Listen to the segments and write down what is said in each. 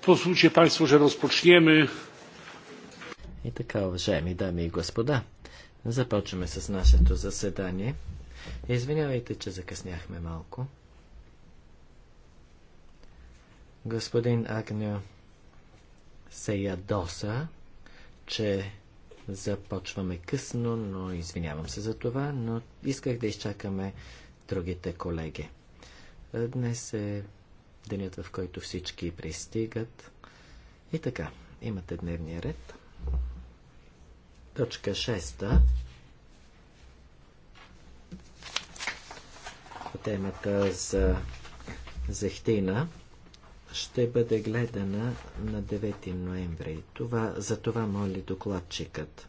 Proszę Państwo, że rozpoczniemy. И така, уважаеми дами и господа, започваме с нашето заседание. Извинявайте, че закъсняхме малко. Господин Агньо се ядоса, че започваме късно, но извинявам се за това, но исках да изчакаме другите колеги. Днес е денят в който всички пристигат. И така, имате дневния ред. Точка 6. По темата за зехтина ще бъде гледана на 9 ноември. Това, за това моли докладчикът.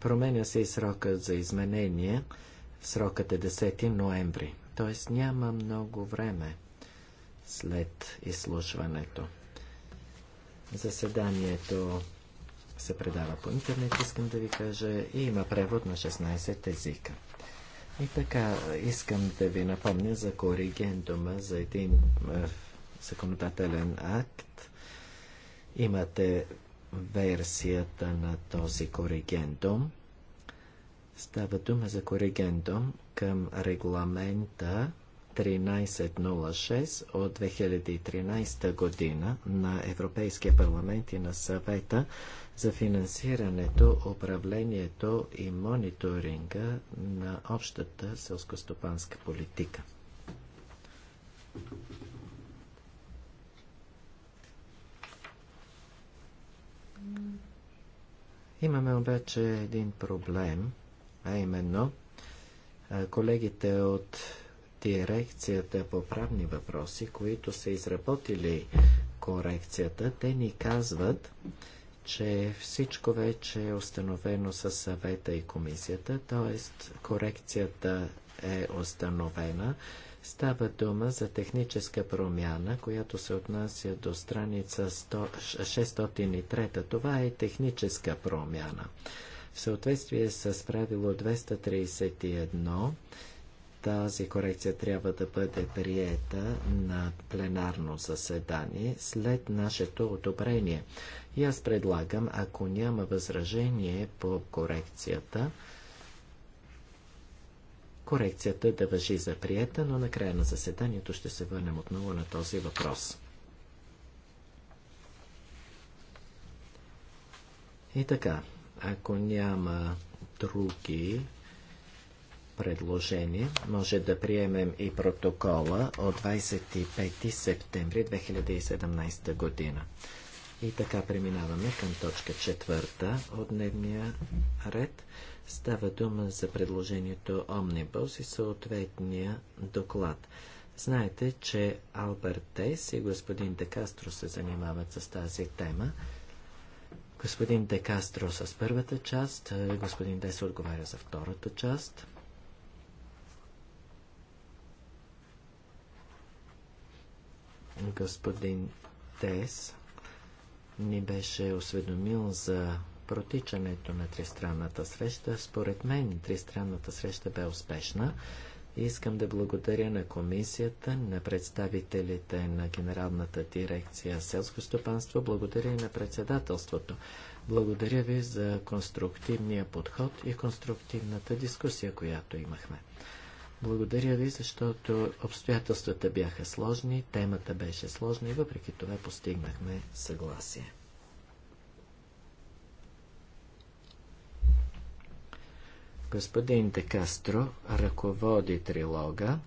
Променя се и срокът за изменение. Срокът е 10 ноември т.е. няма много време след изслушването. Заседанието се предава по интернет, искам да ви кажа, и има превод на 16 езика. И така, искам да ви напомня за коригендума, за един е, законодателен акт. Имате версията на този коригендум. Става дума за коригендум, към регламента 1306 от 2013 година на Европейския парламент и на съвета за финансирането, управлението и мониторинга на общата селскостопанска политика. Имаме обаче един проблем, а именно Колегите от дирекцията по правни въпроси, които са изработили корекцията, те ни казват, че всичко вече е установено със съвета и комисията, т.е. корекцията е установена. Става дума за техническа промяна, която се отнася до страница 100, 603. Това е техническа промяна. В съответствие с правило 231, тази корекция трябва да бъде приета на пленарно заседание след нашето одобрение. И аз предлагам, ако няма възражение по корекцията, корекцията да въжи за приета, но на края на заседанието ще се върнем отново на този въпрос. И така, ако няма други предложения, може да приемем и протокола от 25 септември 2017 година. И така преминаваме към точка четвърта от дневния ред. Става дума за предложението Омнибус и съответния доклад. Знаете, че Алберт Тейс и господин Декастро се занимават с тази тема. Господин Декастро с първата част, господин Дес отговаря за втората част. Господин Дес ни беше осведомил за протичането на тристранната среща. Според мен тристранната среща бе успешна. Искам да благодаря на комисията, на представителите на Генералната дирекция селско стопанство, благодаря и на председателството. Благодаря ви за конструктивния подход и конструктивната дискусия, която имахме. Благодаря ви, защото обстоятелствата бяха сложни, темата беше сложна и въпреки това постигнахме съгласие. Господин Де Кастро ръководи трилога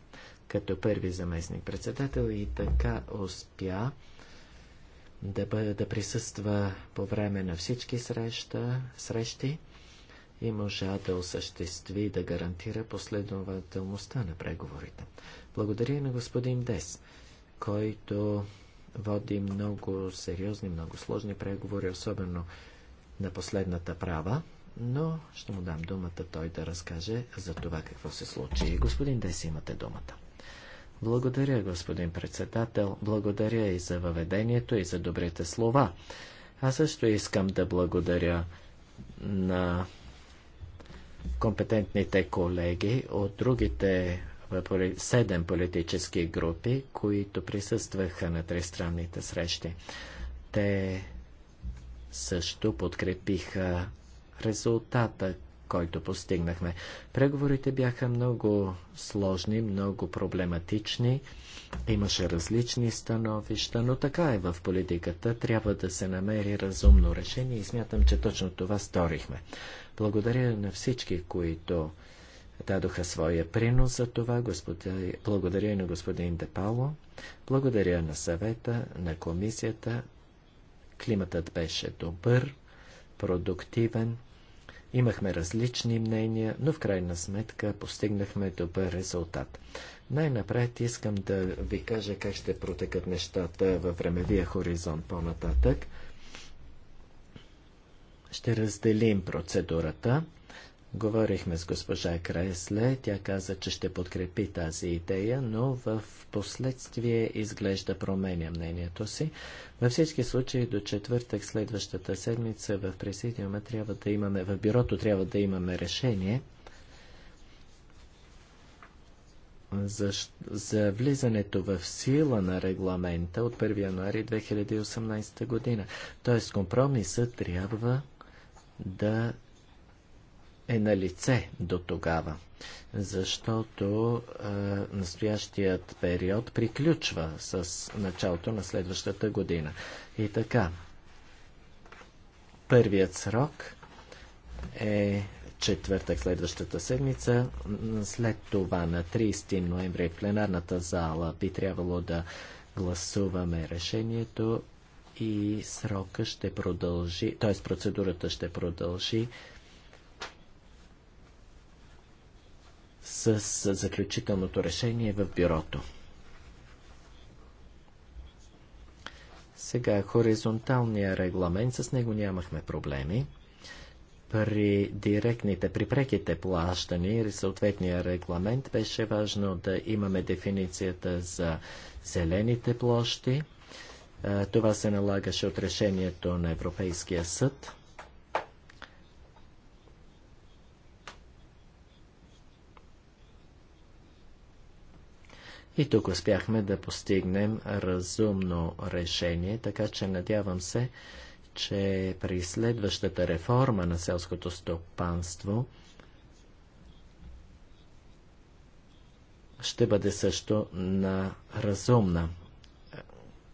като първи заместник председател и така успя да, бъде, да присъства по време на всички среща, срещи и можа да осъществи да гарантира последователността на преговорите. Благодаря на господин Дес, който води много сериозни, много сложни преговори, особено на последната права но ще му дам думата той да разкаже за това какво се случи. Господин Деси, имате думата. Благодаря, господин председател. Благодаря и за въведението и за добрите слова. Аз също искам да благодаря на компетентните колеги от другите седем политически групи, които присъстваха на тристранните срещи. Те също подкрепиха резултата, който постигнахме. Преговорите бяха много сложни, много проблематични. Имаше различни становища, но така е в политиката. Трябва да се намери разумно решение и смятам, че точно това сторихме. Благодаря на всички, които дадоха своя принос за това. Господи... Благодаря и на господин Депало. Благодаря на съвета, на комисията. Климатът беше добър, продуктивен. Имахме различни мнения, но в крайна сметка постигнахме добър резултат. Най-напред искам да ви кажа как ще протекат нещата във времевия хоризонт по-нататък. Ще разделим процедурата. Говорихме с госпожа Кресле, тя каза, че ще подкрепи тази идея, но в последствие изглежда променя мнението си. Във всички случаи до четвъртък следващата седмица в президиума трябва да имаме, в бюрото трябва да имаме решение за, за влизането в сила на регламента от 1 януари 2018 година. Тоест компромисът трябва да е на лице до тогава, защото е, настоящият период приключва с началото на следващата година. И така, първият срок е четвъртък следващата седмица. След това на 30 ноември в пленарната зала би трябвало да гласуваме решението и срока ще продължи, т.е. процедурата ще продължи с заключителното решение в бюрото. Сега хоризонталния регламент, с него нямахме проблеми. При директните, при преките плащани, съответния регламент беше важно да имаме дефиницията за зелените площи. Това се налагаше от решението на Европейския съд. И тук успяхме да постигнем разумно решение, така че надявам се, че при следващата реформа на селското стопанство ще бъде също на разумна.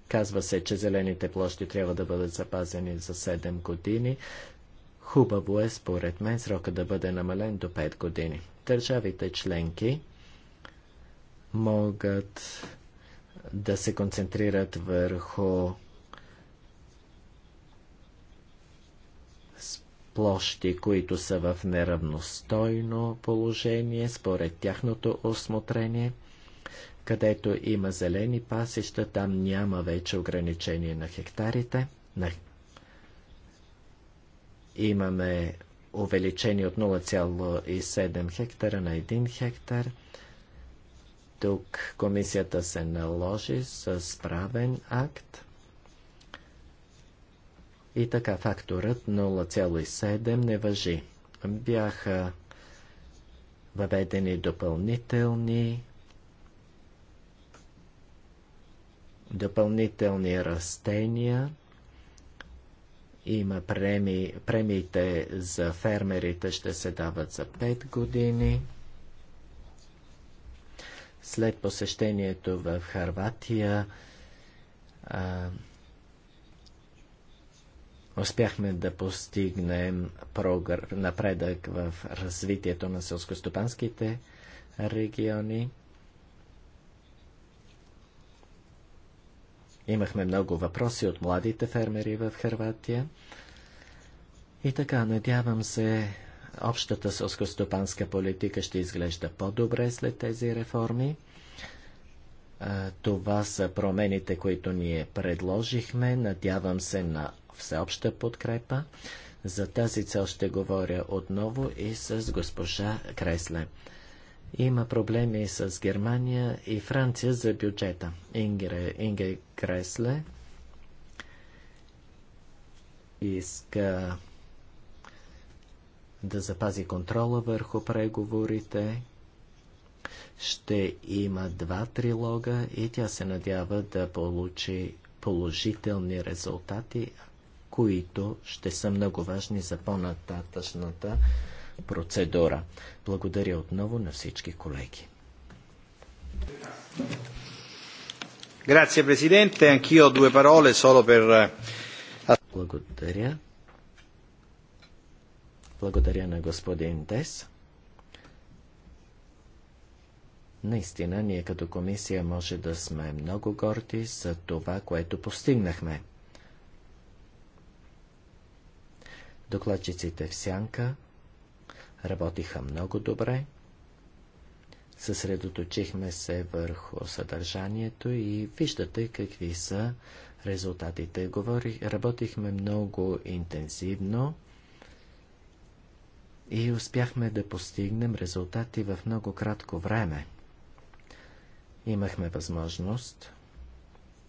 Казва се, че зелените площи трябва да бъдат запазени за 7 години. Хубаво е, според мен, срока да бъде намален до 5 години. Държавите членки могат да се концентрират върху площи, които са в неравностойно положение според тяхното осмотрение. Където има зелени пасища, там няма вече ограничение на хектарите. На... Имаме увеличение от 0,7 хектара на 1 хектар. Тук комисията се наложи с правен акт и така факторът 0,7 не въжи. Бяха въведени допълнителни допълнителни растения. Има преми, премиите за фермерите ще се дават за 5 години след посещението в Харватия а, успяхме да постигнем прогр... напредък в развитието на селскостопанските региони. Имахме много въпроси от младите фермери в Харватия. И така, надявам се общата сълскостопанска политика ще изглежда по-добре след тези реформи. Това са промените, които ние предложихме. Надявам се на всеобща подкрепа. За тази цел ще говоря отново и с госпожа Кресле. Има проблеми с Германия и Франция за бюджета. Ингре, Инге Кресле иска да запази контрола върху преговорите. Ще има два трилога и тя се надява да получи положителни резултати, които ще са много важни за по-нататъчната процедура. Благодаря отново на всички колеги. Grazie Presidente, anch'io due parole solo per... Eh, Благодаря. Благодаря на господин Тес. Наистина, ние като комисия може да сме много горди за това, което постигнахме. Докладчиците в Сянка работиха много добре. Съсредоточихме се върху съдържанието и виждате какви са резултатите. Говорих, работихме много интензивно и успяхме да постигнем резултати в много кратко време. Имахме възможност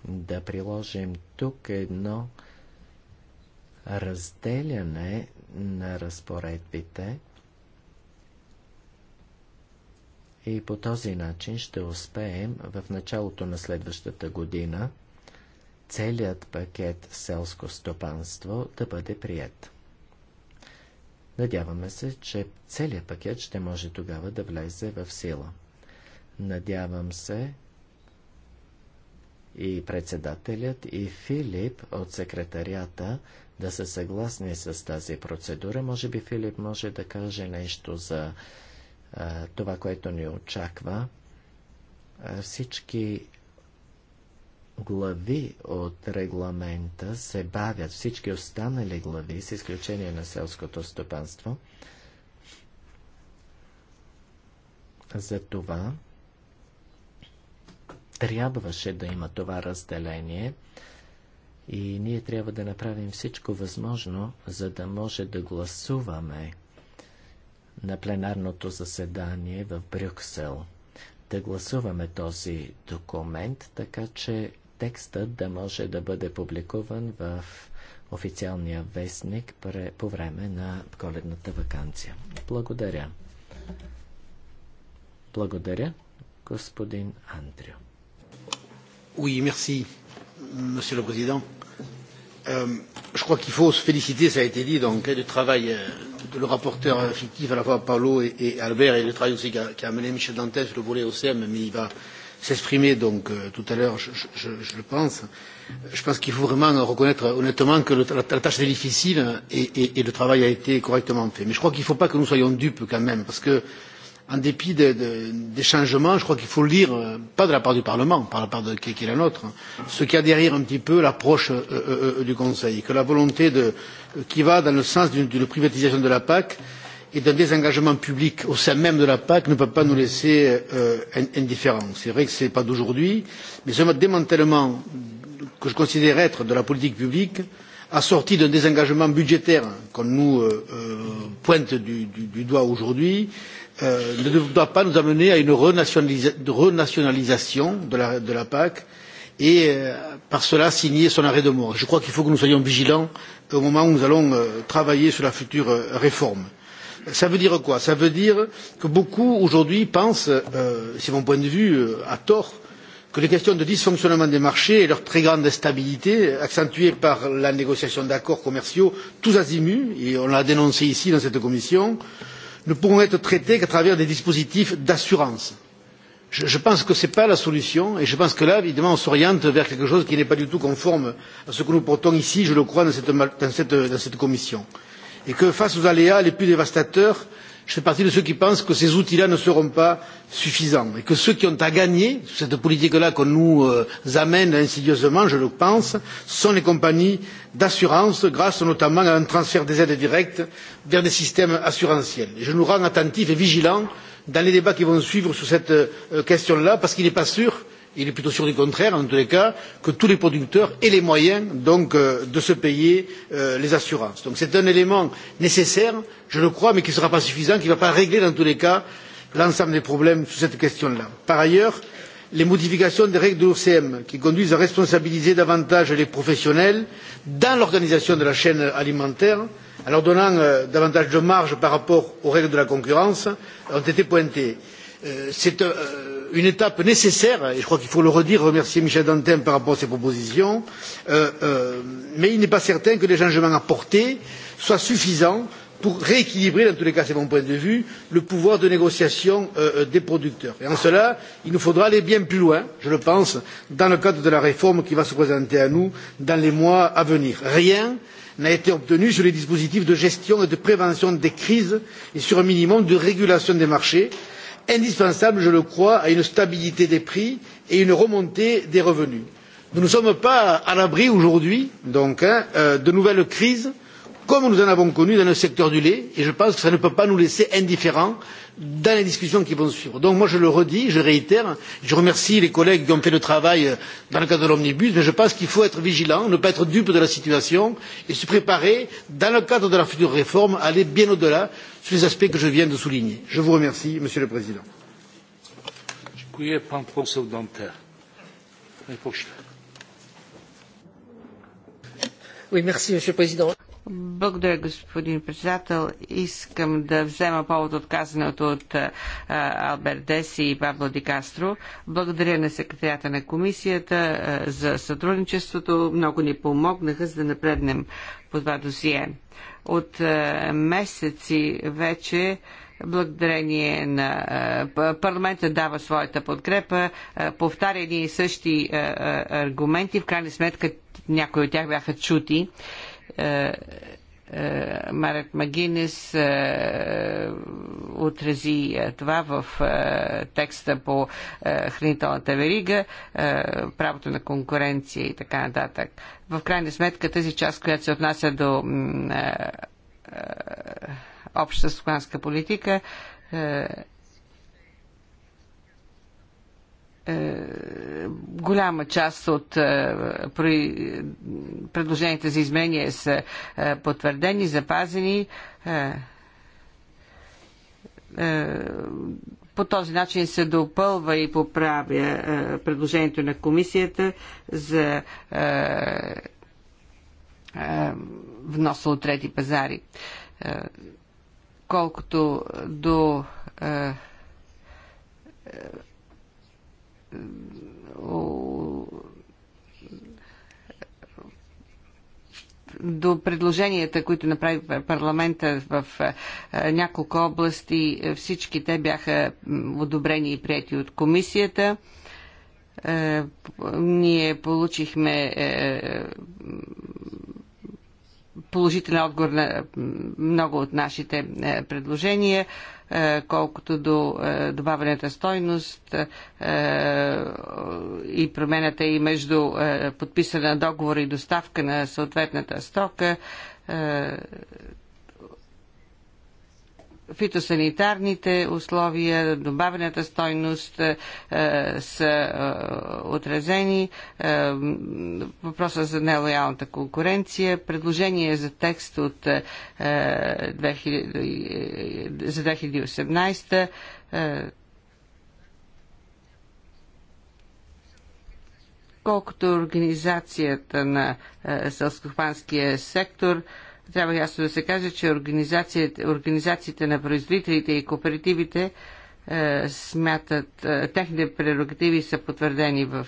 да приложим тук едно разделяне на разпоредбите и по този начин ще успеем в началото на следващата година целият пакет селско стопанство да бъде прият. Надяваме се, че целият пакет ще може тогава да влезе в сила. Надявам се и председателят и Филип от секретарията да са съгласни с тази процедура. Може би Филип може да каже нещо за а, това, което ни очаква. А, всички глави от регламента се бавят. Всички останали глави, с изключение на селското стопанство, за това трябваше да има това разделение и ние трябва да направим всичко възможно, за да може да гласуваме на пленарното заседание в Брюксел. Да гласуваме този документ, така че текстът да може да бъде публикуван в официалния вестник по време на коледната вакансия. Благодаря. Благодаря, господин Андрю. Oui, merci, monsieur le président. Euh, je crois qu'il faut se féliciter, ça a été dit, donc, du travail de le rapporteur fictif, à la fois Paolo et, et Albert, et le travail aussi qu'a qu amené Michel Dantès, le volet OCM, mais il va, s'exprimer donc tout à l'heure, je, je, je le pense. Je pense qu'il faut vraiment reconnaître honnêtement que la, tâche est difficile et, le travail a été correctement fait. Mais je crois qu'il ne faut pas que nous soyons dupes quand même, parce que en dépit des changements, je crois qu'il faut lire, pas de la part du Parlement, par la part de, qui, est la nôtre, ce qu'il y a derrière un petit peu l'approche du Conseil, que la volonté qui va dans le sens d'une privatisation de la PAC, euh, et d'un désengagement public au sein même de la pac ne peut pas nous laisser indifférents. il est vrai que ce n'est pas d'aujourd'hui mais ce démantèlement que je considère être de la politique publique assorti d'un désengagement budgétaire qu'on nous pointe du doigt aujourd'hui ne doit pas nous amener à une renationalisation de la pac et par cela signer son arrêt de mort. je crois qu'il faut que nous soyons vigilants au moment où nous allons travailler sur la future réforme. Cela veut dire quoi Cela veut dire que beaucoup aujourd'hui pensent, c'est mon point de vue, à tort, que les questions de dysfonctionnement des marchés et leur très grande instabilité, accentuée par la négociation d'accords commerciaux tous azimuts, et on l'a dénoncé ici dans cette commission, ne pourront être traitées qu'à travers des dispositifs d'assurance. Je, pense que ce n'est pas la solution et je pense que là, évidemment, on s'oriente vers quelque chose qui n'est pas du tout conforme à ce que nous portons ici, je le crois, dans cette, commission et que face aux aléas les plus dévastateurs je fais partie de ceux qui pensent que ces outils là ne seront pas suffisants et que ceux qui ont à gagner sur cette politique là qu'on nous amène insidieusement je le pense sont les compagnies d'assurance grâce notamment à un transfert des aides directes vers des systèmes assurantiels. je nous rends attentifs et vigilants dans les débats qui vont suivre sur cette question là parce qu'il n'est pas sûr il est plutôt sûr du contraire en tous les cas que tous les producteurs aient les moyens de se payer les assurances. donc c'est un élément nécessaire je le crois mais qui ne sera pas suffisant qui ne va pas régler dans tous les cas l'ensemble des problèmes sur cette question là. par ailleurs les modifications des règles de l'ocm qui conduisent à responsabiliser davantage les professionnels dans l'organisation de la chaîne alimentaire en leur donnant davantage de marge par rapport aux règles de la concurrence ont été pointées. c'est une étape nécessaire et je crois qu'il faut le redire remercier Michel Dantin par rapport à ses propositions mais il n'est pas certain que les changements apportés soient suffisants pour rééquilibrer en tous les cas c'est mon point de vue le pouvoir de négociation des producteurs. en cela il nous faudra aller bien plus loin je le pense dans le cadre de la réforme qui va se présenter à nous dans les mois à venir. rien n'a été obtenu sur les dispositifs de gestion et de prévention des crises et sur un minimum de régulation des marchés indispensable je le crois à une stabilité des prix et à une remontée des revenus. nous ne sommes pas à l'abri aujourd'hui de nouvelles crises comme nous en avons connu dans le secteur du lait et je pense que cela ne peut pas nous laisser indifférents dans les discussions qui vont suivre. donc je le redis je réitère je remercie les collègues qui ont fait le travail dans le cadre de l'omnibus mais je pense qu'il faut être vigilant ne pas être dupe de la situation et se préparer dans le cadre de la future réforme à aller bien au delà sur les aspects que je viens de souligner. je vous remercie monsieur le président. monsieur le président благодаря, господин председател. Искам да взема повод от казаното от Алберт Деси и Пабло Ди Кастро. Благодаря на секретарята на комисията за сътрудничеството. Много ни помогнаха, за да напреднем по това досие. От месеци вече благодарение на парламента дава своята подкрепа, повтаря едни и същи аргументи, в крайна сметка някои от тях бяха чути. Е, е, Марет Магинес е, отрази това в текста по хранителната верига, правото на конкуренция и така нататък. В крайна сметка тази част, която се отнася до обща стопанска политика, Е, голяма част от е, предложенията за изменение са е, потвърдени, запазени. По този начин се допълва и поправя предложението на комисията за вноса от трети пазари. Колкото до до предложенията, които направи парламента в е, няколко области, е, всички те бяха одобрени и прияти от комисията. Е, ние получихме положителен отговор на много от нашите е, предложения, е, колкото до е, добавената стойност и промената и между подписане договор и доставка на съответната стока фитосанитарните условия, добавената стойност е, е, са е, отразени. Е, въпроса за нелоялната конкуренция. Предложение за текст от 2000, е, е, за 2018 колкото организацията на селскохванския сектор, трябва ясно да се каже, че организациите, организациите на производителите и кооперативите е, смятат, е, техните прерогативи са потвърдени в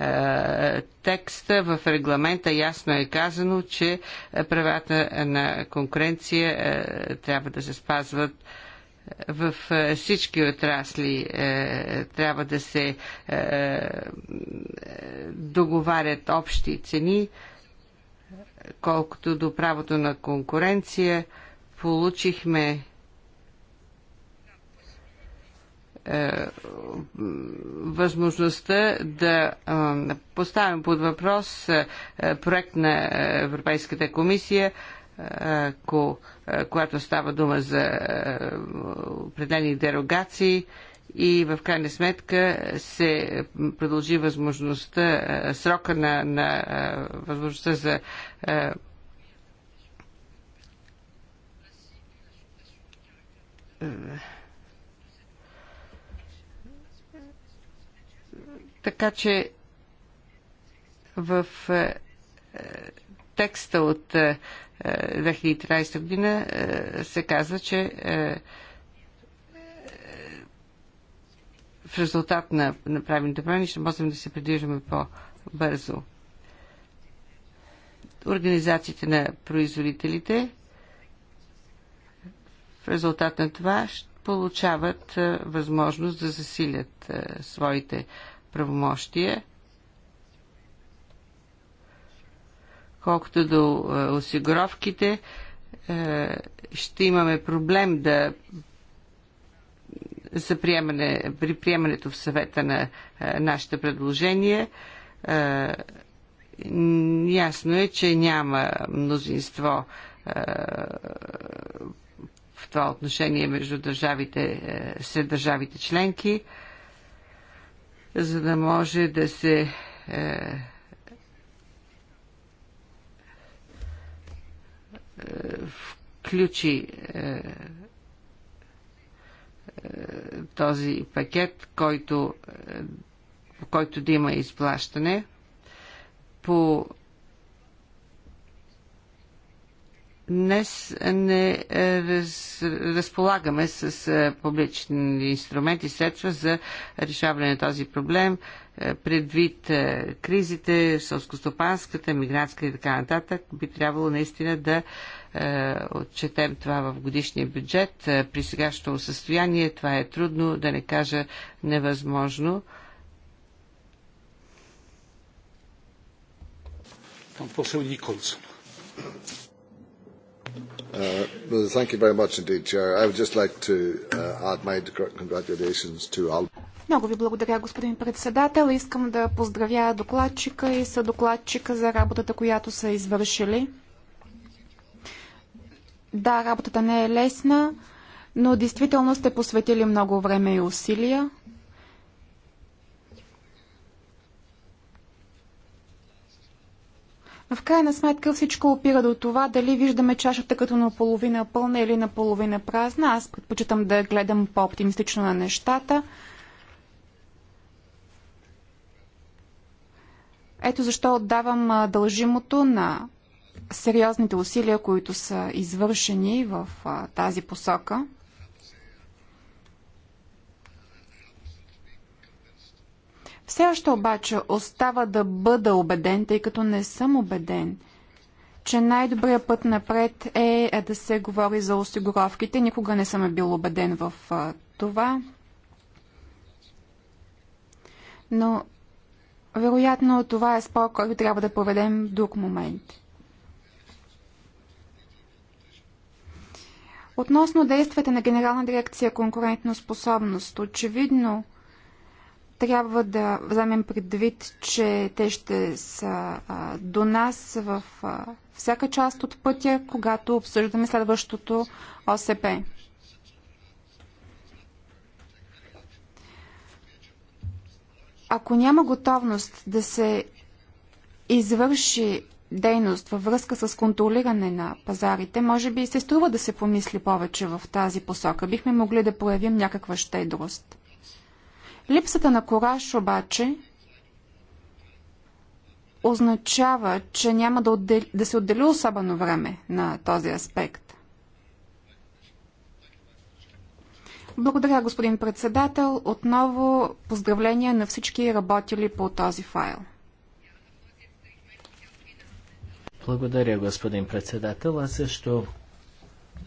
е, текста, в регламента ясно е казано, че правата на конкуренция трябва да се спазват в всички отрасли трябва да се договарят общи цени. Колкото до правото на конкуренция, получихме е, възможността да е, поставим под въпрос е, проект на Европейската комисия, която става дума за определени дерогации и в крайна сметка се продължи възможността, срока на, на възможността за така че в текста от 2013 година се казва, че в резултат на направените промени ще можем да се придвижваме по-бързо. Организациите на производителите в резултат на това получават възможност да засилят своите правомощия. Колкото до осигуровките, ще имаме проблем да за приемане, при приемането в съвета на а, е, нашите предложения. А, е, ясно е, че няма мнозинство а, е, в това отношение между държавите, а, сред държавите членки, за да може да се а, включи а, този пакет, който, по е, който да има изплащане. По Днес не е, раз, разполагаме с е, публични инструменти, средства за решаване на този проблем, предвид кризите, сълскостопанската, мигрантска и така нататък. Би трябвало наистина да е, отчетем това в годишния бюджет. Е, при сегашното състояние това е трудно, да не кажа невъзможно. Uh, uh, Много ви благодаря, господин председател. Искам да поздравя докладчика и съдокладчика за работата, която са извършили. Да, работата не е лесна, но действително сте посветили много време и усилия. В крайна сметка всичко опира до това дали виждаме чашата като наполовина пълна или наполовина празна. Аз предпочитам да гледам по-оптимистично на нещата. Ето защо отдавам дължимото на сериозните усилия, които са извършени в а, тази посока. Все още обаче остава да бъда убеден, тъй като не съм убеден, че най-добрият път напред е, е да се говори за осигуровките. Никога не съм е бил убеден в а, това. Но вероятно това е спор, който трябва да проведем в друг момент. Относно действията на Генерална дирекция конкурентно способност, очевидно трябва да вземем предвид, че те ще са а, до нас в а, всяка част от пътя, когато обсъждаме следващото ОСП. Ако няма готовност да се извърши дейност във връзка с контролиране на пазарите, може би и се струва да се помисли повече в тази посока. Бихме могли да проявим някаква щедрост. Липсата на кораж обаче означава, че няма да, отдели, да се отдели особено време на този аспект. Благодаря, господин председател. Отново поздравления на всички работили по този файл. Благодаря, господин председател. Аз също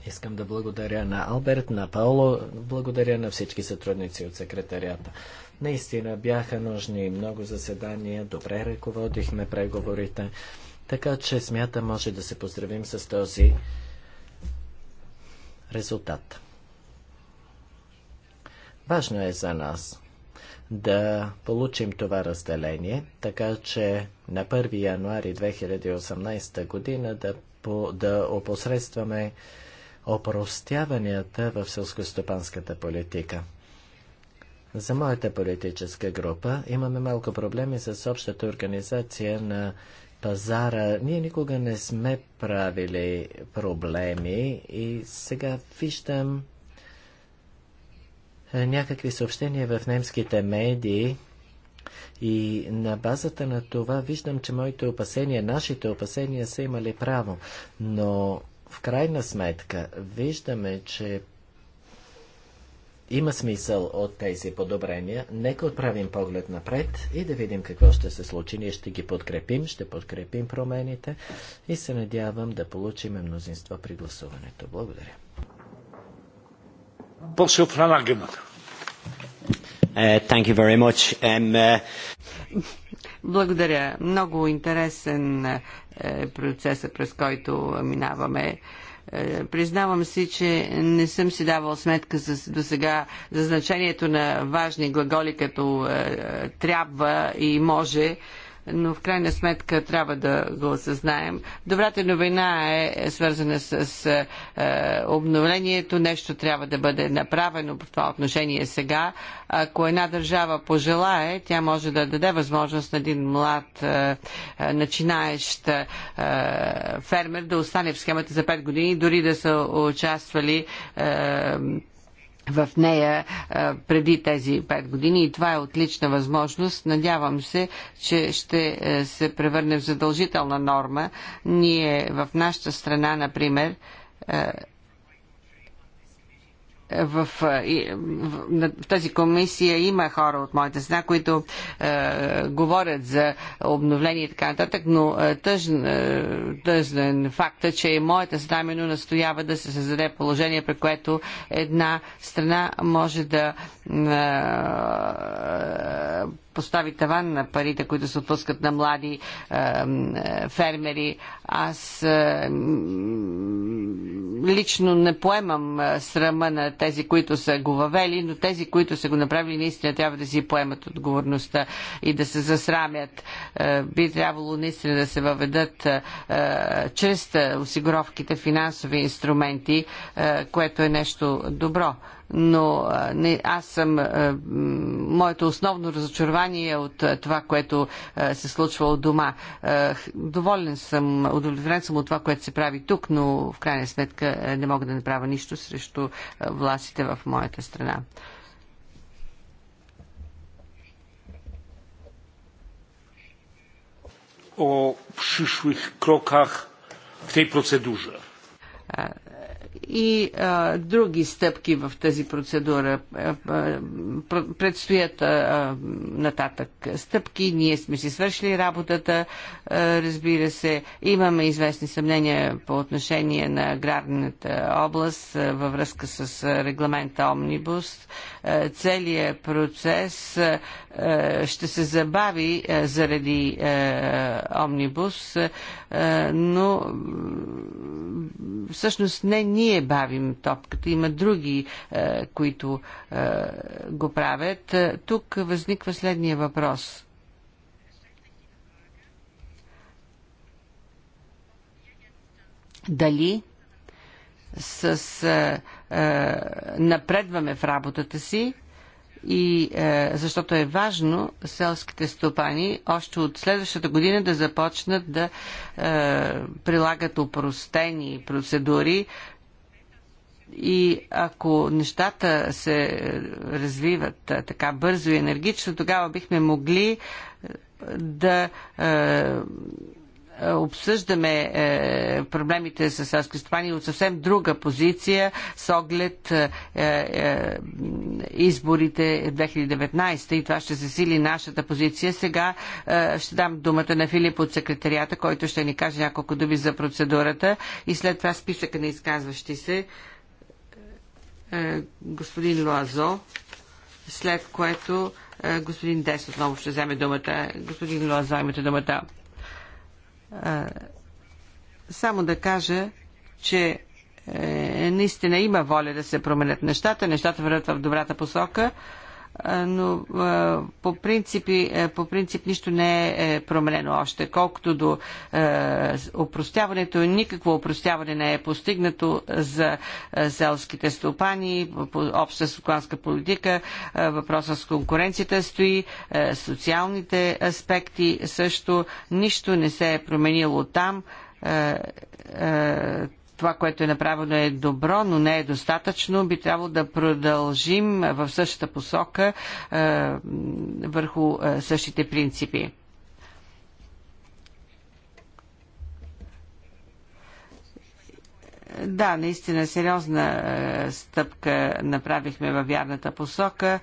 искам да благодаря на Алберт, на Пауло, благодаря на всички сътрудници от секретарията. Наистина бяха нужни много заседания, добре ръководихме преговорите, така че смятам може да се поздравим с този резултат. Важно е за нас да получим това разделение, така че на 1 януари 2018 година да, по, да опосредстваме опростяванията в селскостопанската политика. За моята политическа група имаме малко проблеми с общата организация на пазара. Ние никога не сме правили проблеми и сега виждам е, някакви съобщения в немските медии и на базата на това виждам, че моите опасения, нашите опасения са имали право. Но в крайна сметка виждаме, че има смисъл от тези подобрения. Нека отправим поглед напред и да видим какво ще се случи. Ние ще ги подкрепим, ще подкрепим промените и се надявам да получим мнозинство при гласуването. Благодаря. Poseł Flanagan. Е, thank you very much. Um, uh... Благодаря. Много интересен е, процесът, през който минаваме. Е, признавам си, че не съм си давал сметка за, до сега за значението на важни глаголи като е, е трябва и може. Е, но в крайна сметка трябва да го осъзнаем. Добрата новина е, е свързана с е, обновлението. Нещо трябва да бъде направено в това отношение сега. Ако една държава пожелае, тя може да даде възможност на един млад е, е начинаещ е, фермер да остане в схемата за 5 години, дори да са участвали е, в нея преди тези 5 години и това е отлична възможност. Надявам се, че ще се превърне в задължителна норма. Ние в нашата страна, например, в, е, в, в тази комисия има хора от моята страна, които е, говорят за обновление и така нататък, но е, тъжен, е, тъжен факта, е, че моята страна именно настоява да се създаде положение, при което една страна може да е, постави таван на парите, които се отпускат на млади е, фермери. Аз е, лично не поемам е, срама на тези, които са го въвели, но тези, които са го направили, наистина трябва да си поемат отговорността и да се засрамят. Би трябвало наистина да се въведат чрез осигуровките финансови инструменти, което е нещо добро но не, аз съм. Моето основно разочарование е от това, което се случва от дома. Доволен съм, удовлетворен съм от това, което се прави тук, но в крайна сметка не мога да направя нищо срещу властите в моята страна. o przyszłych кроках в тези procedurze и а, други стъпки в тази процедура. Предстоят а, нататък стъпки. Ние сме си свършили работата. А, разбира се, имаме известни съмнения по отношение на аграрната област а, във връзка с а, регламента Омнибус. целият процес а, ще се забави а, заради а, Омнибус, а, но всъщност не ние ние бавим топката. Има други, е, които е, го правят. Е, тук възниква следния въпрос. Дали с е, е, напредваме в работата си и е, защото е важно селските стопани още от следващата година да започнат да е, прилагат упростени процедури, и ако нещата се развиват така бързо и енергично, тогава бихме могли да обсъждаме е, проблемите с селски стопани от съвсем друга позиция с оглед е, е, изборите 2019 и това ще засили нашата позиция. Сега е, ще дам думата на Филип от секретарията, който ще ни каже няколко думи за процедурата и след това списъка на изказващи се е, господин Луазо, след което е, господин Дес отново ще вземе думата. Господин Луазо, имате думата. Е, само да кажа, че наистина има воля да се променят нещата. Нещата върват в добрата посока но по принцип, е, по принцип нищо не е, е променено още. Колкото до е, опростяването, никакво опростяване не е постигнато за селските стопани, обща стопанска политика, въпроса с конкуренцията стои, социалните аспекти също, нищо не се е променило там това, което е направено е добро, но не е достатъчно. Би трябвало да продължим в същата посока е, върху е, същите принципи. Да, наистина сериозна е, стъпка направихме във вярната посока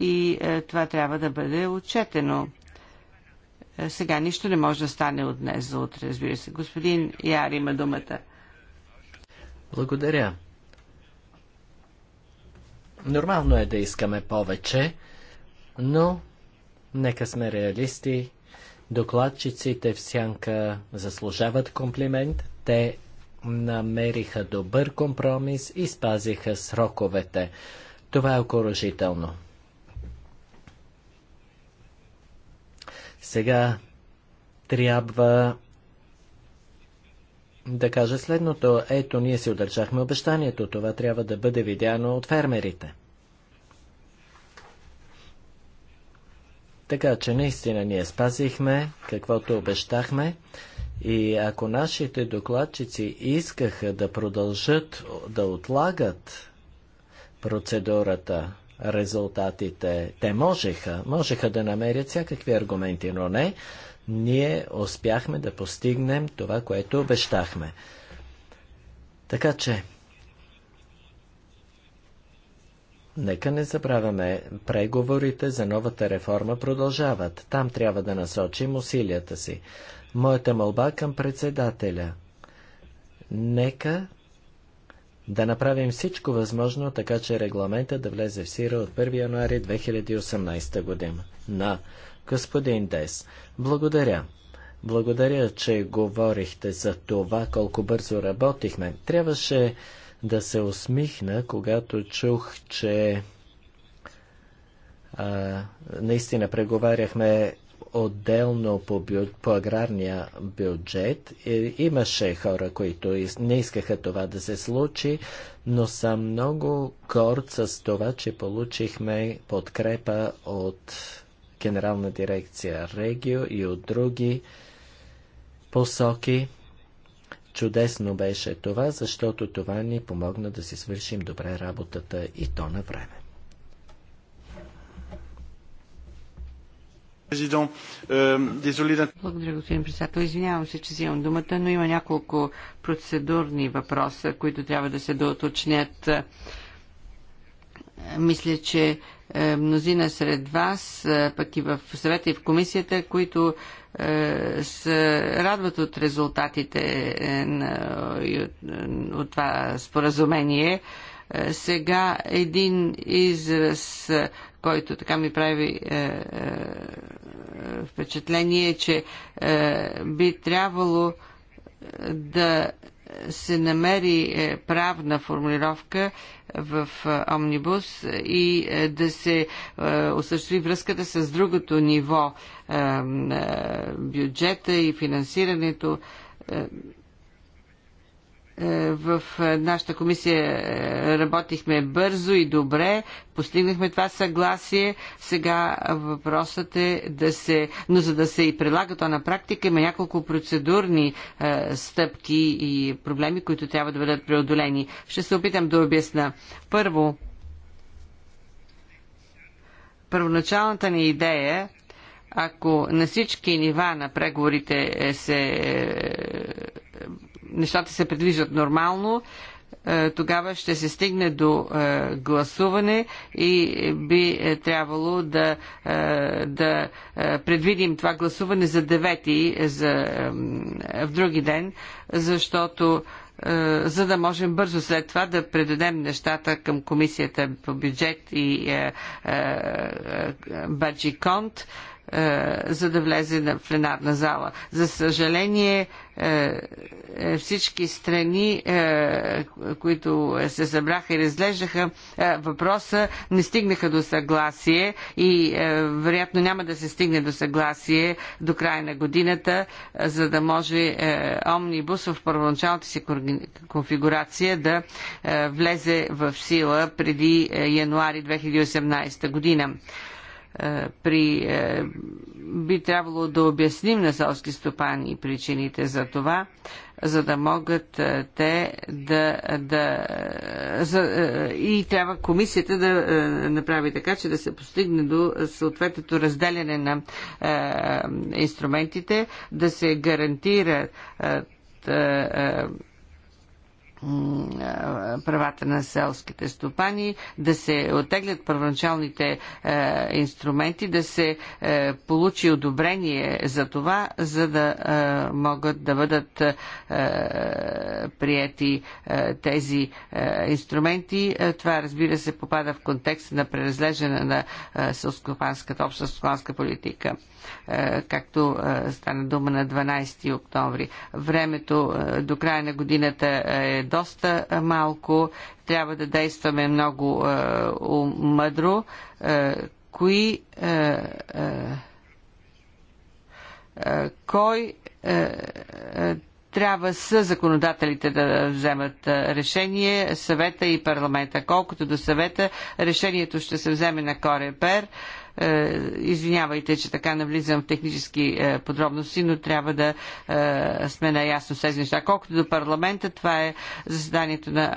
и това трябва да бъде отчетено. Сега нищо не може да стане от днес за утре, разбира се. Господин Яр има думата. Благодаря. Нормално е да искаме повече, но нека сме реалисти. Докладчиците в Сянка заслужават комплимент. Те намериха добър компромис и спазиха сроковете. Това е окоръжително. Сега трябва да кажа следното. Ето, ние си удържахме обещанието. Това трябва да бъде видяно от фермерите. Така че наистина ние спазихме каквото обещахме и ако нашите докладчици искаха да продължат да отлагат процедурата, резултатите, те можеха, можеха да намерят всякакви аргументи, но не ние успяхме да постигнем това, което обещахме. Така че, Нека не забравяме, преговорите за новата реформа продължават. Там трябва да насочим усилията си. Моята молба към председателя. Нека да направим всичко възможно, така че регламента да влезе в Сира от 1 януари 2018 година. На Господин Дес, благодаря. Благодаря, че говорихте за това, колко бързо работихме. Трябваше да се усмихна, когато чух, че а, наистина преговаряхме отделно по, бю, по аграрния бюджет. И, имаше хора, които из, не искаха това да се случи, но съм много горд с това, че получихме подкрепа от генерална дирекция Регио и от други посоки. Чудесно беше това, защото това ни помогна да си свършим добре работата и то на време. Благодаря, господин председател. Извинявам се, че взимам думата, но има няколко процедурни въпроса, които трябва да се доуточнят. Мисля, че е, мнозина сред вас, е, пък и в съвета и в комисията, които е, се радват от резултатите от това споразумение. Сега един израз, който така ми прави е, е, впечатление, че е, би трябвало да се намери правна формулировка, в Омнибус и е, да се е, осъществи връзката с другото ниво е, бюджета и финансирането е, в е, нашата комисия е, работихме бързо и добре, постигнахме това съгласие. Сега въпросът е да се, но за да се и прилага то на практика, има няколко процедурни стъпки и проблеми, които трябва да бъдат преодолени. Ще се опитам да обясна. Първо, първоначалната ни идея ако на всички нива на преговорите се нещата се предвиждат нормално, е, тогава ще се стигне до е, гласуване и би е, трябвало да, да предвидим това гласуване за девети за, в други ден, защото за да можем бързо след това да предадем нещата към комисията по бюджет и Баджиконт. Конт е, за да влезе на пленарна зала. За съжаление, е, е, всички страни, които се събраха и разглеждаха въпроса, не стигнаха до съгласие и вероятно няма да се стигне до съгласие до края на годината, за да може омнибус в първоначалната си конфигурация да влезе в сила преди януари 2018 година. Е, при, е, би трябвало да обясним на селски стопани причините за това, за да могат е, те да, да за, и трябва комисията да направи така, че да се постигне до съответното разделяне на е, инструментите, да се гарантира е, правата на селските стопани, да се отеглят първоначалните е, инструменти, да се е, получи одобрение за това, за да е, могат да бъдат е, приети е, тези е, инструменти. Е, това, разбира се, попада в контекста на преразлежане на е, селскопанската обща селскопанска политика е, както е, стана дума на 12 октомври. Времето до края на годината е доста малко. Трябва да действаме много е, мъдро. Е, кои. Е, кой трябва с законодателите да вземат решение, съвета и парламента. Колкото до съвета, решението ще се вземе на Корепер. Е, извинявайте, че така навлизам в технически е, подробности, но трябва да е, сме наясно с тези неща. Колкото до парламента, това е заседанието на,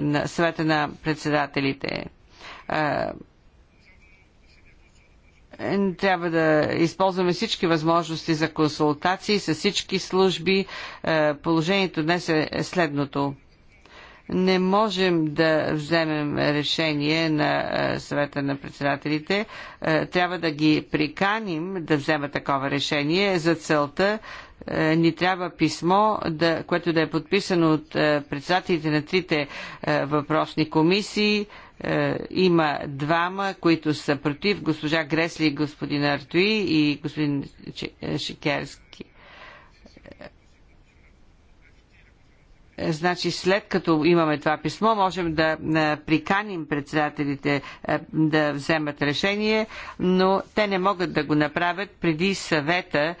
на съвета на председателите трябва да използваме всички възможности за консултации с всички служби. Положението днес е следното не можем да вземем решение на съвета на председателите. Трябва да ги приканим да вземат такова решение. За целта ни трябва писмо, да, което да е подписано от председателите на трите въпросни комисии. Има двама, които са против, госпожа Гресли, господин Артуи и господин Шикерски е, значи след като имаме това писмо, можем да е, приканим председателите е, да вземат решение, но те не могат да го направят преди съвета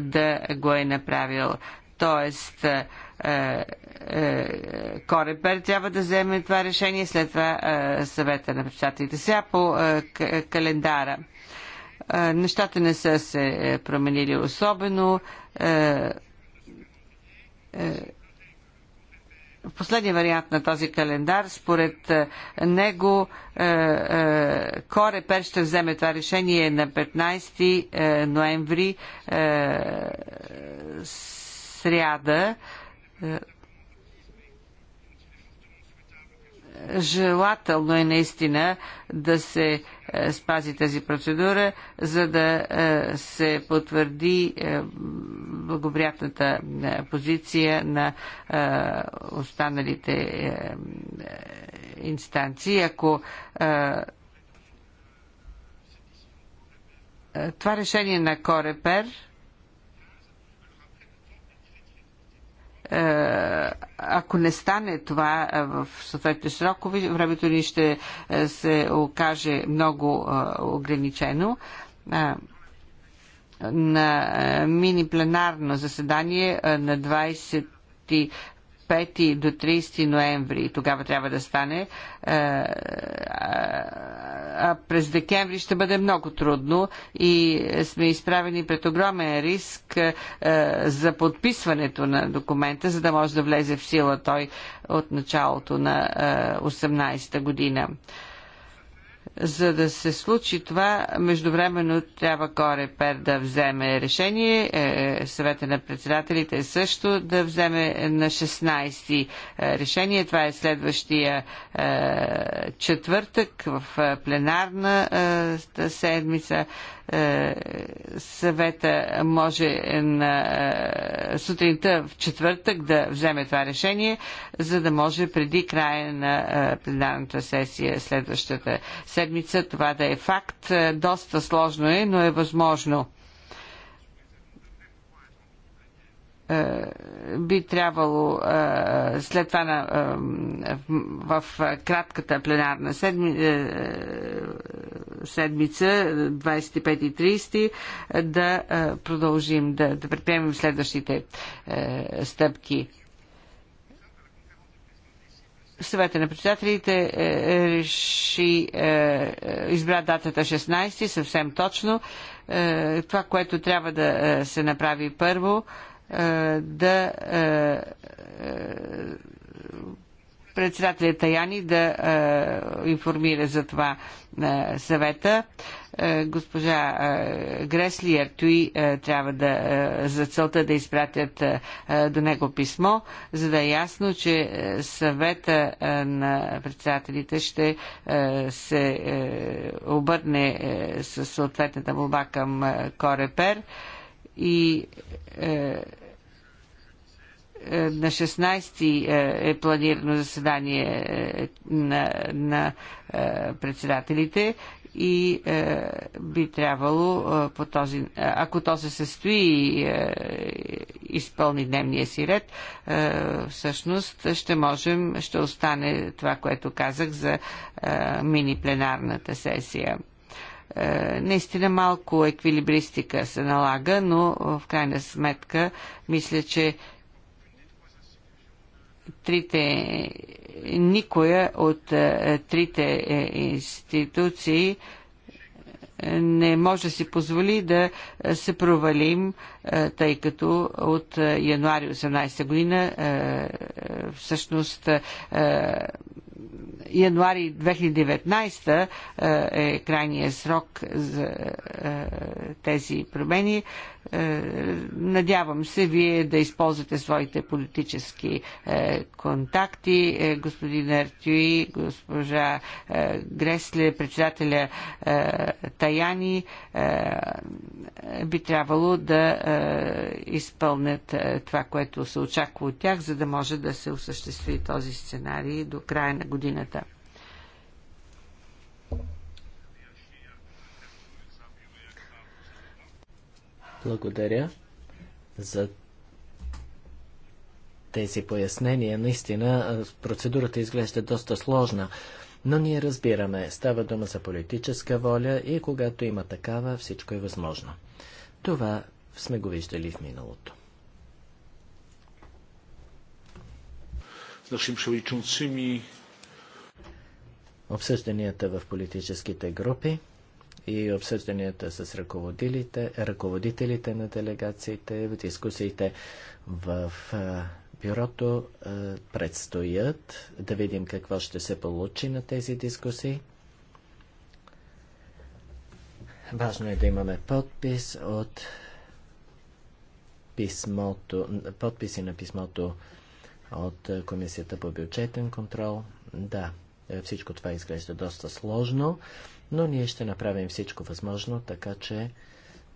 да го е направил. Тоест, Корепер трябва да вземе това решение, след това съвета на председателите. Сега по календара. Нещата не са се променили особено последния вариант на този календар. Според е, него е, е, Корепер ще вземе това решение на 15 ноември сряда желателно е наистина да се е, спази тази процедура, за да е, се потвърди е, благоприятната позиция на останалите инстанции. Ако това решение на Корепер Е, ако не стане това е, в съответните срокове, времето ни ще е, се окаже много ограничено на мини пленарно заседание на 20 5 до 30 ноември. Тогава трябва да стане. Е, е, а през декември ще бъде много трудно и сме изправени пред огромен риск е, за подписването на документа, за да може да влезе в сила той от началото на 18-та година. За да се случи това, междувременно трябва Пер да вземе решение, е, е, съвета на председателите е също да вземе на 16 решение. Това е следващия четвъртък в пленарна седмица. Е, съвета може на е, сутринта в четвъртък да вземе това решение, за да може преди края на е, пленарната сесия следващата седмица това да е факт. Доста сложно е, но е възможно. Е, би трябвало е, след това на, е, в кратката пленарна седми, седмица, 25 и 30, да продължим, да, да предприемем следващите стъпки. Съвета на председателите реши, избра датата 16, съвсем точно. Това, което трябва да се направи първо, е, да е, е, председателя Таяни да информира за това съвета. Госпожа Гресли и Артуи трябва да за целта да изпратят до него писмо, за да е ясно, че съвета на председателите ще се обърне със съответната молба към Корепер и е, е, на 16 е, е планирано заседание е, на, на председателите и е, би трябвало е, по този, ако то се състои и е, изпълни дневния си ред, е, всъщност ще можем, ще остане това, което казах за е, мини пленарната сесия. Е, наистина малко еквилибристика се налага, но в крайна сметка мисля, че трите, никоя от е, трите е, институции е, не може да си позволи да се провалим, тъй като от януари 18 година всъщност януари 2019 е крайния срок за тези промени. Е, надявам се вие да използвате своите политически е, контакти. Е, господин Артюи, госпожа Гресле, председателя Таяни би трябвало да изпълнят това, което се очаква от тях, за да може да се осъществи този сценарий до края на годината. Благодаря за тези пояснения. Наистина процедурата изглежда доста сложна, но ние разбираме, става дума за политическа воля и когато има такава, всичко е възможно. Това сме го виждали в миналото. обсъжданията в политическите групи и обсъжданията с ръководителите, ръководителите на делегациите, в дискусиите в бюрото предстоят. Да видим какво ще се получи на тези дискусии. Важно е да имаме подпис от писмото, подписи на писмото от Комисията по бюджетен контрол. Да, е, всичко това изглежда доста сложно, но ние ще направим всичко възможно, така че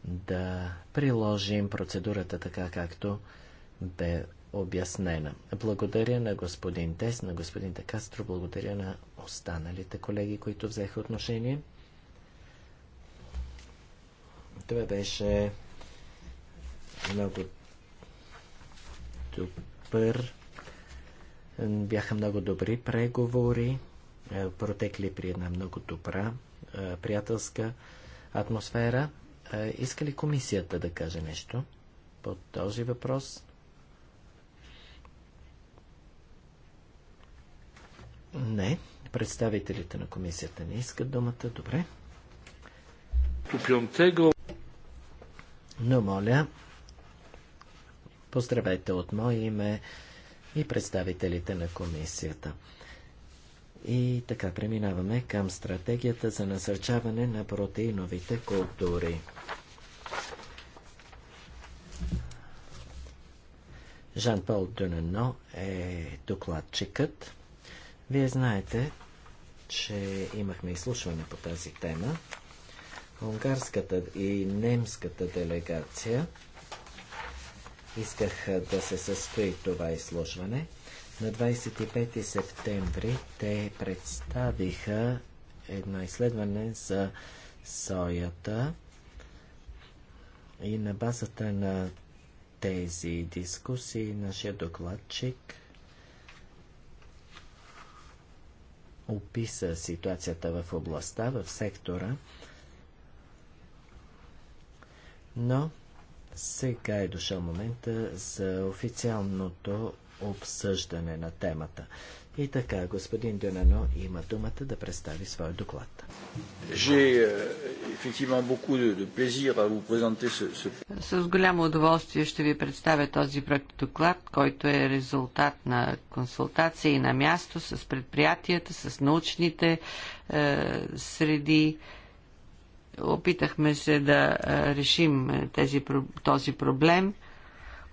да приложим процедурата така, както бе обяснена. Благодаря на господин Тес, на господин Текастро, благодаря на останалите колеги, които взеха отношение. Това беше много добър. Бяха много добри преговори. Е, протекли при една много добра, е, приятелска атмосфера. Е, иска ли комисията да каже нещо по този въпрос? Не. Представителите на комисията не искат думата. Добре. Но моля, поздравете от мое име и представителите на комисията. И така преминаваме към стратегията за насърчаване на протеиновите култури. Жан-Пол Дюнено е докладчикът. Вие знаете, че имахме изслушване по тази тема. Унгарската и немската делегация искаха да се състои това изслушване. На 25 септември те представиха едно изследване за соята и на базата на тези дискусии нашия докладчик описа ситуацията в областта, в сектора, но сега е дошъл момента за официалното обсъждане на темата. И така, господин Дюнано има думата да представи своя доклад. Euh, с голямо удоволствие ще ви представя този проект доклад, който е резултат на консултации на място с предприятията, с научните е, среди. Опитахме се да е, решим е, тези, този проблем –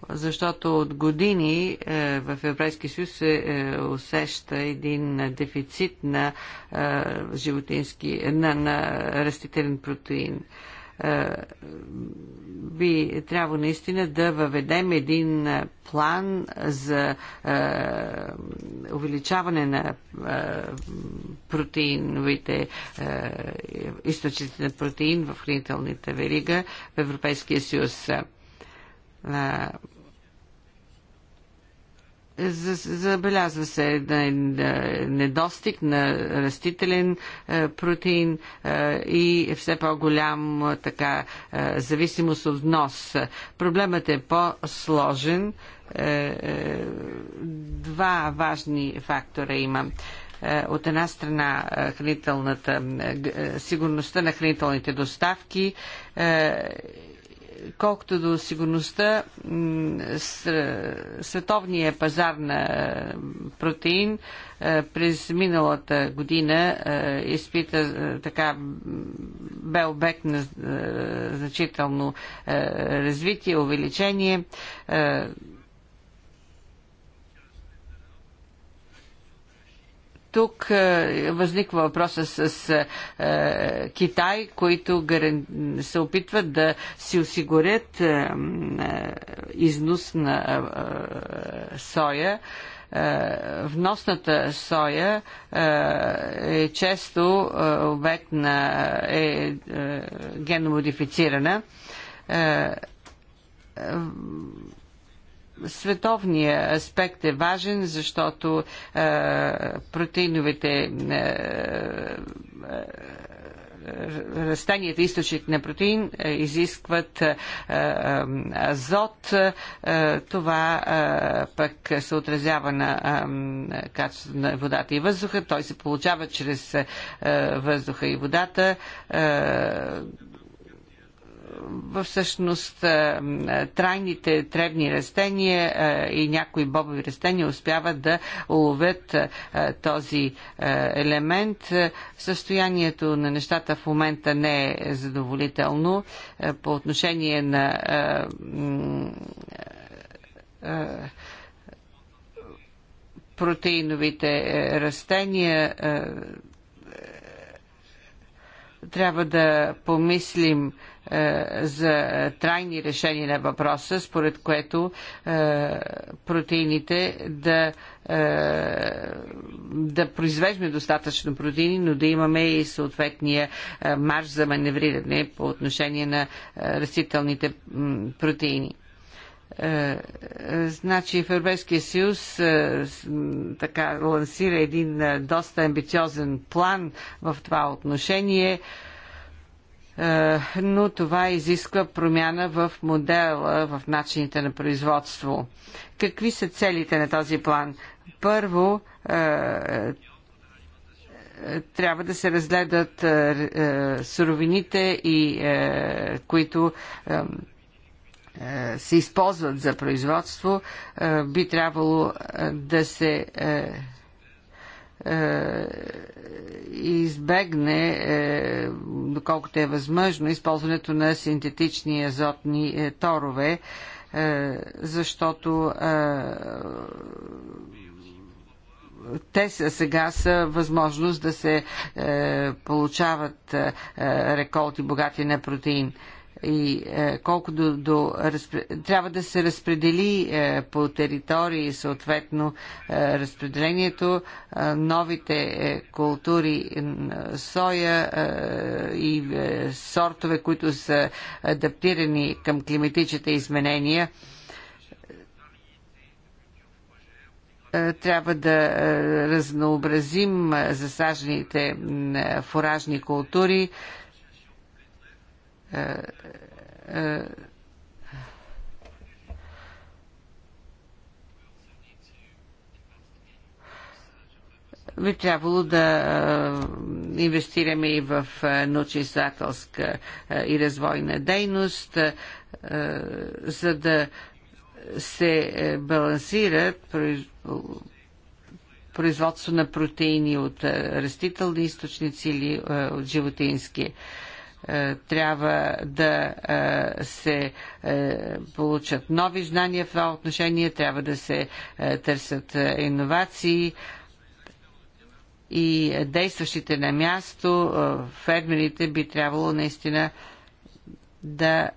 защото от години е, в Европейския съюз се е, усеща един дефицит на е, животински, на, на растителен протеин би трябва наистина да въведем един план за увеличаване на протеиновите източници на протеин в хранителната верига в Европейския съюз Забелязва се на недостиг на растителен е, протеин е, и е все по-голям така зависимост от нос. Проблемът е по-сложен. Два важни фактора има от една страна хранителната, сигурността на хранителните доставки Колкото до сигурността, световният пазар на протеин е, през миналата година е, изпита е, така бе обект на значително развитие, увеличение. Тук е, възниква въпроса с е, Китай, които се опитват да си осигурят е, износ на соя вносната соя е често обект на е, геномодифицирана. Световният аспект е важен, защото е, протеиновите е, е, е растенията, източник на протеин, е, изискват азот. Това пък се отразява на качеството на водата и въздуха. Той се получава чрез въздуха и водата всъщност е, е, трайните тревни растения е, и някои бобови растения успяват да уловят този елемент. Състоянието на нещата в момента не е задоволително по отношение на протеиновите растения трябва да помислим е, за трайни решения на въпроса, според което е, протеините да е, да произвеждаме достатъчно протеини, но да имаме и съответния марш за маневриране по отношение на растителните протеини значи в Европейския съюз така лансира един доста амбициозен план в това отношение. Е, но това изисква промяна в модела, в начините на производство. Какви са целите на този план? Първо, е, трябва да се разгледат е, суровините, и, които се използват за производство. Би трябвало да се е, избегне, е, доколкото е възможно, използването на синтетични азотни е, торове, защото те са, сега са възможност да се получават реколти богати на протеин и е, колко до, до разпре... трябва да се разпредели е, по територии съответно е, разпределението е, новите е, култури е, соя е, и е, сортове, които са адаптирани към климатичните изменения. Е, трябва да е, разнообразим е, засажените фуражни култури, би трябвало да е, инвестираме и в е, научно-изследователска е, и развойна дейност, за да се балансират производство на протеини от растителни източници или от животински. Е, трябва да е, се е, получат нови знания в това отношение, трябва да се търсят иновации и действащите на място фермерите би трябвало наистина да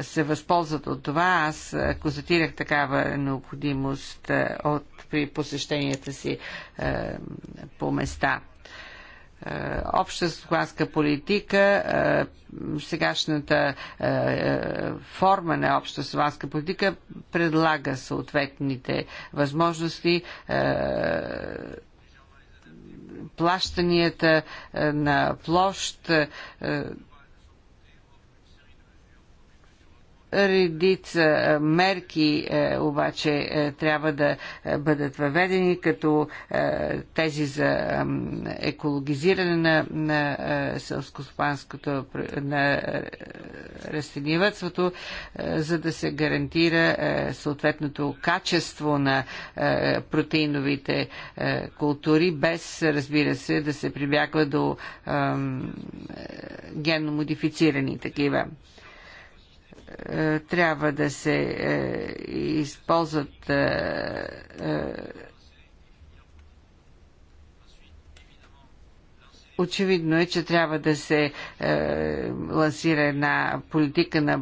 се възползват от това. Аз констатирах такава необходимост от, при посещенията си по места. Е, обща стопанска политика, е, сегашната е, форма на обща стопанска политика предлага съответните възможности плащанията на площ Редица е, мерки е, обаче е, трябва да бъдат въведени, като тези за екологизиране на, на селскоспанското на растениевътството, за да се гарантира съответното качество на протеиновите култури, без, разбира се, да се прибягва до генно модифицирани такива. Е, трябва да се е, използват е, Очевидно е, че трябва да се е, лансира една политика на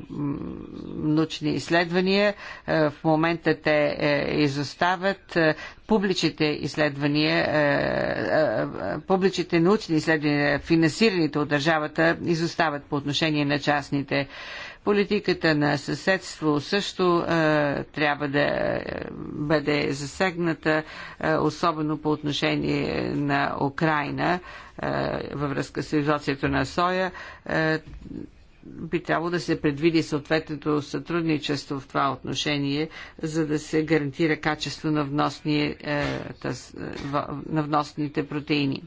научни изследвания. Е, в момента те е, изоставят. Е, публичните изследвания, е, е, публичните научни изследвания, финансираните от държавата, изостават по отношение на частните. Е, Политиката на съседство също е, трябва да бъде засегната, е, особено по отношение на Украина е, във връзка с изоцията на соя би трябвало да се предвиди съответното сътрудничество в това отношение, за да се гарантира качество на, вносни, на вносните протеини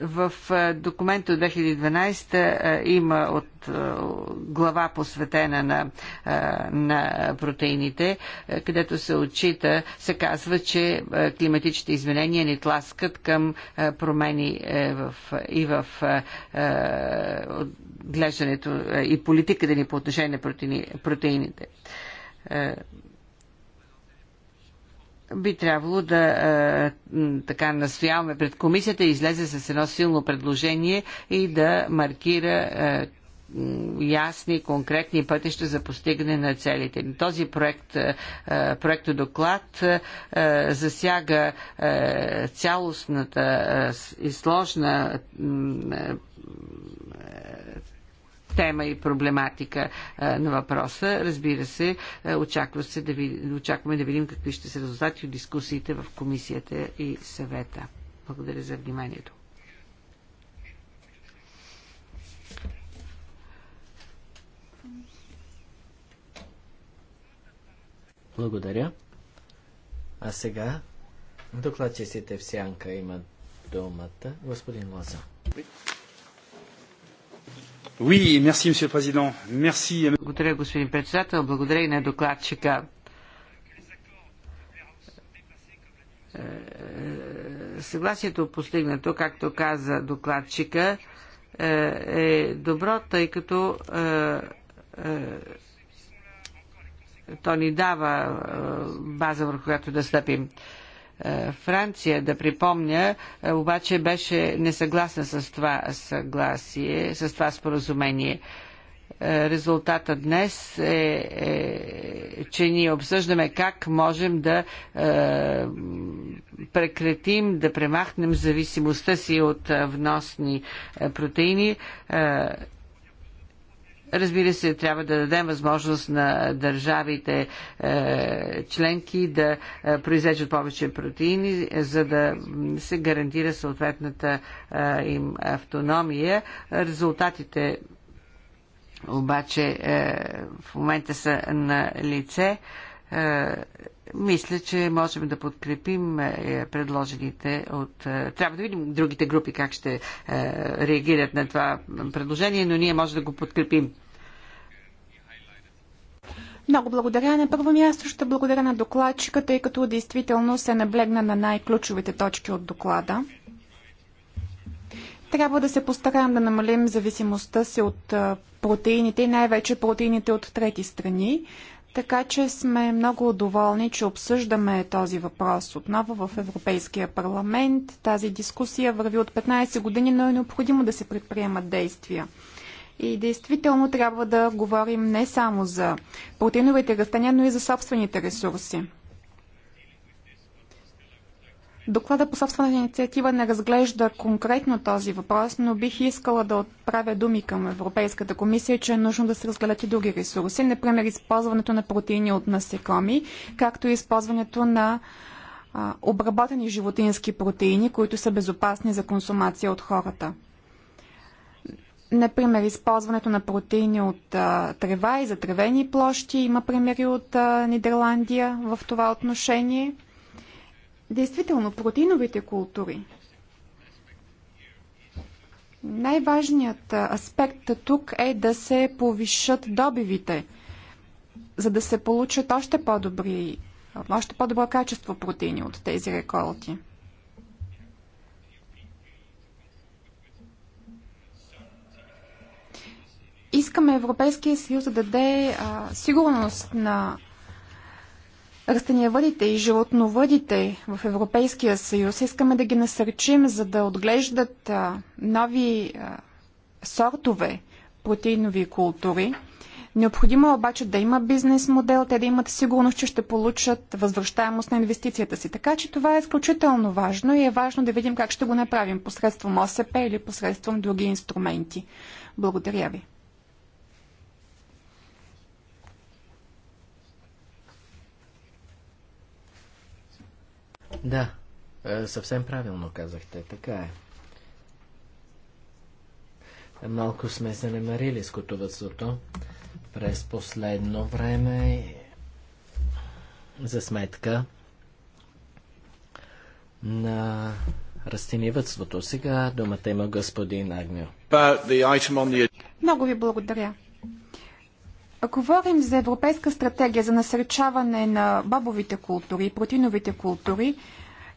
в е, документа от 2012 е, има от е, глава посветена на, на протеините, където се отчита, се казва, че климатичните изменения ни тласкат към промени в, и в отглеждането и политиката ни по отношение на протеините би трябвало да а, е, така настояваме пред комисията и излезе с едно силно предложение и да маркира а, е, ясни, конкретни пътища за постигане на целите. Този проект, е, проекто доклад засяга цялостната и сложна тема и проблематика на въпроса. Разбира се, очаква се да ви, очакваме да видим какви ще са резултати от дискусиите в комисията и съвета. Благодаря за вниманието. Благодаря. А сега докладчиците в сянка имат думата господин Лоза. Благодаря, господин председател. Благодаря и на докладчика. Е, съгласието постигнато, както каза докладчика, е, е добро, тъй като е, то ни дава база, върху която да стъпим. Е, Франция, да припомня, е, обаче беше несъгласна с това съгласие, с това споразумение. Е, резултата днес е, е, че ние обсъждаме как можем да е, прекратим, да премахнем зависимостта си от вносни протеини. Е, Разбира се, трябва да дадем възможност на държавите е, членки да е, произвеждат повече протеини, за да се гарантира съответната е, им автономия. Резултатите обаче е, в момента са на лице. Е, мисля, че можем да подкрепим е, предложените от... Е, трябва да видим другите групи как ще е, реагират на това предложение, но ние може да го подкрепим. Много благодаря. На първо място ще благодаря на докладчика, тъй като действително се наблегна на най-ключовите точки от доклада. Трябва да се постараем да намалим зависимостта си от протеините и най-вече протеините от трети страни. Така че сме много доволни, че обсъждаме този въпрос отново в Европейския парламент. Тази дискусия върви от 15 години, но е необходимо да се предприемат действия. И действително трябва да говорим не само за протеиновите растения, но и за собствените ресурси. Доклада по собствена инициатива не разглежда конкретно този въпрос, но бих искала да отправя думи към Европейската комисия, че е нужно да се разгледат и други ресурси, например използването на протеини от насекоми, както и използването на а, обработени животински протеини, които са безопасни за консумация от хората. Например, използването на протеини от а, трева и за тревени площи. Има примери от а, Нидерландия в това отношение – Действително, протеиновите култури. Най-важният аспект тук е да се повишат добивите, за да се получат още по-добри, още по-добро качество протеини от тези реколти. Искаме Европейския съюз да даде а, сигурност на растениевъдите и животновъдите в Европейския съюз. Искаме да ги насърчим, за да отглеждат нови сортове протеинови култури. Необходимо е обаче да има бизнес модел, те да имат сигурност, че ще получат възвръщаемост на инвестицията си. Така че това е изключително важно и е важно да видим как ще го направим посредством ОСП или посредством други инструменти. Благодаря ви. Да, е, съвсем правилно казахте, така е. Малко сме се намерили с котовътството през последно време за сметка на растениевътството. Сега думата има господин Агнио. Много ви благодаря. Говорим за европейска стратегия за насърчаване на бабовите култури, протиновите култури.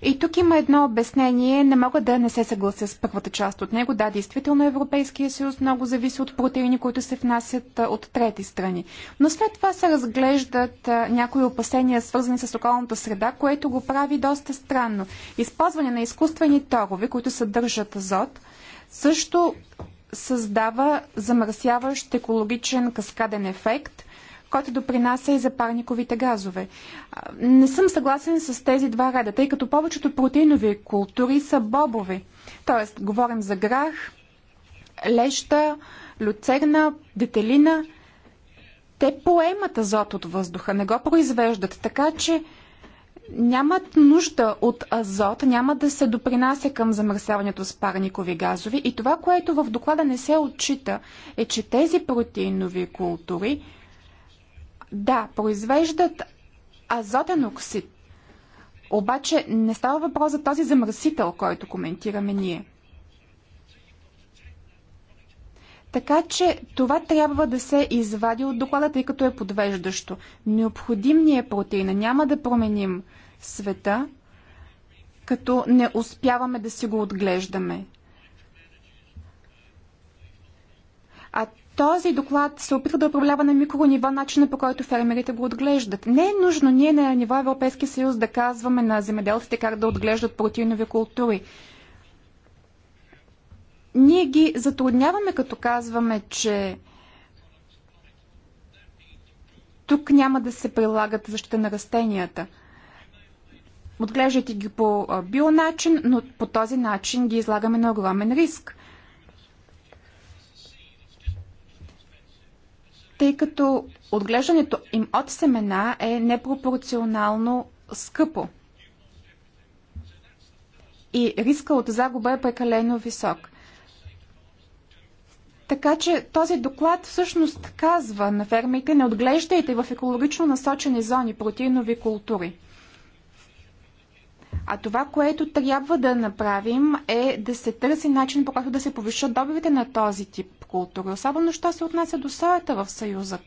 И тук има едно обяснение. Не мога да не се съглася с първата част от него. Да, действително Европейския съюз много зависи от протеини, които се внасят от трети страни. Но след това се разглеждат някои опасения, свързани с околната среда, което го прави доста странно. Използване на изкуствени торове, които съдържат азот, също създава замърсяващ екологичен каскаден ефект, който допринася и за парниковите газове. Не съм съгласен с тези два реда, тъй като повечето протеинови култури са бобови. Тоест, говорим за грах, леща, люцерна, детелина. Те поемат азот от въздуха, не го произвеждат, така че нямат нужда от азот, няма да се допринася към замърсяването с парникови газови. И това, което в доклада не се отчита, е, че тези протеинови култури, да, произвеждат азотен оксид, обаче не става въпрос за този замърсител, който коментираме ние. Така че това трябва да се извади от доклада, тъй като е подвеждащо. Необходим ни е протеина. Няма да променим света, като не успяваме да си го отглеждаме. А този доклад се опитва да управлява на микронива начина по който фермерите го отглеждат. Не е нужно ние на ниво Европейски съюз да казваме на земеделците как да отглеждат протеинови култури ние ги затрудняваме, като казваме, че тук няма да се прилагат защита на растенията. Отглеждайте ги по био начин, но по този начин ги излагаме на огромен риск. Тъй като отглеждането им от семена е непропорционално скъпо. И риска от загуба е прекалено висок. Така че този доклад всъщност казва на фермите не отглеждайте в екологично насочени зони протеинови култури. А това, което трябва да направим е да се търси начин по който да се повишат добивите на този тип култури, особено що се отнася до соята в Съюза.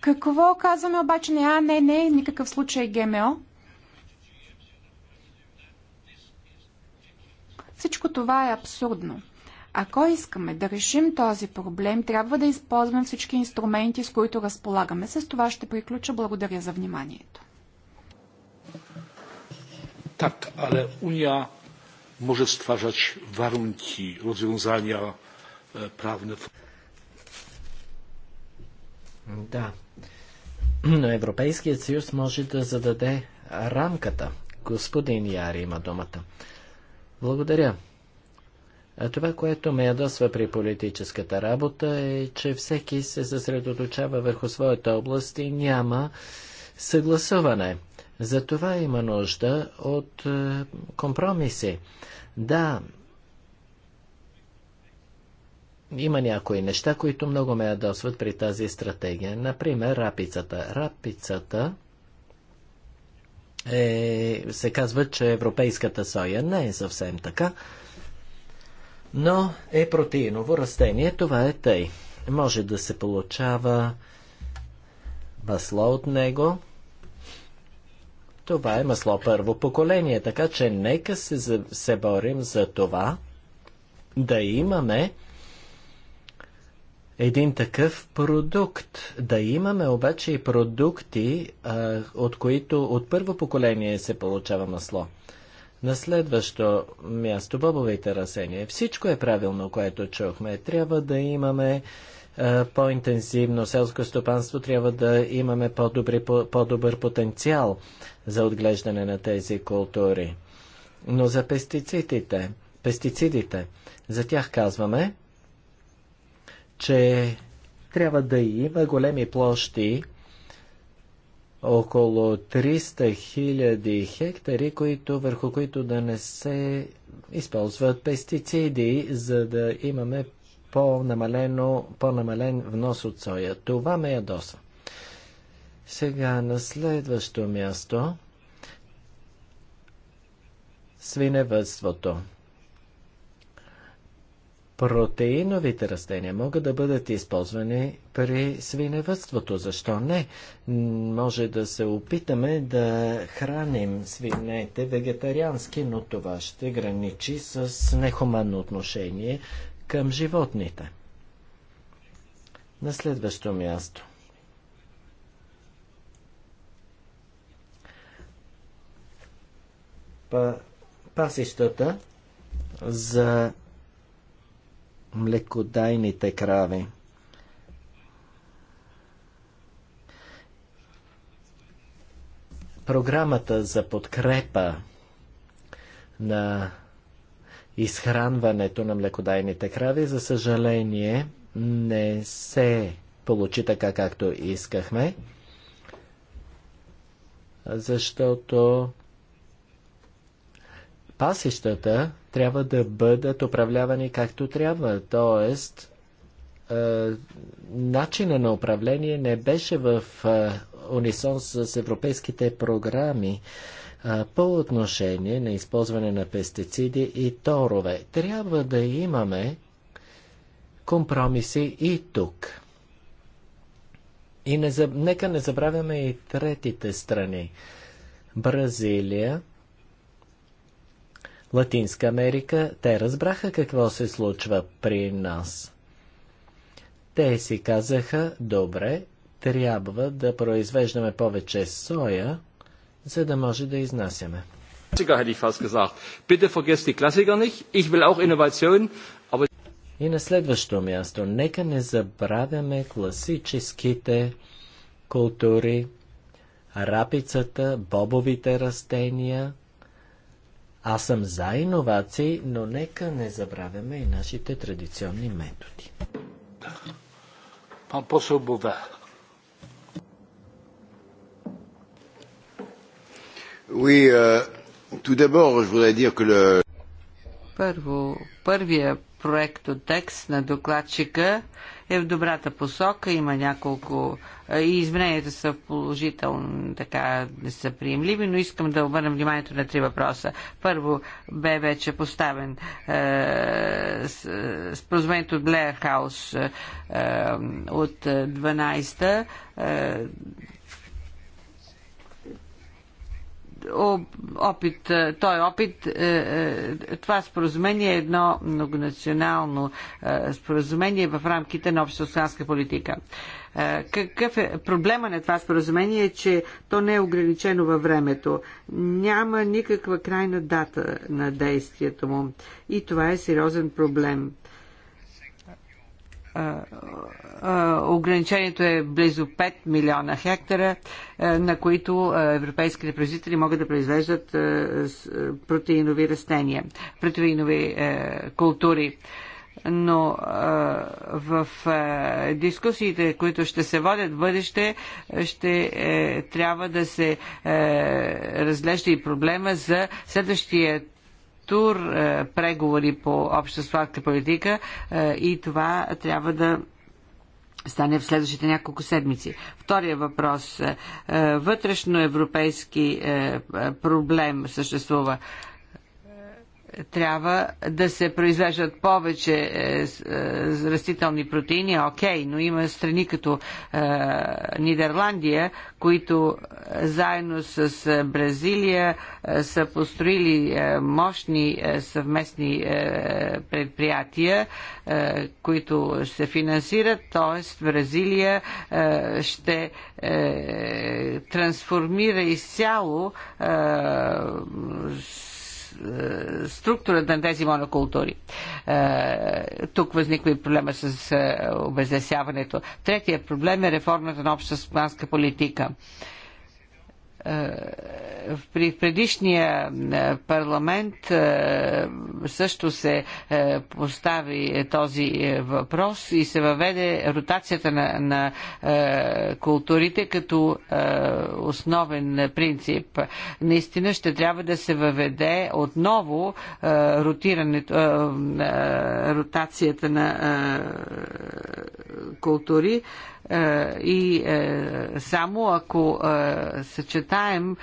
Какво казваме обаче? Не, а, не, не, никакъв случай ГМО. Всичко това е абсурдно. Ако искаме да решим този проблем, трябва да използваме всички инструменти, с които разполагаме. С това ще приключа. Благодаря за вниманието. Так, але Уния може stwarzać варунки, развязания е, правни. Да. Но Европейският съюз може да зададе рамката. Господин Яри има думата. Благодаря. Това, което ме ядосва при политическата работа е, че всеки се съсредоточава върху своята област и няма съгласуване. Затова има нужда от е, компромиси. Да, има някои неща, които много ме ядосват при тази стратегия. Например, рапицата. Рапицата е, се казва, че европейската соя не е съвсем така но е протеиново растение. Това е тъй. Може да се получава масло от него. Това е масло първо поколение, така че нека се, се борим за това да имаме един такъв продукт. Да имаме обаче и продукти, а, от които от първо поколение се получава масло. На следващо място бобовите растения. Всичко е правилно, което чухме. Трябва да имаме е, по-интензивно селско стопанство, трябва да имаме по добър по-добър потенциал за отглеждане на тези култури. Но за пестицидите, пестицидите, за тях казваме, че трябва да има големи площи, около 300 хиляди хектари, които, върху които да не се използват пестициди, за да имаме по-намален по внос от соя. Това ме е доса. Сега на следващо място свиневътството. Протеиновите растения могат да бъдат използвани при свиневътството. Защо не? Може да се опитаме да храним свинете вегетариански, но това ще граничи с нехуманно отношение към животните. На следващо място. Па, пасищата за млекодайните крави. Програмата за подкрепа на изхранването на млекодайните крави, за съжаление, не се получи така, както искахме, защото пасищата трябва да бъдат управлявани както трябва. Тоест, е, начина на управление не беше в е, унисон с европейските програми е, по отношение на използване на пестициди и торове. Трябва да имаме компромиси и тук. И не, нека не забравяме и третите страни. Бразилия Латинска Америка, те разбраха какво се случва при нас. Те си казаха, добре, трябва да произвеждаме повече соя, за да може да изнасяме. И на следващо място, нека не забравяме класическите култури, рапицата, бобовите растения – аз съм за иновации, но нека не забравяме и нашите традиционни методи. Пан посол Бове. Oui, euh, tout d'abord, je voudrais dire que le... Първо, първия проект от текст на докладчика euh, е в добрата посока. Има няколко и измененията са положително, така не са приемливи, но искам да обърна вниманието на три въпроса. Първо бе вече поставен е, споразумението от Блеер Хаус е, от 12-та. Е, опит, е, той е опит, е, това споразумение е едно многонационално споразумение в рамките на общоостанска политика. Какъв е проблема на това споразумение е, че то не е ограничено във времето. Няма никаква крайна дата на действието му. И това е сериозен проблем ограничението е близо 5 милиона хектара, на които европейските производители могат да произвеждат протеинови растения, протеинови култури но а, в а, дискусиите, които ще се водят в бъдеще, ще е, трябва да се е, разглежда и проблема за следващия тур е, преговори по обща сладка политика е, и това трябва да стане в следващите няколко седмици. Втория въпрос. Е, Вътрешно европейски проблем съществува трябва да се произвеждат повече е, е, растителни протеини, окей, но има страни като е, Нидерландия, които е, заедно с е, Бразилия е, са построили мощни съвместни предприятия, които се финансират, т.е. Бразилия ще трансформира изцяло с е, структурата на тези монокултури. Е, тук възниква и проблема с е, обезлесяването. Третия проблем е реформата на обща политика е, при предишния е, парламент е, също се постави този въпрос и се въведе ротацията на, на културите като основен принцип. Наистина ще трябва да се въведе отново ротирането, ротацията на култури е, и е, само ако е, съчетаем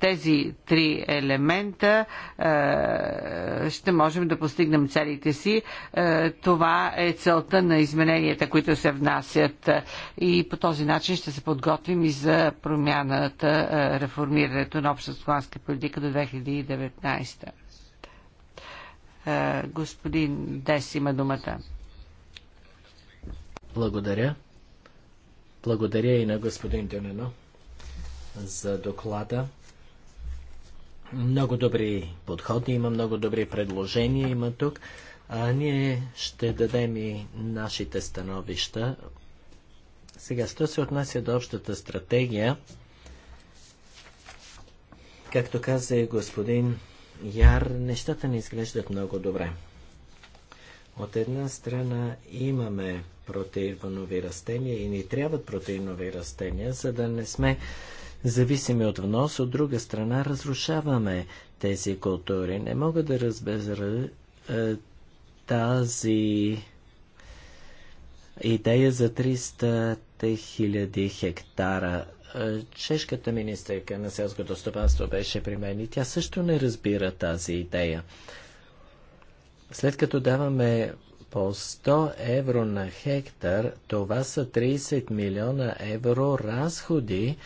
тези три елемента, ще можем да постигнем целите си. Това е целта на измененията, които се внасят и по този начин ще се подготвим и за промяната, реформирането на общата политика до 2019 господин Дес има думата. Благодаря. Благодаря и на господин Дюнено за доклада. Много добри подходи, има много добри предложения, има тук. А ние ще дадем и нашите становища. Сега, що се отнася до общата стратегия, както каза и господин Яр, нещата не изглеждат много добре. От една страна имаме протеинови растения и ни трябват протеинови растения, за да не сме зависими от внос. От друга страна, разрушаваме тези култури. Не мога да разбера е, тази идея за 300 хиляди хектара. Е, чешката министърка на селското стопанство беше при мен и тя също не разбира тази идея. След като даваме по 100 евро на хектар, това са 30 милиона евро разходи,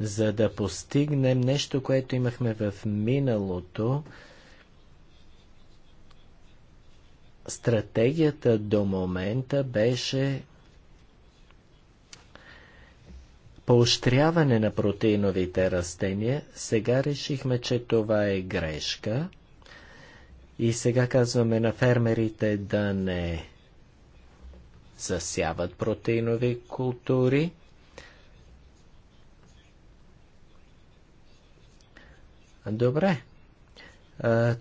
за да постигнем нещо, което имахме в миналото. Стратегията до момента беше поощряване на протеиновите растения. Сега решихме, че това е грешка – и сега казваме на фермерите да не засяват протеинови култури. Добре.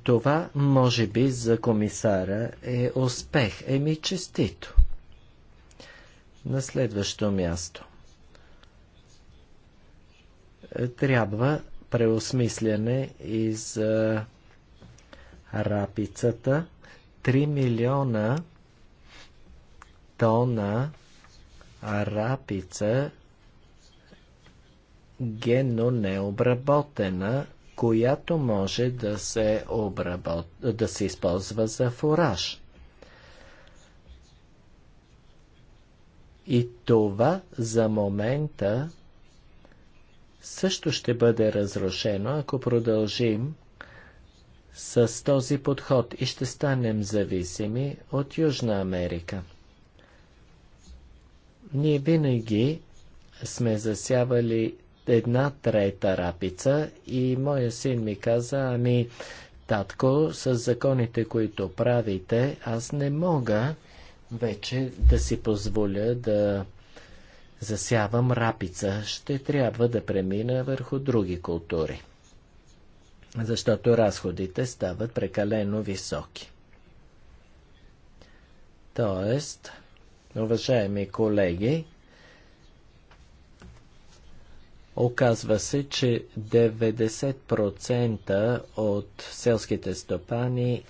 Това, може би, за комисара е успех. Еми, честито. На следващо място. Трябва преосмисляне и за рапицата. 3 милиона тона рапица генно необработена, която може да се, обработ... да се използва за фураж. И това за момента също ще бъде разрушено, ако продължим с този подход и ще станем зависими от Южна Америка. Ние винаги сме засявали една трета рапица и моя син ми каза, ами, татко, с законите, които правите, аз не мога вече да си позволя да засявам рапица. Ще трябва да премина върху други култури защото разходите стават прекалено високи. Тоест, уважаеми колеги, Оказва се, че 90% от селските стопани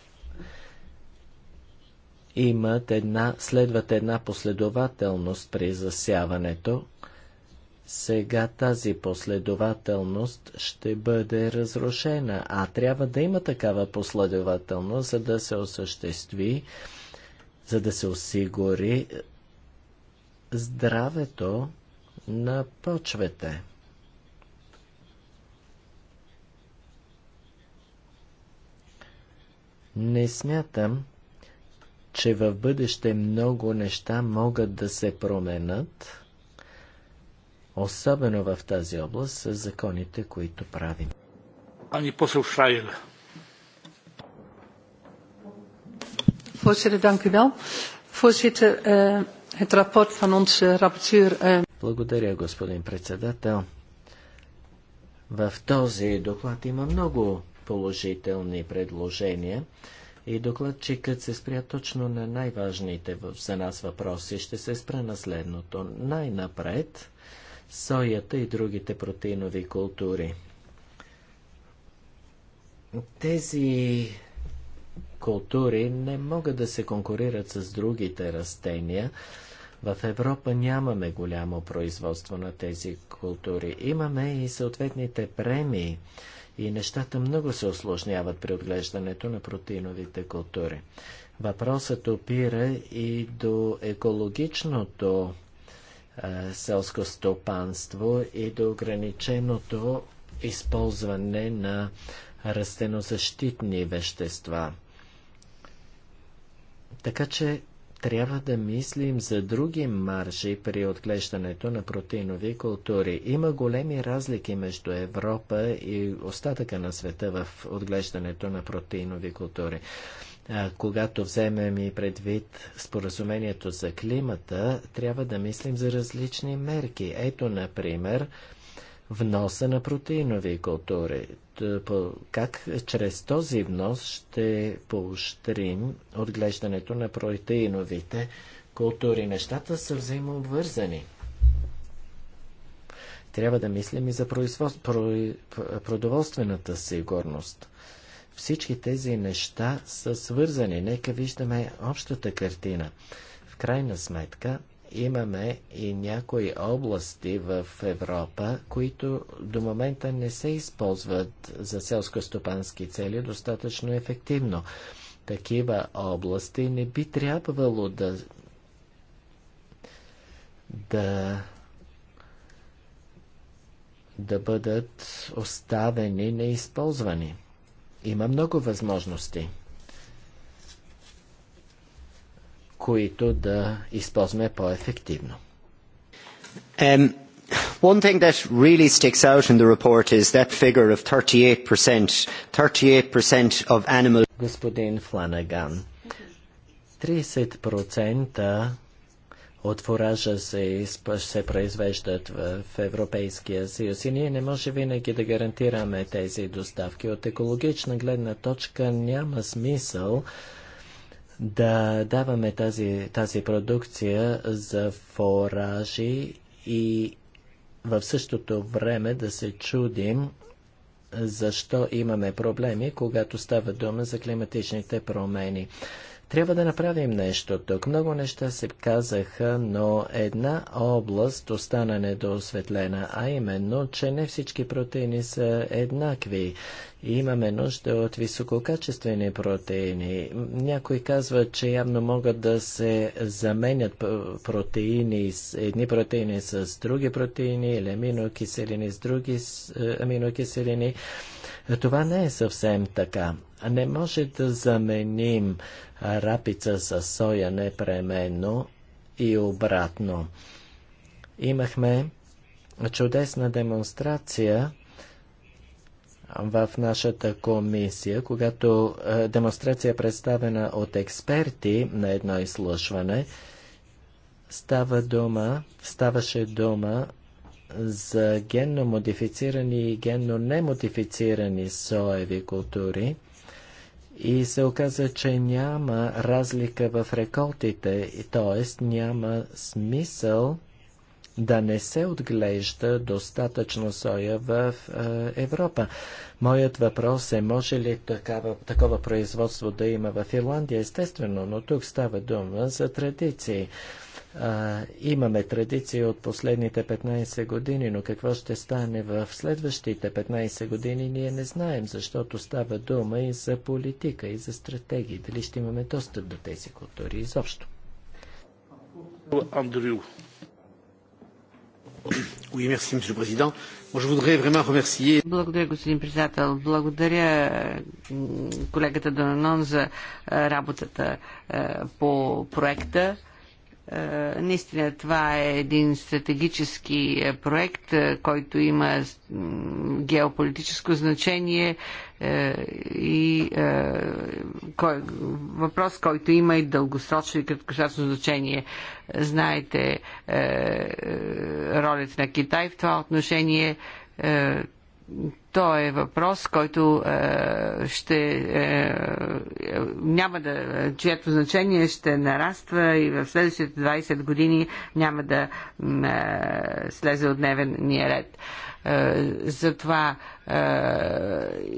имат една, следват една последователност при засяването сега тази последователност ще бъде разрушена, а трябва да има такава последователност, за да се осъществи, за да се осигури здравето на почвете. Не смятам, че в бъдеще много неща могат да се променят, особено в тази област, с законите, които правим. Ани посъл Шайл. Voorzitter, dank u wel. Voorzitter, uh, het rapport van onze rapporteur. Eh, Благодаря, господин председател. В този доклад има много положителни предложения и докладчикът се спря точно на най-важните за нас въпроси. Ще се спра на следното. Най-напред соята и другите протеинови култури. Тези култури не могат да се конкурират с другите растения. В Европа нямаме голямо производство на тези култури. Имаме и съответните премии и нещата много се осложняват при отглеждането на протеиновите култури. Въпросът опира и до екологичното е, селско стопанство и до ограниченото използване на растенозащитни вещества. Така че трябва да мислим за други маржи при отглеждането на протеинови култури. Има големи разлики между Европа и остатъка на света в отглеждането на протеинови култури когато вземем и предвид споразумението за климата, трябва да мислим за различни мерки. Ето, например, вноса на протеинови култури. Как чрез този внос ще поощрим отглеждането на протеиновите култури? Нещата са взаимообвързани. Трябва да мислим и за производ... про... продоволствената сигурност. Всички тези неща са свързани. Нека виждаме общата картина. В крайна сметка имаме и някои области в Европа, които до момента не се използват за селско-стопански цели достатъчно ефективно. Такива области не би трябвало да да да бъдат оставени неизползвани. Има много възможности, които да използваме по-ефективно. Um, one thing that really sticks out in the report is that figure of 38%, 38% of animal... Господин Фланаган, 30% от фуража се, се произвеждат в, в Европейския съюз и ние не може винаги да гарантираме тези доставки. От екологична гледна точка няма смисъл да даваме тази, тази продукция за форажи и в същото време да се чудим защо имаме проблеми, когато става дума за климатичните промени. Трябва да направим нещо тук. Много неща се казаха, но една област остана недоосветлена, а именно, че не всички протеини са еднакви. И имаме нужда от висококачествени протеини. Някой казва, че явно могат да се заменят протеини, едни протеини с други протеини или аминокиселини с други е, аминокиселини. Това не е съвсем така. Не може да заменим рапица с соя непременно и обратно. Имахме чудесна демонстрация в нашата комисия, когато е, демонстрация представена от експерти на едно изслушване, става дума, ставаше дума за генно модифицирани и генно немодифицирани соеви култури и се оказа, че няма разлика в реколтите, т.е. няма смисъл да не се отглежда достатъчно соя в е, Европа. Моят въпрос е, може ли такава, такова производство да има в Ирландия? Естествено, но тук става дума за традиции. А, имаме традиции от последните 15 години, но какво ще стане в следващите 15 години, ние не знаем, защото става дума и за политика, и за стратегии. Дали ще имаме достъп до тези култури изобщо? Андрю. Благодаря, господин председател. Благодаря колегата Донанон за работата по проекта. Наистина това е един стратегически проект, който има геополитическо значение е, и е, кой, въпрос, който има и дългосрочно и краткосрочно значение. Знаете е, ролята на Китай в това отношение. То е въпрос, който е, ще е, няма да, чието значение ще нараства и в следващите 20 години няма да е, слезе от дневния ред. Е, затова е,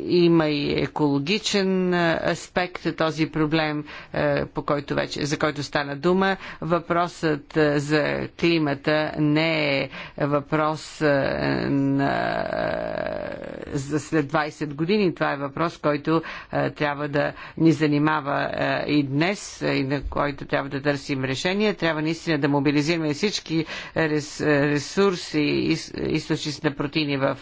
има и екологичен е, аспект този проблем, е, по който вече, за който стана дума. Въпросът за климата не е въпрос на, за след 20 години. Това е въпрос, който трябва да ни занимава и днес, и на който трябва да търсим решение. Трябва наистина да мобилизираме всички ресурси и източници на протини в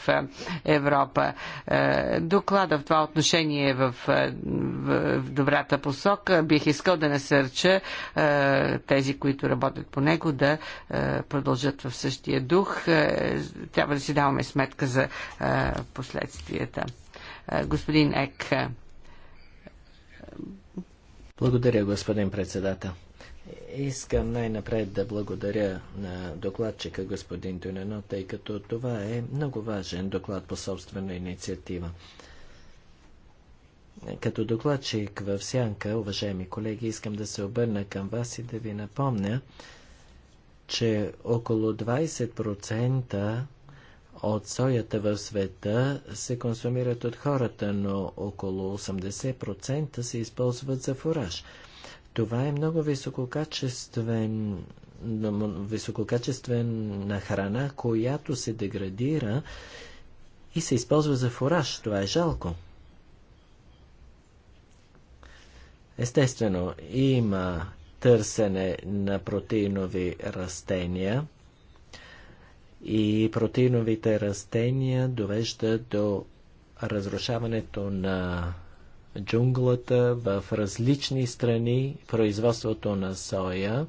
Европа група е, Доклада в това отношение е, е в, в добрата посока. Бих искал да насърча е, тези, които работят по него, да продължат в същия дух. Трябва да си даваме сметка за последствията. Господин Ек. Благодаря, господин председател. Искам най-напред да благодаря на докладчика господин Тюнено, тъй като това е много важен доклад по собствена инициатива. Като докладчик в Сянка, уважаеми колеги, искам да се обърна към вас и да ви напомня, че около 20% от соята в света се консумират от хората, но около 80% се използват за фураж. Това е много висококачествен, висококачествена храна, която се деградира и се използва за фураж. Това е жалко. Естествено, има търсене на протеинови растения и протеиновите растения довежда до разрушаването на джунглата, в различни страни производството на соя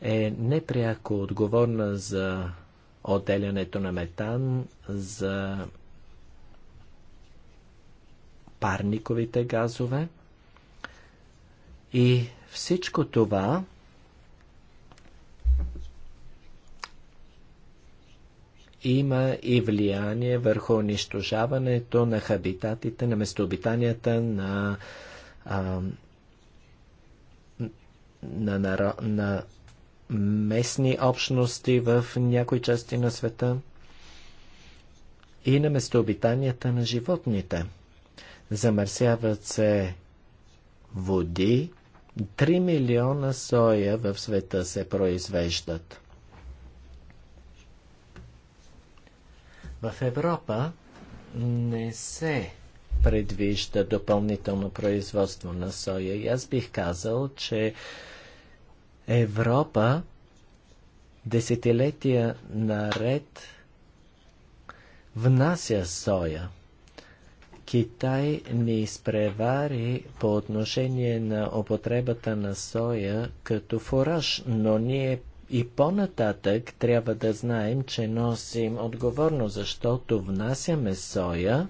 е непряко отговорна за отделянето на метан, за парниковите газове. И всичко това има и влияние върху унищожаването на хабитатите, на местообитанията на, а, на, на, на местни общности в някои части на света и на местообитанията на животните. Замърсяват се води, 3 милиона соя в света се произвеждат. В Европа не се предвижда допълнително производство на соя и аз бих казал, че Европа десетилетия наред внася соя. Китай ни изпревари по отношение на употребата на соя като фураж, но ние и по-нататък трябва да знаем, че носим отговорно, защото внасяме соя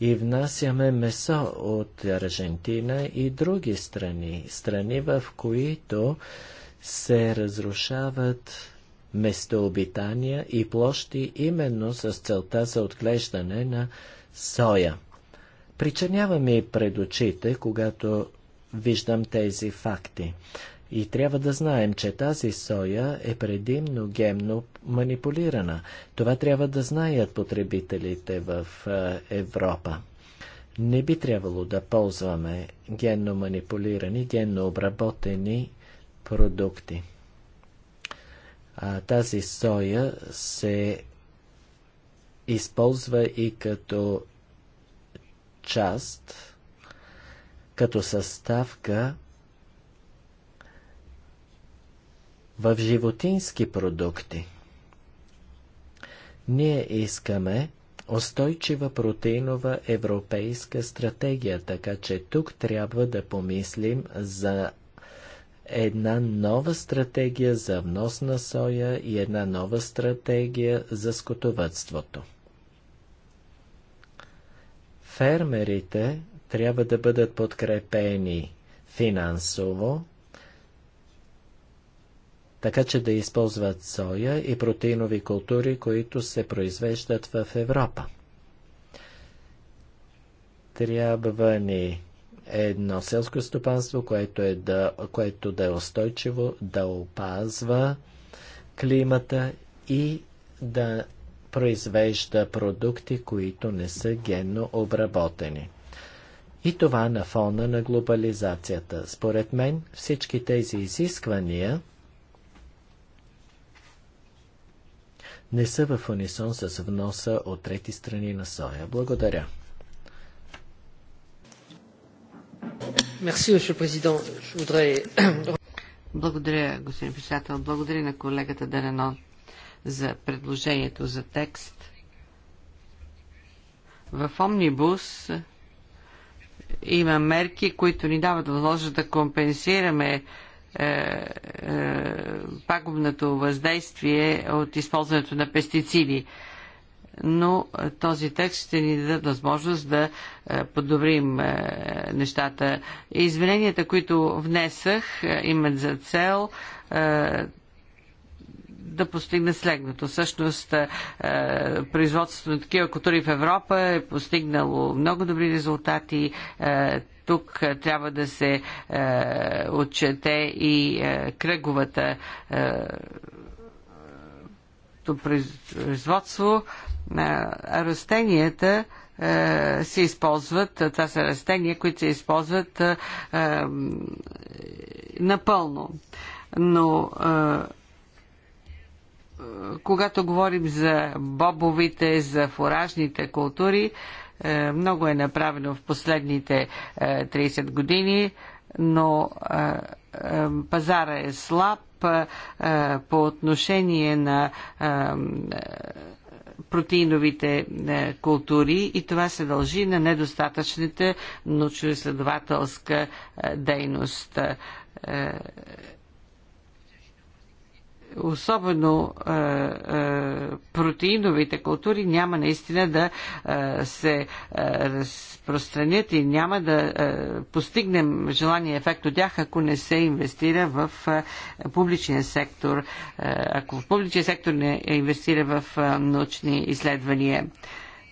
и внасяме месо от Аржентина и други страни. Страни, в които се разрушават местообитания и площи именно с целта за отглеждане на соя. Причиняваме и пред очите, когато виждам тези факти. И трябва да знаем, че тази соя е предимно гемно манипулирана. Това трябва да знаят потребителите в е, Европа. Не би трябвало да ползваме генно манипулирани, генно обработени продукти. А, тази соя се използва и като част, като съставка в животински продукти. Ние искаме устойчива протеинова европейска стратегия, така че тук трябва да помислим за една нова стратегия за внос на соя и една нова стратегия за скотовътството. Фермерите трябва да бъдат подкрепени финансово, така че да използват соя и протеинови култури, които се произвеждат в Европа. Трябва ни едно селско стопанство, което, е да, което да е устойчиво, да опазва климата и да произвежда продукти, които не са генно обработени. И това на фона на глобализацията. Според мен всички тези изисквания не са в унисон с вноса от трети страни на соя. Благодаря. Благодаря, господин председател. Благодаря на колегата Дарено за предложението за текст. В Омнибус има мерки, които ни дават възможност да компенсираме е, е, пагубното въздействие от използването на пестициди. Но е, този текст ще ни даде възможност да подобрим нещата. Измененията, които внесах, имат за цел да постигне следното. Всъщност, е, производството на такива култури в Европа е постигнало много добри резултати е, тук трябва да се е, отчете и кръговата производство. растенията се използват, това са растения, които се използват напълно. Но когато говорим за бобовите, за фуражните култури, е, много е направено в последните 30 е, години, но е, пазара е слаб по отношение на протеиновите култури и това се дължи на недостатъчните научно-изследователска дейност особено е, е, протеиновите култури няма наистина да е, се е, разпространят и няма да е, постигнем желания ефект от тях, ако не се инвестира в е, публичния сектор, е, ако в публичния сектор не инвестира в е, научни изследвания.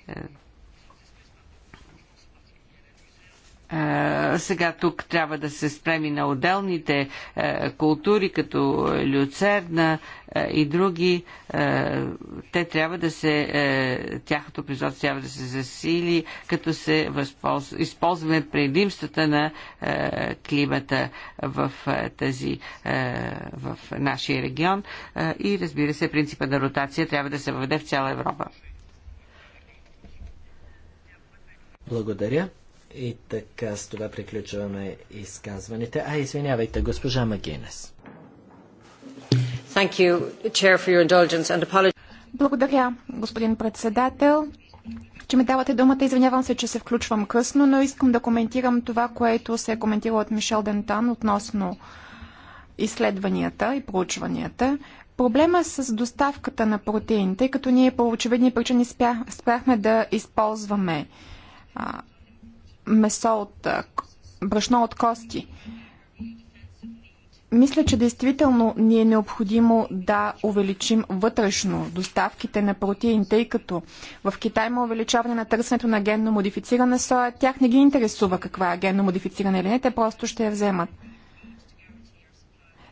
Е. Е, сега тук трябва да се спреми на отделните е, култури, като люцерна е, и други. Те трябва да се, тяхното производство трябва да се засили, като се използваме предимствата на климата в тази, в нашия регион. И разбира се, принципа на ротация трябва да се въведе в цяла Европа. Благодаря. И така с това приключваме изказваните. А, извинявайте, госпожа Магинес. Благодаря, господин председател, че ми давате думата. Извинявам се, че се включвам късно, но искам да коментирам това, което се е коментирало от Мишел Дентан относно изследванията и проучванията. Проблема с доставката на протеин, тъй като ние по очевидни причини спряхме да използваме а, месо от брашно от кости. Мисля, че действително ни е необходимо да увеличим вътрешно доставките на протеин, тъй като в Китай има увеличаване на търсенето на генно модифицирана соя. Тях не ги интересува каква е генно модифицирана или не, те просто ще я вземат.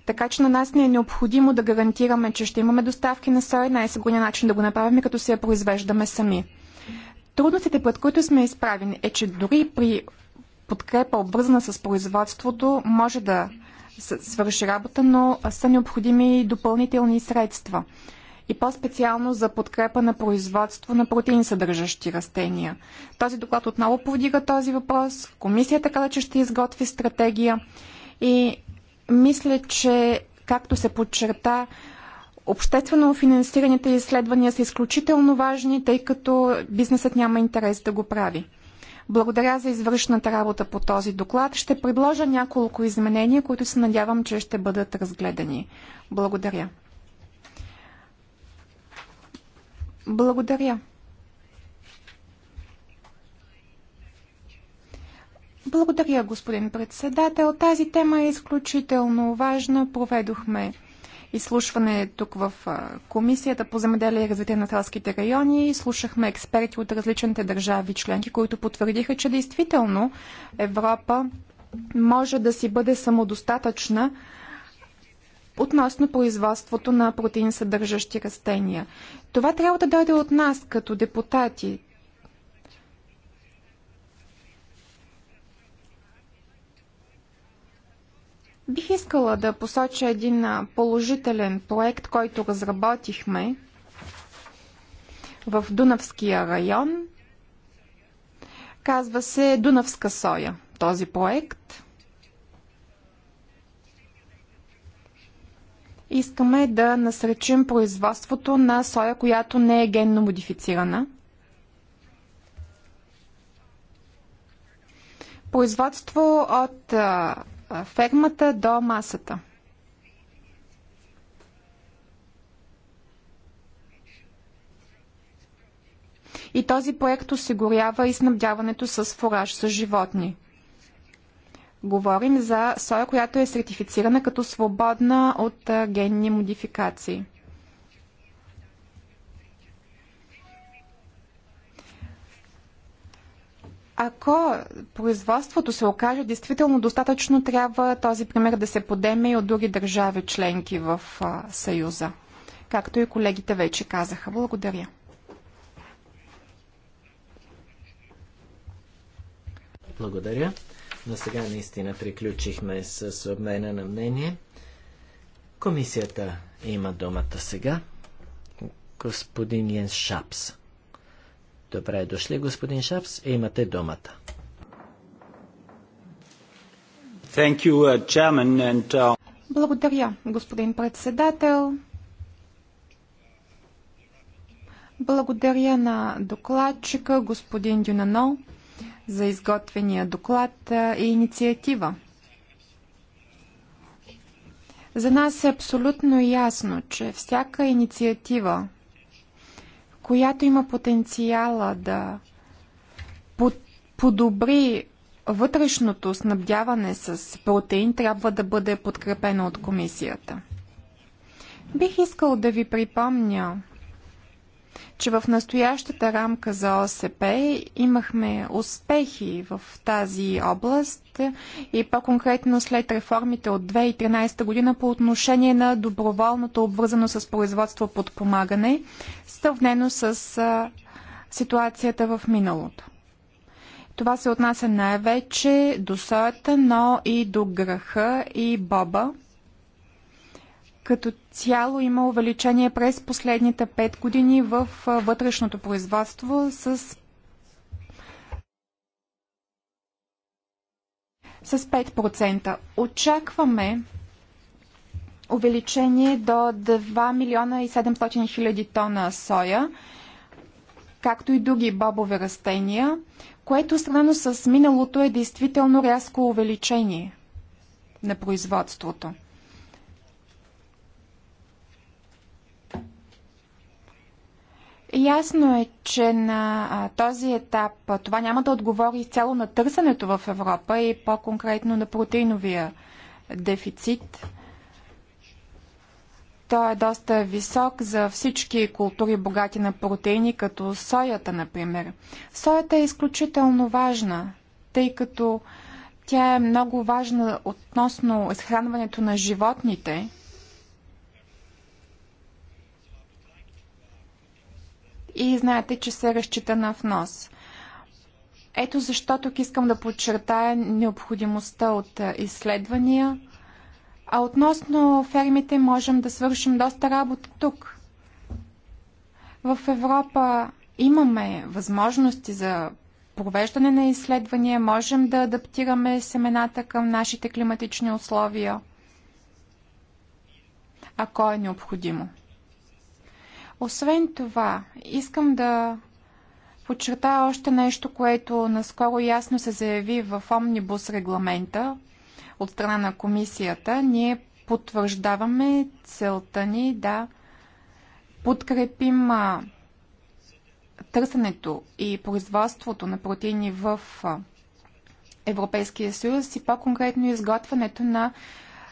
Така че на нас не е необходимо да гарантираме, че ще имаме доставки на соя, най-сигурният начин да го направим, е като се я произвеждаме сами. Трудностите, пред които сме изправени, е, че дори при подкрепа, обвързана с производството, може да свърши работа, но са необходими и допълнителни средства. И по-специално за подкрепа на производство на протеин съдържащи растения. Този доклад отново повдига този въпрос. Комисията каза, че ще изготви стратегия. И мисля, че, както се подчерта, Обществено финансираните изследвания са изключително важни, тъй като бизнесът няма интерес да го прави. Благодаря за извършната работа по този доклад. Ще предложа няколко изменения, които се надявам, че ще бъдат разгледани. Благодаря. Благодаря. Благодаря, господин председател. Тази тема е изключително важна. Проведохме изслушване тук в Комисията по земеделие и развитие на селските райони. Слушахме експерти от различните държави членки, които потвърдиха, че действително Европа може да си бъде самодостатъчна относно производството на протеин съдържащи растения. Това трябва да дойде от нас като депутати. Бих искала да посоча един положителен проект, който разработихме в Дунавския район. Казва се Дунавска соя този проект. Искаме да насречим производството на соя, която не е генно модифицирана. Производство от фермата до масата. И този проект осигурява и снабдяването с фураж с животни. Говорим за соя, която е сертифицирана като свободна от генни модификации. Ако производството се окаже действително достатъчно, трябва този пример да се подеме и от други държави членки в Съюза. Както и колегите вече казаха. Благодаря. Благодаря. На сега наистина приключихме с обмена на мнение. Комисията има думата сега. Господин Йен Шапс. Добре дошли, господин Шапс. Имате думата. Thank you, uh, chairman, and, uh... Благодаря, господин председател. Благодаря на докладчика, господин Дюнано, за изготвения доклад и инициатива. За нас е абсолютно ясно, че всяка инициатива, която има потенциала да подобри вътрешното снабдяване с протеин, трябва да бъде подкрепена от комисията. Бих искал да ви припомня че в настоящата рамка за ОСП имахме успехи в тази област и по-конкретно след реформите от 2013 година по отношение на доброволното обвързано с производство подпомагане, сравнено с ситуацията в миналото. Това се отнася най-вече до соята, но и до граха и боба – като цяло има увеличение през последните 5 години в вътрешното производство с с 5%. Очакваме увеличение до 2 милиона и 700 хиляди тона соя, както и други бобови растения, което сравнено с миналото е действително рязко увеличение на производството. Ясно е, че на този етап това няма да отговори изцяло на търсенето в Европа и по-конкретно на протеиновия дефицит. Той е доста висок за всички култури богати на протеини, като соята, например. Соята е изключително важна, тъй като тя е много важна относно изхранването на животните – знаете, че се разчита на внос. Ето защо тук искам да подчертая необходимостта от изследвания. А относно фермите можем да свършим доста работа тук. В Европа имаме възможности за провеждане на изследвания, можем да адаптираме семената към нашите климатични условия, ако е необходимо. Освен това, искам да подчертая още нещо, което наскоро ясно се заяви в Омнибус регламента от страна на комисията. Ние потвърждаваме целта ни да подкрепим търсенето и производството на протеини в Европейския съюз и по-конкретно изготвянето на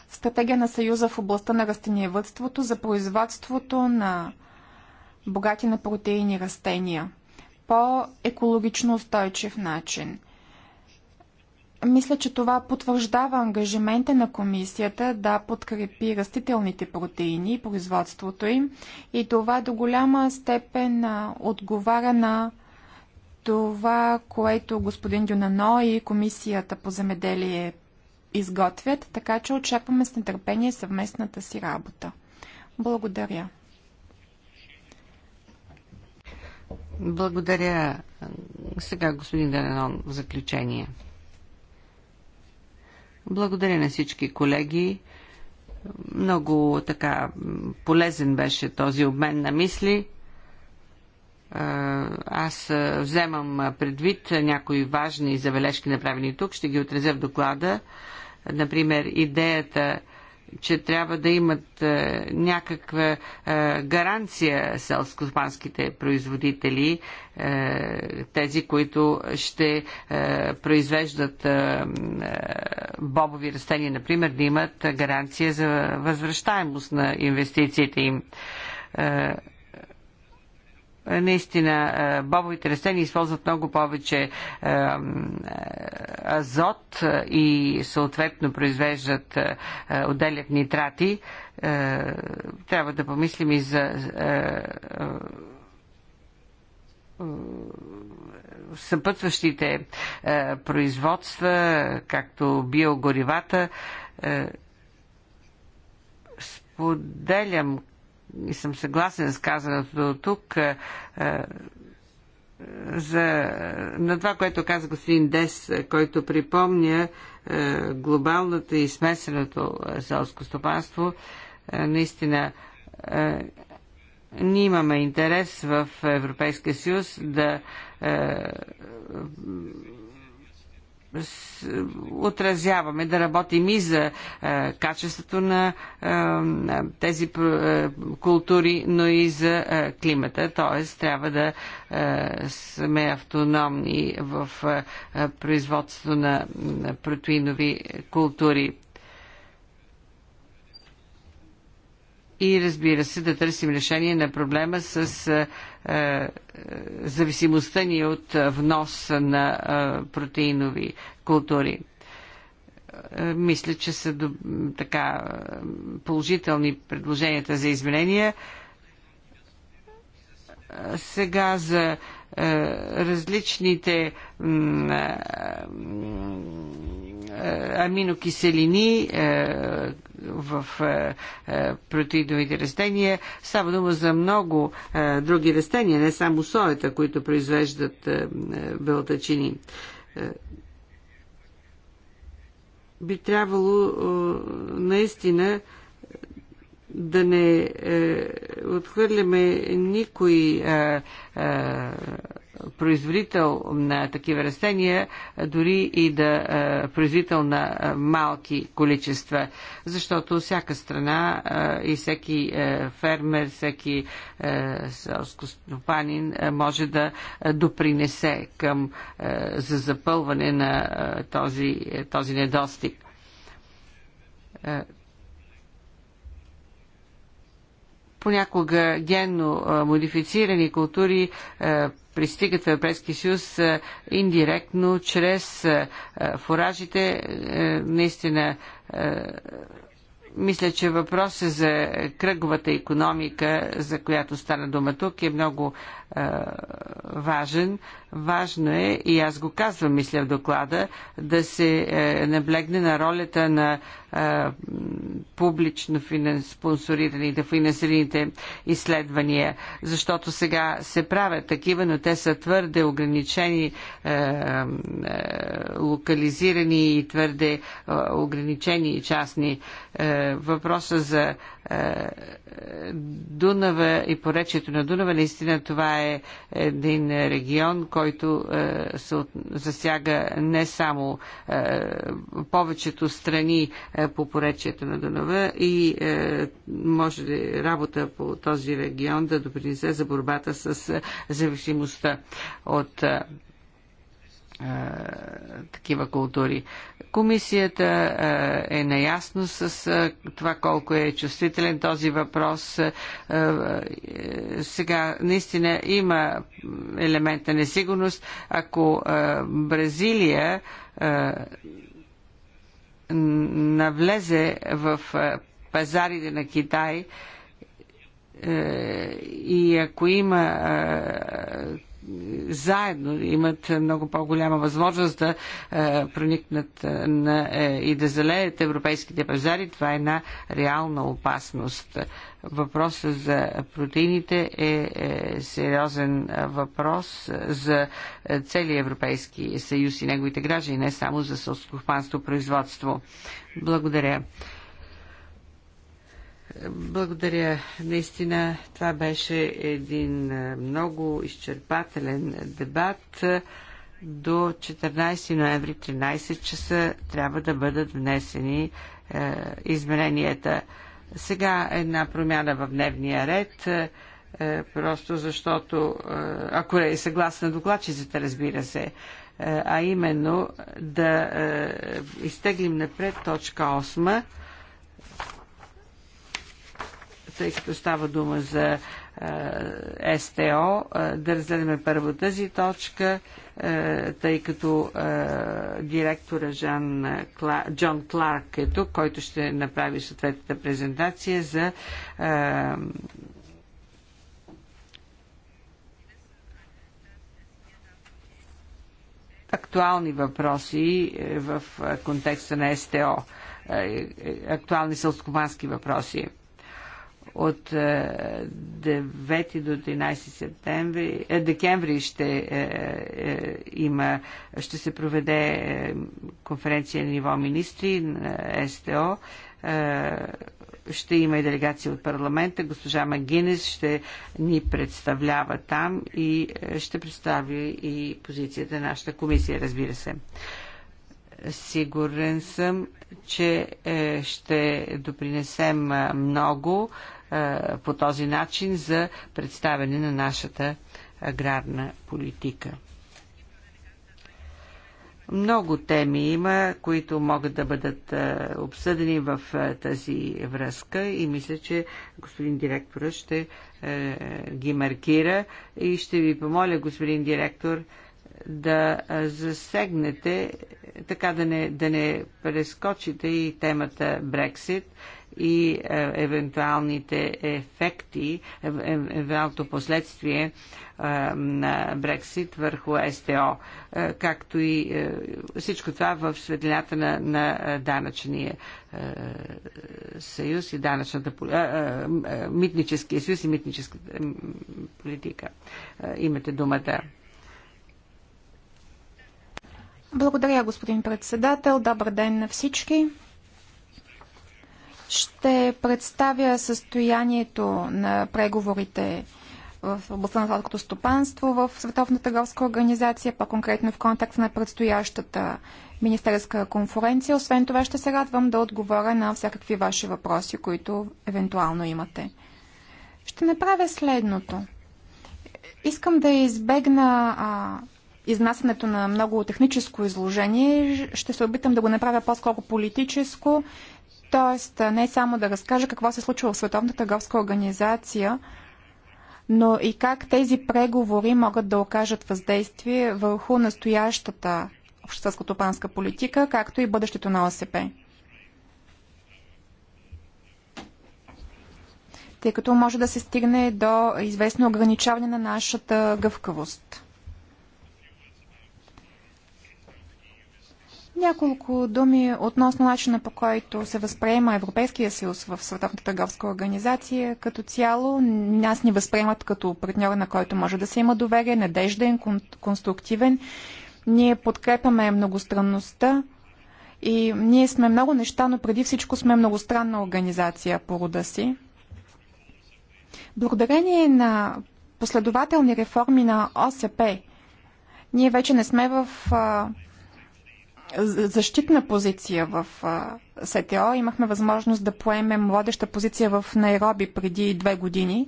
стратегия на Съюза в областта на растениевътството за производството на богати на протеини растения по екологично устойчив начин. Мисля, че това потвърждава ангажимента на комисията да подкрепи растителните протеини и производството им и това до голяма степен отговаря на това, което господин Дюнано и комисията по земеделие изготвят, така че очакваме с нетърпение съвместната си работа. Благодаря. Благодаря. Сега господин Даренон, в заключение. Благодаря на всички колеги. Много така полезен беше този обмен на мисли. Аз вземам предвид някои важни забележки, направени тук. Ще ги отразя в доклада. Например, идеята че трябва да имат е, някаква е, гаранция спанските производители, е, тези, които ще е, произвеждат е, е, бобови растения, например, да имат гаранция за възвръщаемост на инвестициите им. Е, е, наистина е, бобовите растения използват много повече е, азот и съответно произвеждат, отделят нитрати. Трябва да помислим и за съпътващите производства, както биогоривата. Споделям и съм съгласен с казаното до тук е, е, за, на това, което каза господин Дес, който припомня е, глобалното и смесеното селско стопанство, наистина ние имаме интерес в Европейския съюз да отразяваме, да работим и за е, качеството на е, тези е, култури, но и за е, климата. Т.е. трябва да е, сме автономни в е, производството на, на протеинови култури. и разбира се да търсим решение на проблема с е, е, зависимостта ни от внос на е, протеинови култури. Е, мисля, че са до, така положителни предложенията за изменения. Е, сега за е, различните е, е, аминокиселини в протеидовите растения. Става дума за много други растения, не само соята, които произвеждат белтачини би трябвало наистина да не е, отхвърляме никой е, е, производител на такива растения, дори и да е, производител на е, малки количества, защото всяка страна е, и всеки е, фермер, всеки е, селско стопанин е, може да е, допринесе към, е, за запълване на е, този, е, този недостиг е, Понякога генно модифицирани култури пристигат в Европейския съюз индиректно, чрез фуражите. Е, наистина мисля, че въпросът за кръговата економика, за която стана дума тук, е много е, важен. Важно е, и аз го казвам, мисля в доклада, да се е, наблегне на ролята на е, публично спонсорираните, финансираните изследвания, защото сега се правят такива, но те са твърде ограничени, локализирани и твърде ограничени и частни. Въпроса за Дунава и поречието на Дунава, наистина това е един регион, който е, се засяга не само е, повечето страни е, по поречието на Дунава и може ли работа по този регион да допринесе за борбата с зависимостта от такива култури. Комисията е наясно с това колко е чувствителен този въпрос. Е, сега наистина има елемент на несигурност. Ако Бразилия навлезе в пазарите на Китай е, и ако има заедно имат много по-голяма възможност да е, проникнат е, на, е, и да залеят европейските пазари. Това е една реална опасност. Въпросът за протеините е, е сериозен въпрос за целия Европейски съюз и неговите граждани, не само за сълскохпанство производство. Благодаря. Благодаря. Наистина това беше един е, много изчерпателен дебат. До 14 ноември 13 часа трябва да бъдат внесени е, измененията. Сега една промяна в дневния ред, е, просто защото, е, ако е съгласна докладчицата, разбира се, е, а именно да е, изтеглим напред точка 8 тъй като става дума за е, СТО, е, да разгледаме първо тази точка, е, тъй като е, директора Жан, е, Кла, Джон Кларк е тук, който ще направи съответната презентация за е, актуални въпроси е, в е, контекста на СТО, актуални сълскомански въпроси. От 9 е, до 13 септември, е, декември ще е, има, ще се проведе конференция на ниво министри на СТО ще има и делегация от парламента. Госпожа Магинес ще ни представлява там и ще представи и позицията на нашата комисия, разбира се. Сигурен съм, че ще допринесем много по този начин за представяне на нашата аграрна политика. Много теми има, които могат да бъдат обсъдени в тази връзка и мисля, че господин директор ще ги маркира и ще ви помоля, господин директор, да засегнете, така да не, да не прескочите и темата Брексит, и е, евентуалните ефекти, евентуалното последствие е, на Брексит върху СТО, е, както и всичко това в светлината на, на данъчния съюз и данъчната митническия съюз и митническата политика. Имате думата. Благодаря, господин председател. Добър ден на всички ще представя състоянието на преговорите в областта на сладкото стопанство в Световната търговска организация, по-конкретно в контакт на предстоящата министерска конференция. Освен това ще се радвам да отговоря на всякакви ваши въпроси, които евентуално имате. Ще направя следното. Искам да избегна а, изнасянето на много техническо изложение. Ще се опитам да го направя по-скоро политическо Тоест, не само да разкажа какво се случва в Световната търговска организация, но и как тези преговори могат да окажат въздействие върху настоящата общата топанска политика, както и бъдещето на ОСП. Тъй като може да се стигне до известно ограничаване на нашата гъвкавост. Няколко думи относно начина по който се възприема Европейския съюз в Световната търговска организация. Като цяло, нас ни възприемат като партньор, на който може да се има доверие, надежден, конструктивен. Ние подкрепяме многостранността и ние сме много неща, но преди всичко сме многостранна организация по рода си. Благодарение на последователни реформи на ОСП, ние вече не сме в защитна позиция в СТО. Имахме възможност да поемем водеща позиция в Найроби преди две години.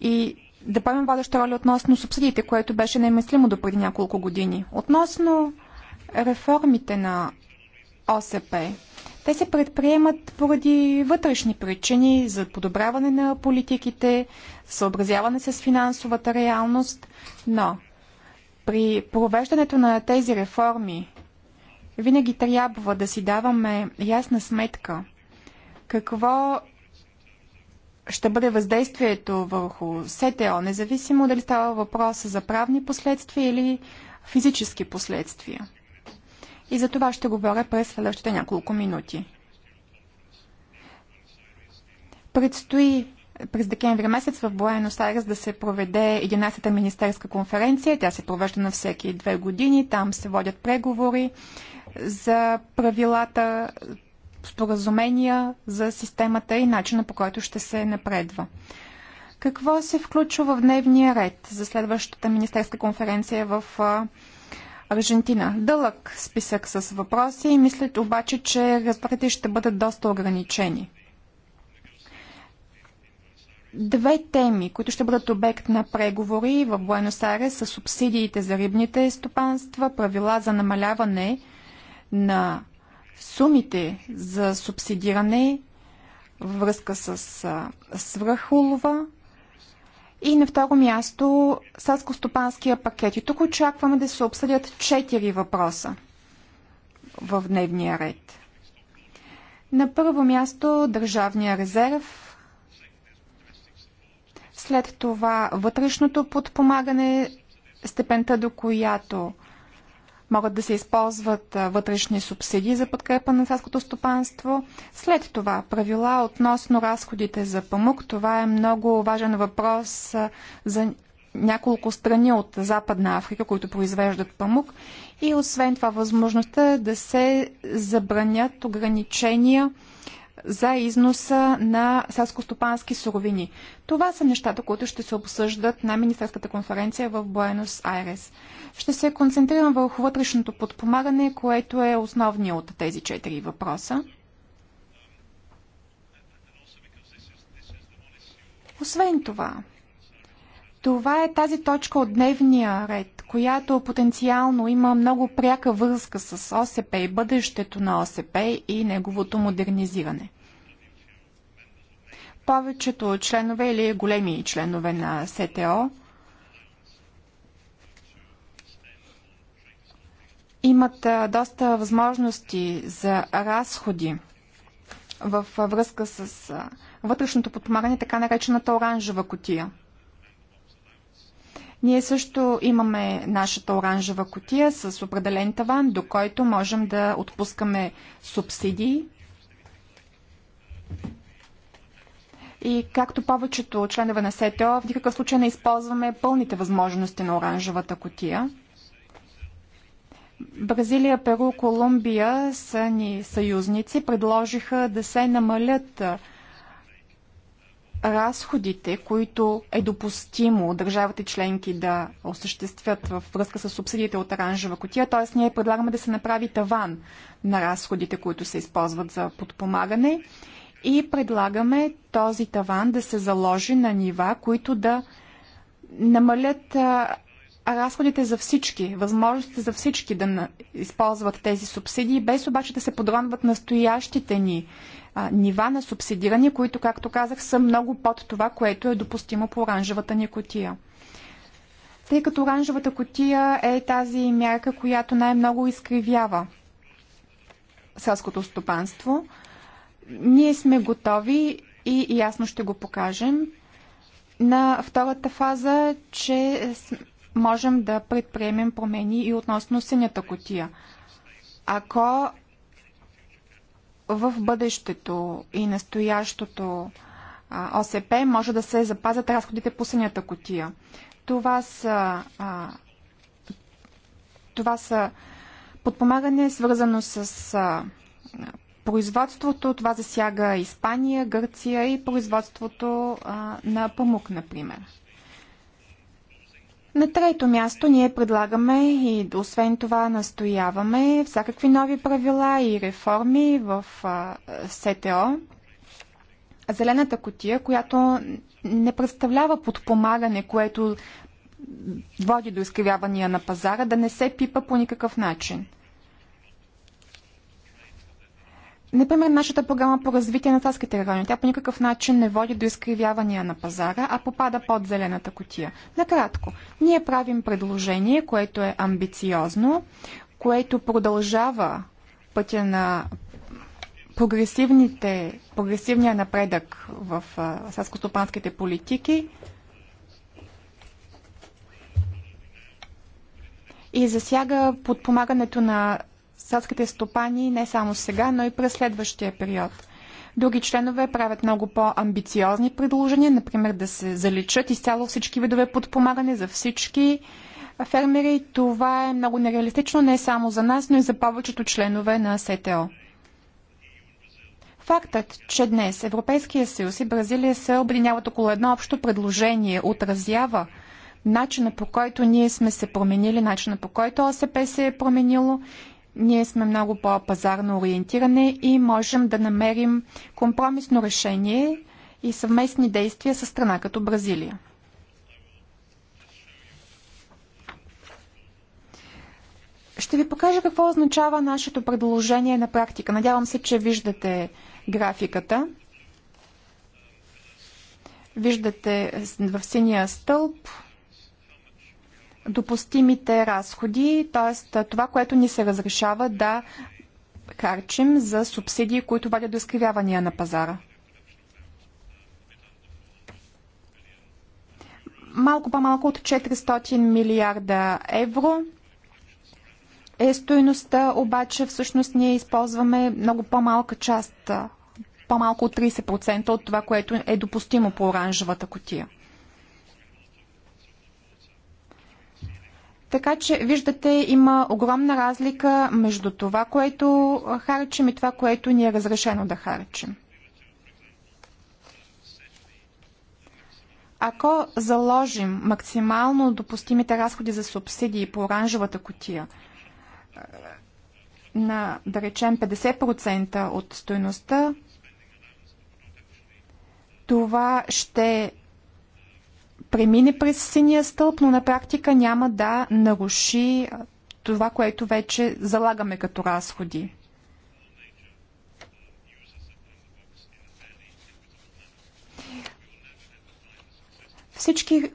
И да поемем водеща роля относно субсидиите, което беше немислимо до преди няколко години. Относно реформите на ОСП, те се предприемат поради вътрешни причини за подобряване на политиките, съобразяване с финансовата реалност, но при провеждането на тези реформи винаги трябва да си даваме ясна сметка какво ще бъде въздействието върху СТО, независимо дали става въпрос за правни последствия или физически последствия. И за това ще говоря през следващите няколко минути. Предстои през декември месец в Буенос Айрес да се проведе 11-та министерска конференция. Тя се провежда на всеки две години. Там се водят преговори за правилата, споразумения за системата и начина по който ще се напредва. Какво се включва в дневния ред за следващата министерска конференция в Аржентина? Дълъг списък с въпроси и мислят обаче, че резултатите ще бъдат доста ограничени – две теми, които ще бъдат обект на преговори в Буенос Айрес са субсидиите за рибните стопанства, правила за намаляване на сумите за субсидиране във връзка с свръхулова и на второ място селско-стопанския пакет. И тук очакваме да се обсъдят четири въпроса в дневния ред. На първо място държавния резерв – след това вътрешното подпомагане, степента до която могат да се използват вътрешни субсидии за подкрепа на селското стопанство. След това правила относно разходите за памук. Това е много важен въпрос за няколко страни от Западна Африка, които произвеждат памук. И освен това възможността да се забранят ограничения за износа на селскостопански суровини. Това са нещата, които ще се обсъждат на Министерската конференция в Буенос Айрес. Ще се концентрирам върху вътрешното подпомагане, което е основният от тези четири въпроса. Освен това, това е тази точка от дневния ред, която потенциално има много пряка връзка с ОСП и бъдещето на ОСП и неговото модернизиране. Повечето членове или големи членове на СТО имат доста възможности за разходи в връзка с вътрешното подпомагане, така наречената оранжева котия – ние също имаме нашата оранжева котия с определен таван, до който можем да отпускаме субсидии. И както повечето членове на СТО, в никакъв случай не използваме пълните възможности на оранжевата котия. Бразилия, Перу, Колумбия са ни съюзници, предложиха да се намалят разходите, които е допустимо държавите членки да осъществят в връзка с субсидиите от оранжева котия, т.е. ние предлагаме да се направи таван на разходите, които се използват за подпомагане и предлагаме този таван да се заложи на нива, които да намалят разходите за всички, възможностите за всички да използват тези субсидии, без обаче да се подронват настоящите ни а, нива на субсидиране, които, както казах, са много под това, което е допустимо по оранжевата ни котия. Тъй като оранжевата котия е тази мярка, която най-много изкривява селското стопанство, ние сме готови и ясно ще го покажем на втората фаза, че можем да предприемем промени и относно синята котия. Ако в бъдещето и настоящото ОСП може да се запазят разходите по синята котия. Това са, а, това са подпомагане, свързано с а, производството. Това засяга Испания, Гърция и производството а, на памук, например. На трето място ние предлагаме и освен това настояваме всякакви нови правила и реформи в СТО. Зелената котия, която не представлява подпомагане, което води до изкривявания на пазара, да не се пипа по никакъв начин. Например, нашата програма по развитие на царските райони, тя по никакъв начин не води до изкривявания на пазара, а попада под зелената котия. Накратко, ние правим предложение, което е амбициозно, което продължава пътя на прогресивните, прогресивния напредък в сънско-стопанските политики и засяга подпомагането на селските стопани не само сега, но и през следващия период. Други членове правят много по-амбициозни предложения, например да се заличат изцяло всички видове подпомагане за всички фермери. Това е много нереалистично не само за нас, но и за повечето членове на СТО. Фактът, че днес Европейския съюз и Бразилия се объединяват около едно общо предложение, отразява начина по който ние сме се променили, начина по който ОСП се е променило ние сме много по-пазарно ориентиране и можем да намерим компромисно решение и съвместни действия с страна като Бразилия. Ще ви покажа какво означава нашето предложение на практика. Надявам се, че виждате графиката. Виждате в синия стълб допустимите разходи, т.е. това, което ни се разрешава да харчим за субсидии, които водят до изкривявания на пазара. Малко по-малко от 400 милиарда евро е стоеността, обаче всъщност ние използваме много по-малка част, по-малко от 30% от това, което е допустимо по оранжевата котия. Така че, виждате, има огромна разлика между това, което харчим и това, което ни е разрешено да харчим. Ако заложим максимално допустимите разходи за субсидии по оранжевата котия е, на, да речем, 50% от стоеността, това ще премине през синия стълб, но на практика няма да наруши това, което вече залагаме като разходи. Всички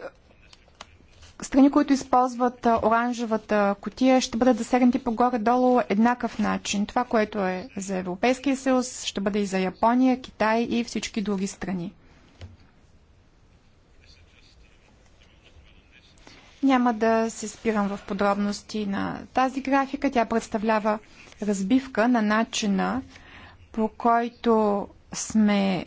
страни, които използват оранжевата котия, ще бъдат засегнати по горе-долу еднакъв начин. Това, което е за Европейския съюз, ще бъде и за Япония, Китай и всички други страни. Няма да се спирам в подробности на тази графика. Тя представлява разбивка на начина по който сме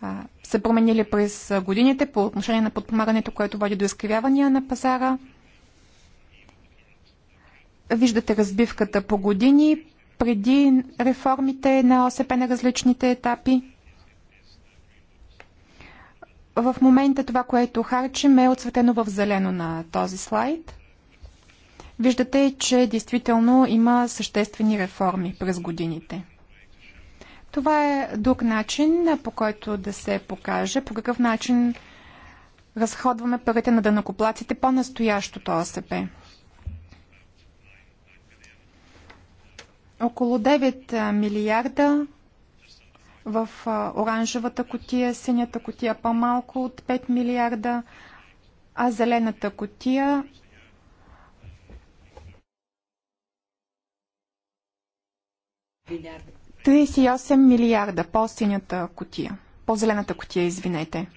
а, се променили през годините по отношение на подпомагането, което води до изкривявания на пазара. Виждате разбивката по години преди реформите на ОСП на различните етапи в момента това, което харчим е отсветено в зелено на този слайд. Виждате, че действително има съществени реформи през годините. Това е друг начин, по който да се покаже по какъв начин разходваме парите на дънакоплаците по-настоящото ОСП. Около 9 милиарда в оранжевата котия, синята котия по-малко от 5 милиарда, а зелената котия милиарда. 38 милиарда по-синята котия, по-зелената котия, извинете.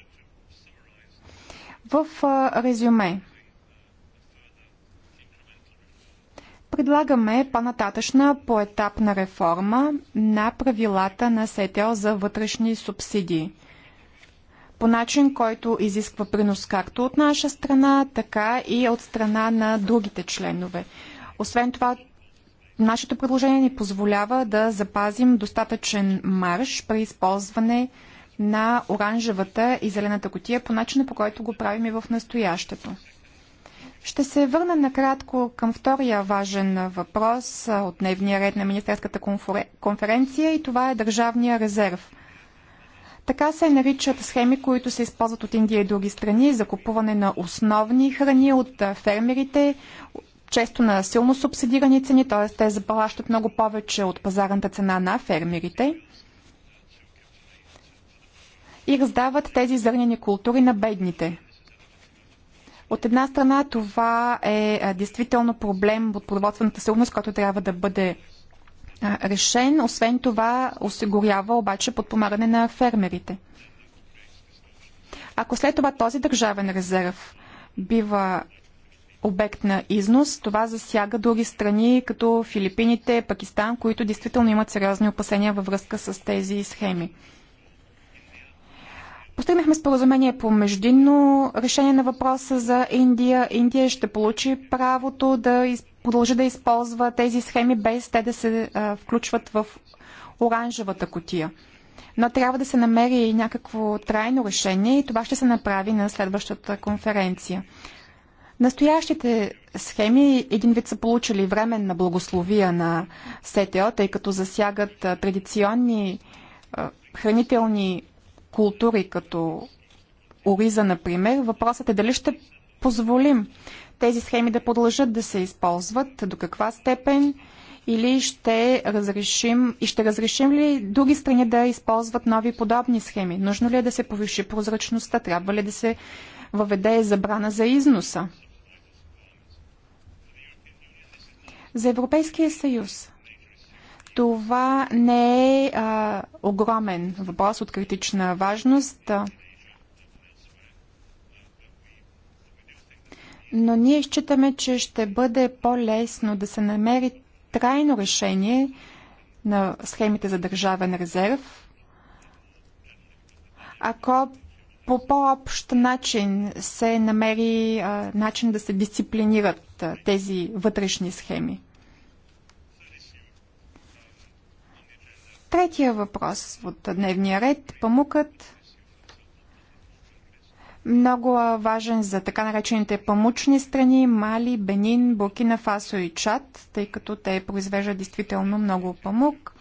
В резюме, Предлагаме по-нататъчна поетапна реформа на правилата на СТО за вътрешни субсидии по начин, който изисква принос както от наша страна, така и от страна на другите членове. Освен това, нашето предложение ни позволява да запазим достатъчен марш при използване на оранжевата и зелената котия по начина, по който го правим и в настоящето. Ще се върна накратко към втория важен въпрос от дневния ред на Министерската конференция и това е държавния резерв. Така се наричат схеми, които се използват от Индия и други страни за купуване на основни храни от фермерите, често на силно субсидирани цени, т.е. те заплащат много повече от пазарната цена на фермерите и раздават тези зърнени култури на бедните. От една страна това е действително проблем от продоволствената сигурност, който трябва да бъде решен. Освен това осигурява обаче подпомагане на фермерите. Ако след това този държавен резерв бива обект на износ, това засяга други страни, като Филипините, Пакистан, които действително имат сериозни опасения във връзка с тези схеми. Постигнахме споразумение по междинно решение на въпроса за Индия. Индия ще получи правото да из... продължи да използва тези схеми без те да се а, включват в оранжевата котия. Но трябва да се намери някакво трайно решение и това ще се направи на следващата конференция. Настоящите схеми един вид са получили временна благословия на СТО, тъй като засягат традиционни хранителни култури, като Ориза, например, въпросът е дали ще позволим тези схеми да продължат да се използват, до каква степен или ще разрешим и ще разрешим ли други страни да използват нови подобни схеми? Нужно ли е да се повиши прозрачността? Трябва ли да се въведе забрана за износа? За Европейския съюз. Това не е а, огромен въпрос от критична важност, но ние считаме, че ще бъде по-лесно да се намери трайно решение на схемите за държавен резерв, ако по по-общ начин се намери а, начин да се дисциплинират а, тези вътрешни схеми. Третия въпрос от дневния ред – памукът. Много важен за така наречените памучни страни – Мали, Бенин, Буркина Фасо и Чад, тъй като те произвеждат действително много памук.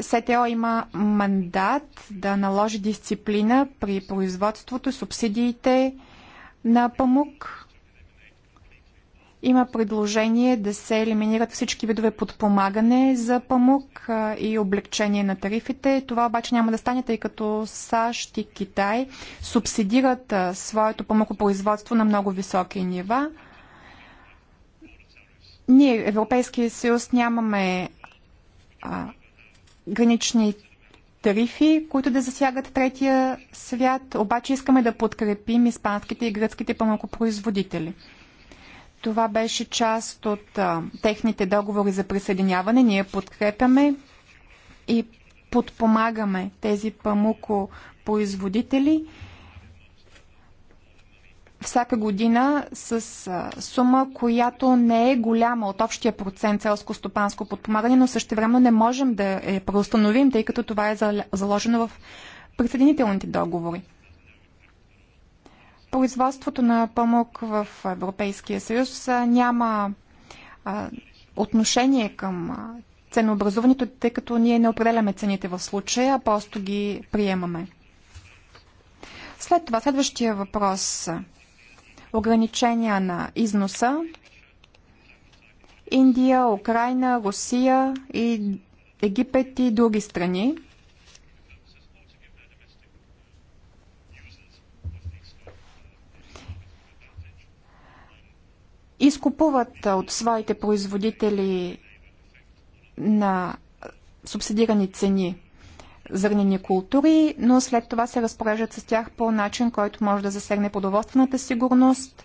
СТО има мандат да наложи дисциплина при производството, субсидиите на памук има предложение да се елиминират всички видове подпомагане за памук и облегчение на тарифите. Това обаче няма да стане, тъй като САЩ и Китай субсидират своето памукопроизводство на много високи нива. Ние, Европейския съюз, нямаме а, гранични тарифи, които да засягат третия свят, обаче искаме да подкрепим испанските и гръцките памукопроизводители. Това беше част от а, техните договори за присъединяване. Ние подкрепяме и подпомагаме тези памукопроизводители всяка година с а, сума, която не е голяма от общия процент селско-стопанско подпомагане, но също време не можем да я преустановим, тъй като това е заложено в присъединителните договори производството на памук в Европейския съюз няма а, отношение към ценообразуването, тъй като ние не определяме цените в случая, а просто ги приемаме. След това следващия въпрос ограничения на износа. Индия, Украина, Русия и Египет и други страни. изкупуват от своите производители на субсидирани цени зърнени култури, но след това се разпореждат с тях по начин, който може да засегне продоволствената сигурност,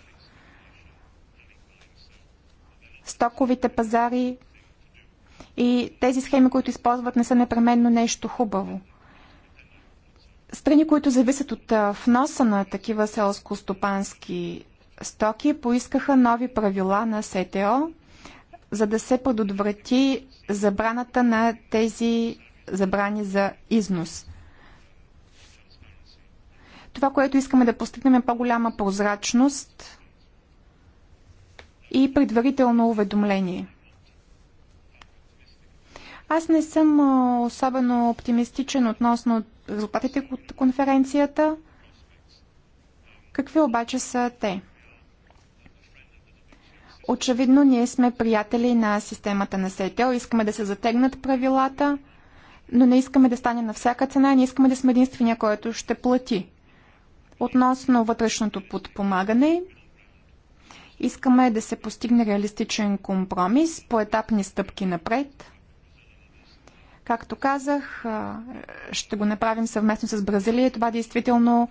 стоковите пазари и тези схеми, които използват, не са непременно нещо хубаво. Страни, които зависят от вноса на такива селско-стопански стоки поискаха нови правила на СТО, за да се предотврати забраната на тези забрани за износ. Това, което искаме да постигнем е по-голяма прозрачност и предварително уведомление. Аз не съм особено оптимистичен относно резултатите от конференцията. Какви обаче са те? Очевидно, ние сме приятели на системата на СТО, искаме да се затегнат правилата, но не искаме да стане на всяка цена и не искаме да сме единствения, който ще плати. Относно вътрешното подпомагане, искаме да се постигне реалистичен компромис по етапни стъпки напред. Както казах, ще го направим съвместно с Бразилия. Това действително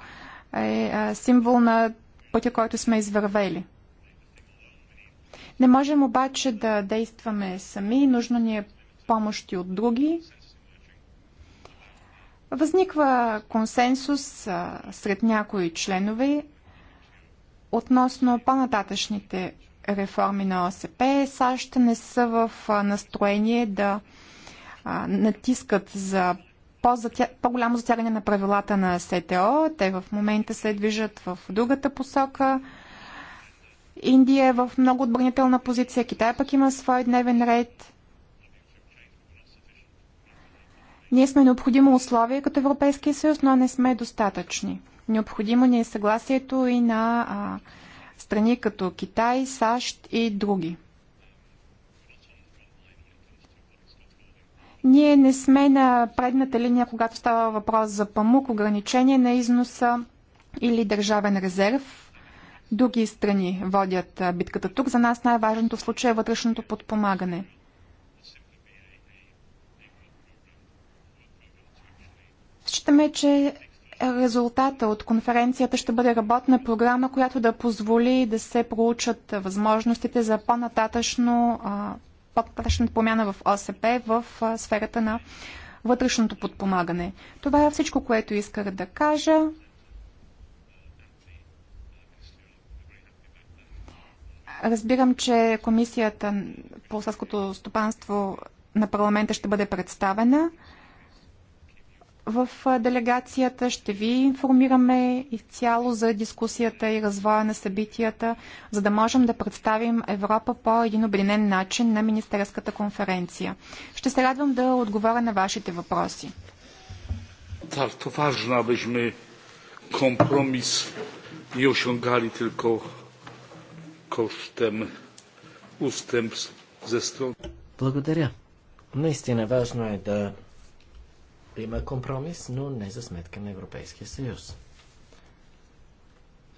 е символ на пътя, който сме извървели. Не можем обаче да действаме сами, нужно ни е помощи от други. Възниква консенсус а, сред някои членове относно по-нататъчните реформи на ОСП. САЩ не са в настроение да а, натискат за по-голямо затягане на правилата на СТО. Те в момента се движат в другата посока – Индия е в много отбранителна позиция, Китай пък има свой дневен ред. Ние сме необходимо условие като Европейския съюз, но не сме достатъчни. Необходимо ни е съгласието и на а, страни като Китай, САЩ и други. Ние не сме на предната линия, когато става въпрос за памук, ограничение на износа или държавен резерв други страни водят битката тук. За нас най-важното в случая е вътрешното подпомагане. Считаме, че резултата от конференцията ще бъде работна програма, която да позволи да се проучат възможностите за по-нататъчно по-нататъчната промяна в ОСП в сферата на вътрешното подпомагане. Това е всичко, което исках да кажа. Разбирам, че комисията по селското стопанство на парламента ще бъде представена в делегацията. Ще ви информираме изцяло за дискусията и развоя на събитията, за да можем да представим Европа по един обединен начин на Министерската конференция. Ще се радвам да отговоря на вашите въпроси. Това важно, ważne, abyśmy компромис и osiągali tylko kosztem ustępstw ze strony. Благодаря. Наистина важно е да има компромис, но не за сметка на Европейския съюз.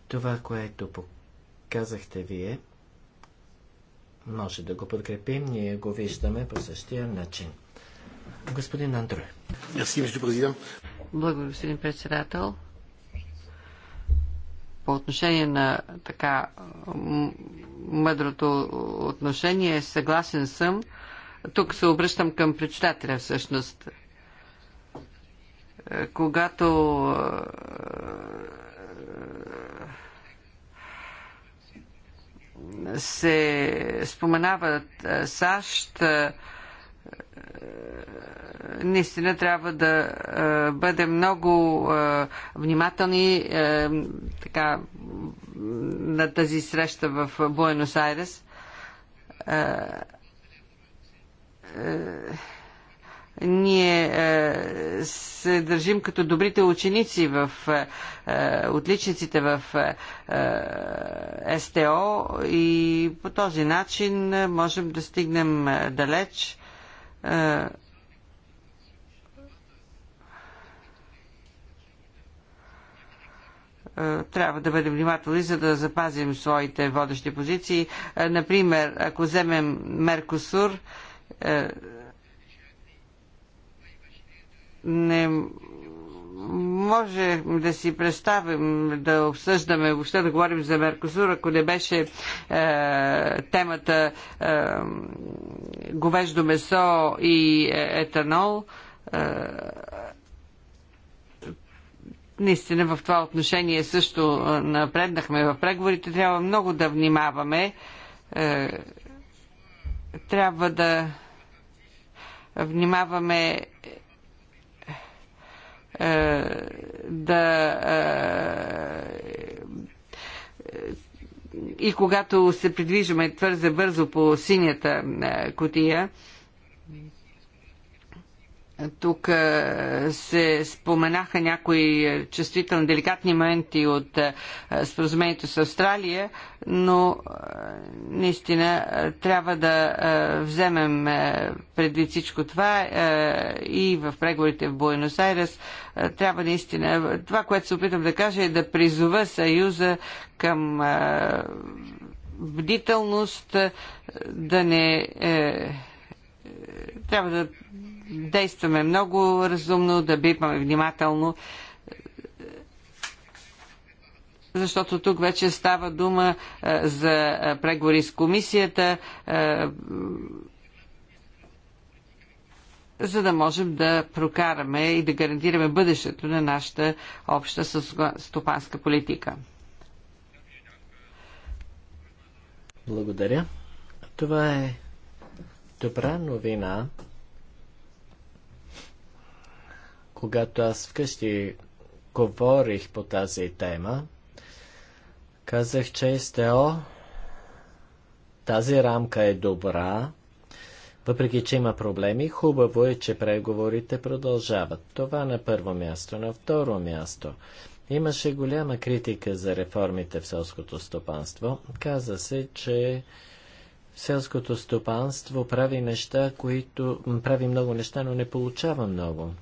Това, което показахте вие, може да го подкрепим, ние го виждаме по същия начин. Господин Андрой, Благодаря, господин председател по отношение на така мъдрото отношение, съгласен съм. Тук се обръщам към председателя всъщност. Е, когато е, е, се споменават САЩ, наистина трябва да е, бъдем много внимателни така, на тази среща в Буенос Айрес. ние се държим като добрите ученици в отличниците в СТО и по този начин можем да стигнем далеч трябва да бъдем внимателни, за да запазим своите водещи позиции. Например, ако вземем Меркосур, не може да си представим, да обсъждаме, въобще да говорим за Меркосур, ако не беше е, темата е, говеждо месо и е, етанол. Е, наистина в това отношение също е, напреднахме в преговорите. Трябва много да внимаваме. Е, трябва да внимаваме е, да е, и когато се придвижваме твърде бързо по синята е, котия, тук е, се споменаха някои е, чувствителни, деликатни моменти от е, споразумението с Австралия, но наистина трябва да вземем преди всичко това и в преговорите в Буенос Айрес. Трябва наистина. Това, което се опитам да кажа е да призова Съюза към бдителност, да не. Трябва да действаме много разумно, да бипаме внимателно, защото тук вече става дума е, за е, преговори с комисията, е, за да можем да прокараме и да гарантираме бъдещето на нашата обща стопанска политика. Благодаря. Това е добра новина Когато аз вкъщи говорих по тази тема, казах, че СТО тази рамка е добра, въпреки че има проблеми, хубаво е, че преговорите продължават. Това на първо място. На второ място. Имаше голяма критика за реформите в селското стопанство. Каза се, че селското стопанство прави неща, които прави много неща, но не получава много.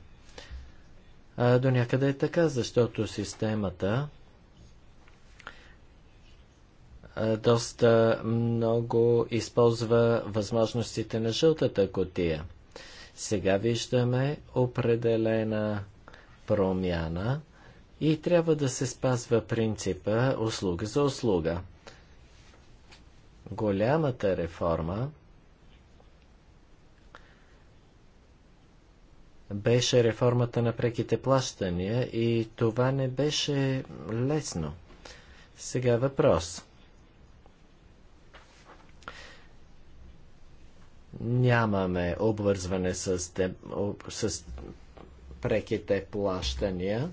До някъде е така, защото системата доста много използва възможностите на жълтата котия. Сега виждаме определена промяна и трябва да се спазва принципа услуга за услуга. Голямата реформа беше реформата на преките плащания и това не беше лесно. Сега въпрос. Нямаме обвързване с, де, с преките плащания,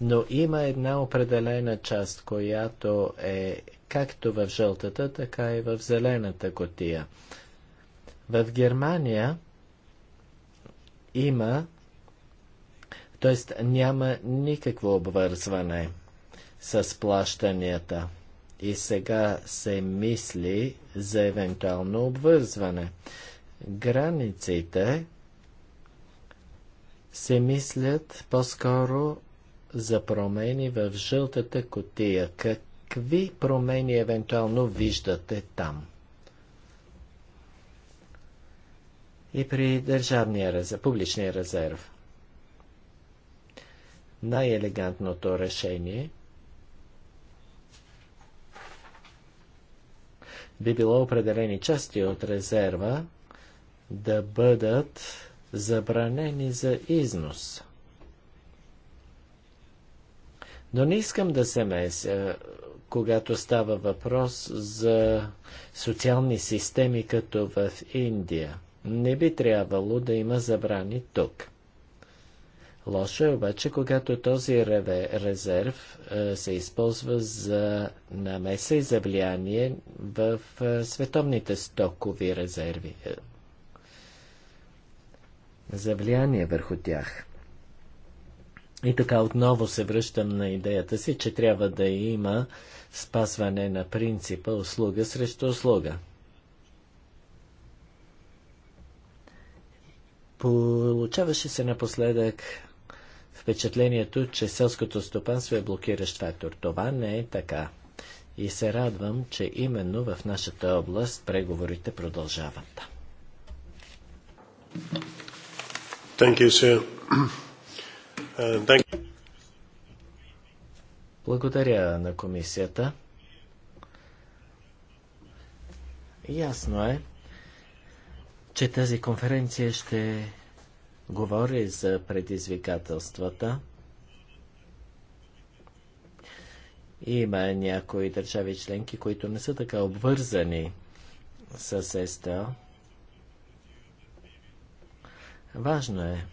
но има една определена част, която е както в жълтата, така и в зелената котия. В Германия има, т.е. няма никакво обвързване с плащанията. И сега се мисли за евентуално обвързване. Границите се мислят по-скоро за промени в жълтата котия. Какви промени евентуално виждате там? и при държавния резерв, публичния резерв. Най-елегантното решение би било определени части от резерва да бъдат забранени за износ. Но не искам да се меся, когато става въпрос за социални системи, като в Индия – не би трябвало да има забрани тук. Лошо е обаче, когато този резерв е, се използва за намеса и за влияние в е, световните стокови резерви. Е, за влияние върху тях. И така отново се връщам на идеята си, че трябва да има спазване на принципа услуга срещу услуга. Получаваше се напоследък впечатлението, че селското стопанство е блокиращ фактор. Това не е така. И се радвам, че именно в нашата област преговорите продължават. Thank you, sir. Uh, thank you. Благодаря на комисията. Ясно е, че тази конференция ще говори за предизвикателствата. Има някои държави членки, които не са така обвързани с СТО. Важно е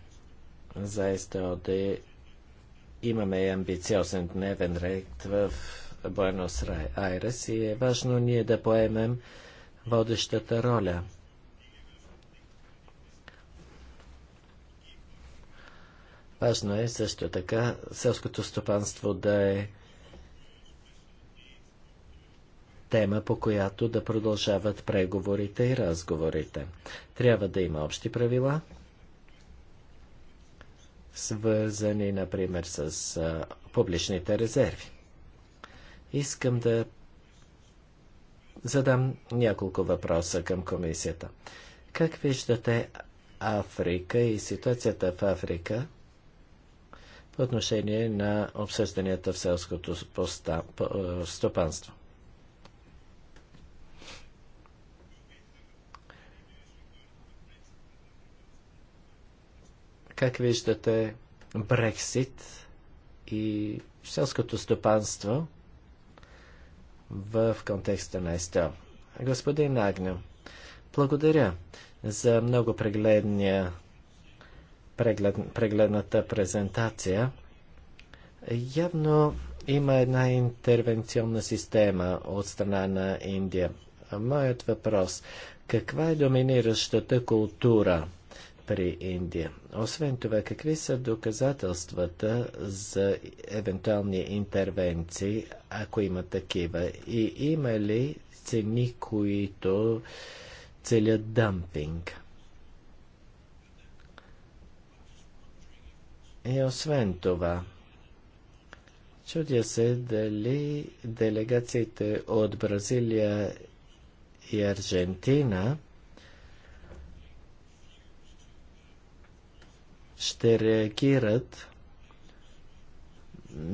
за СТО да имаме амбициозен дневен ред в Буенос Айрес и е важно ние да поемем водещата роля – Важно е също така селското стопанство да е тема, по която да продължават преговорите и разговорите. Трябва да има общи правила, свързани, например, с а, публичните резерви. Искам да задам няколко въпроса към комисията. Как виждате Африка и ситуацията в Африка – по отношение на обсъжданията в селското е, стопанство. Как виждате Брексит и селското стопанство в контекста на ЕСТО? Господин Агнем, благодаря за много прегледния преглед, прегледната презентация, явно има една интервенционна система от страна на Индия. Моят въпрос каква е доминиращата култура при Индия? Освен това, какви са доказателствата за евентуални интервенции, ако има такива? И има ли цени, които целят дампинг? И е, освен това, чудя се дали делегациите от Бразилия и Аржентина ще реагират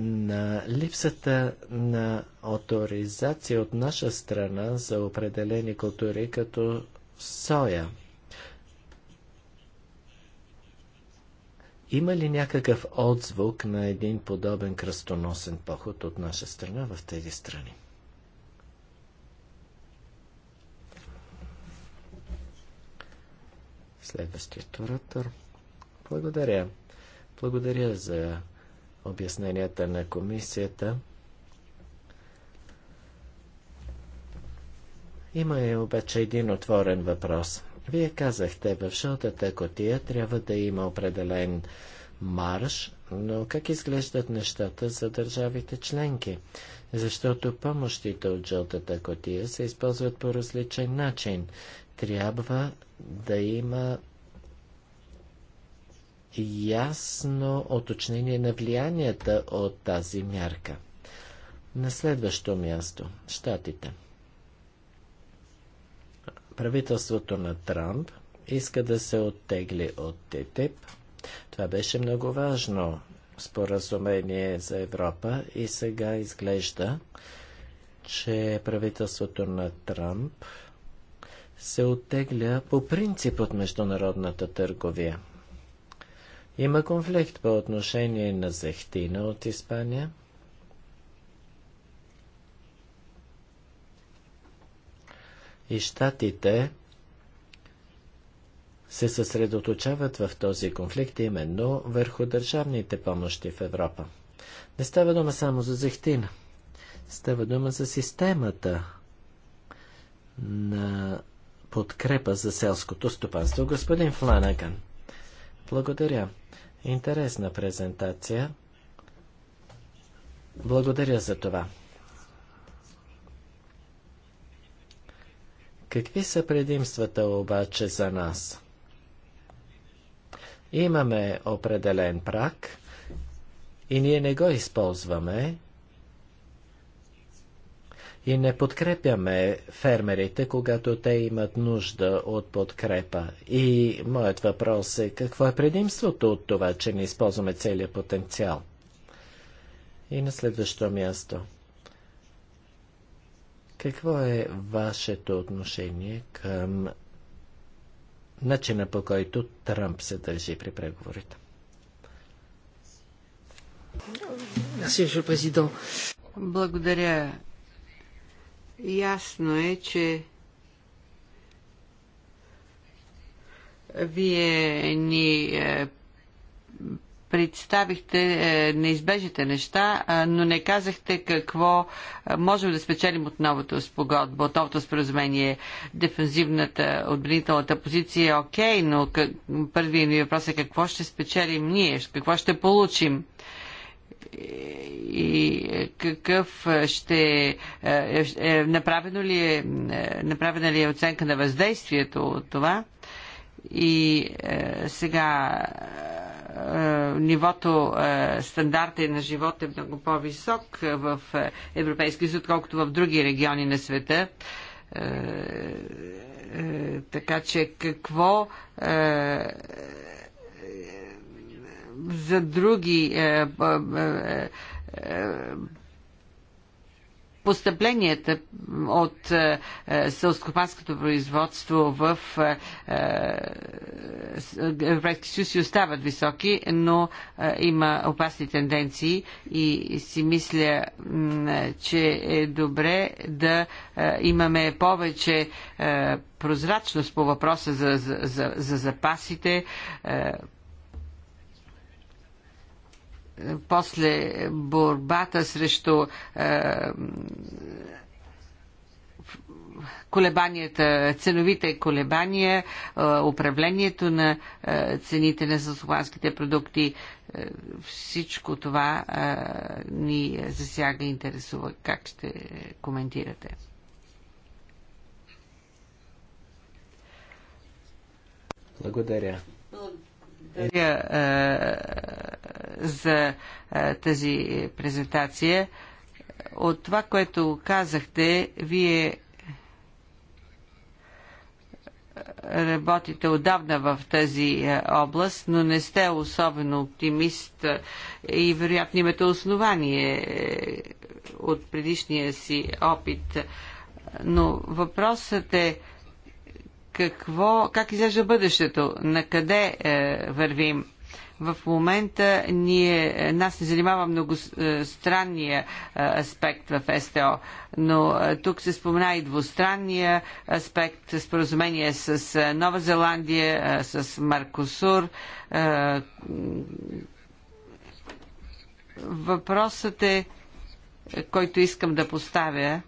на липсата на авторизация от наша страна за определени култури като соя – Има ли някакъв отзвук на един подобен кръстоносен поход от наша страна в тези страни? Следващият оратор. Благодаря. Благодаря за обясненията на комисията. Има и обаче един отворен въпрос – вие казахте, в шотата котия трябва да има определен марш, но как изглеждат нещата за държавите членки? Защото помощите от жълтата котия се използват по различен начин. Трябва да има ясно оточнение на влиянията от тази мярка. На следващо място – щатите правителството на Трамп иска да се оттегли от ТТИП. Това беше много важно споразумение за Европа и сега изглежда, че правителството на Трамп се оттегля по принцип от международната търговия. Има конфликт по отношение на зехтина от Испания – и щатите се съсредоточават в този конфликт именно върху държавните помощи в Европа. Не става дума само за зехтина. Става дума за системата на подкрепа за селското стопанство. Господин Фланаган, благодаря. Интересна презентация. Благодаря за това. Какви са предимствата обаче за нас? Имаме определен прак и ние не го използваме и не подкрепяме фермерите, когато те имат нужда от подкрепа. И моят въпрос е, какво е предимството от това, че не използваме целият потенциал? И на следващо място – какво е вашето отношение към начина по който Трамп се държи при преговорите? Благодаря. Ясно е, че вие ни е, представихте е, неизбежните неща, е, но не казахте какво е, можем да спечелим от новото спогодба, от новото споразумение. Дефензивната, отбранителната позиция е окей, но как, първият ми въпрос е какво ще спечелим ние, какво ще получим и какъв ще е, направено ли е, направена ли е оценка на въздействието от това и е, сега е, нивото, е, стандарта на живот е много по-висок в Европейския съюз, отколкото в други региони на света. Е, така че какво за други постъпленията от е, е, селскопанското производство в е, Европейски съюз си остават високи, но има опасни тенденции и си мисля, че е добре да имаме повече прозрачност по въпроса за, за, за, за запасите, после борбата срещу е, колебанията, ценовите колебания, е, управлението на е, цените на селскохванските продукти, всичко това ни засяга и интересува. Как ще коментирате? Благодаря. Благодаря е, за е, тази презентация. От това, което казахте, вие работите отдавна в тази е, област, но не сте особено оптимист и вероятно имате основание от предишния си опит. Но въпросът е какво, как изглежда бъдещето, на къде е, вървим. В момента ние, е, нас не занимава много е, странния е, аспект в СТО, но тук се спомена и двустранния аспект, споразумение с Нова Зеландия, с Маркосур. Въпросът е, който искам да поставя,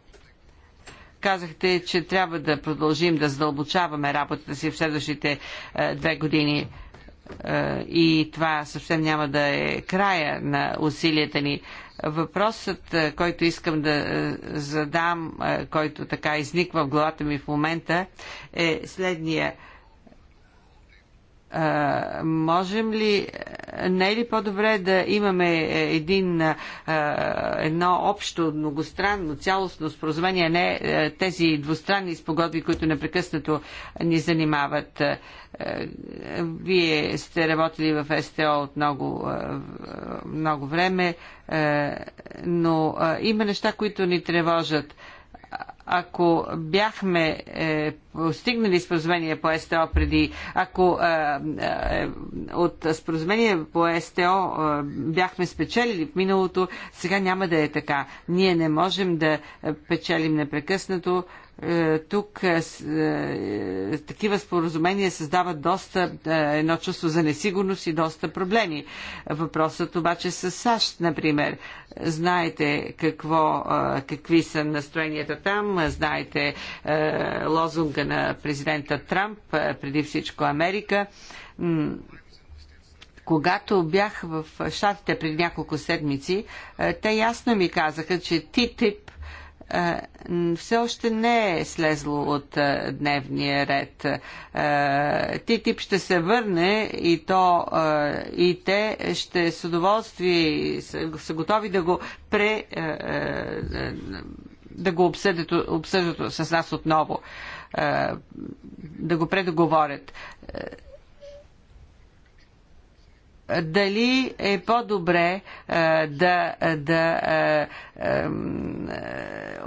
Казахте, че трябва да продължим да задълбочаваме работата си в следващите е, две години е, и това съвсем няма да е края на усилията ни. Въпросът, е, който искам да задам, който така изниква в главата ми в момента, е следния – можем ли, не е ли по-добре да имаме е, един, едно общо, многостранно, цялостно споразумение, не е, тези двустранни спогодби, които непрекъснато ни занимават? Вие сте работили в СТО от много, много време, но има неща, които ни тревожат ако бяхме е, постигнали споразумение по СТО преди, ако е, е, от споразумение по СТО е, бяхме спечелили в миналото, сега няма да е така. Ние не можем да печелим непрекъснато. Е, е, тук е, е, такива споразумения създават доста едно чувство за несигурност и доста проблеми. Въпросът обаче с САЩ, например. Знаете какво, какви са настроенията там, знаете лозунга на президента Трамп, преди всичко Америка. Когато бях в Штатите преди няколко седмици, те ясно ми казаха, че ТИТИП е, все още не е слезло от е, дневния ред. Е, ТИТИП ще се върне и то и те ще с удоволствие са готови да го пре да го обсъдят, обсъждат с нас отново, да го предоговорят дали е по-добре е, да, да е, е,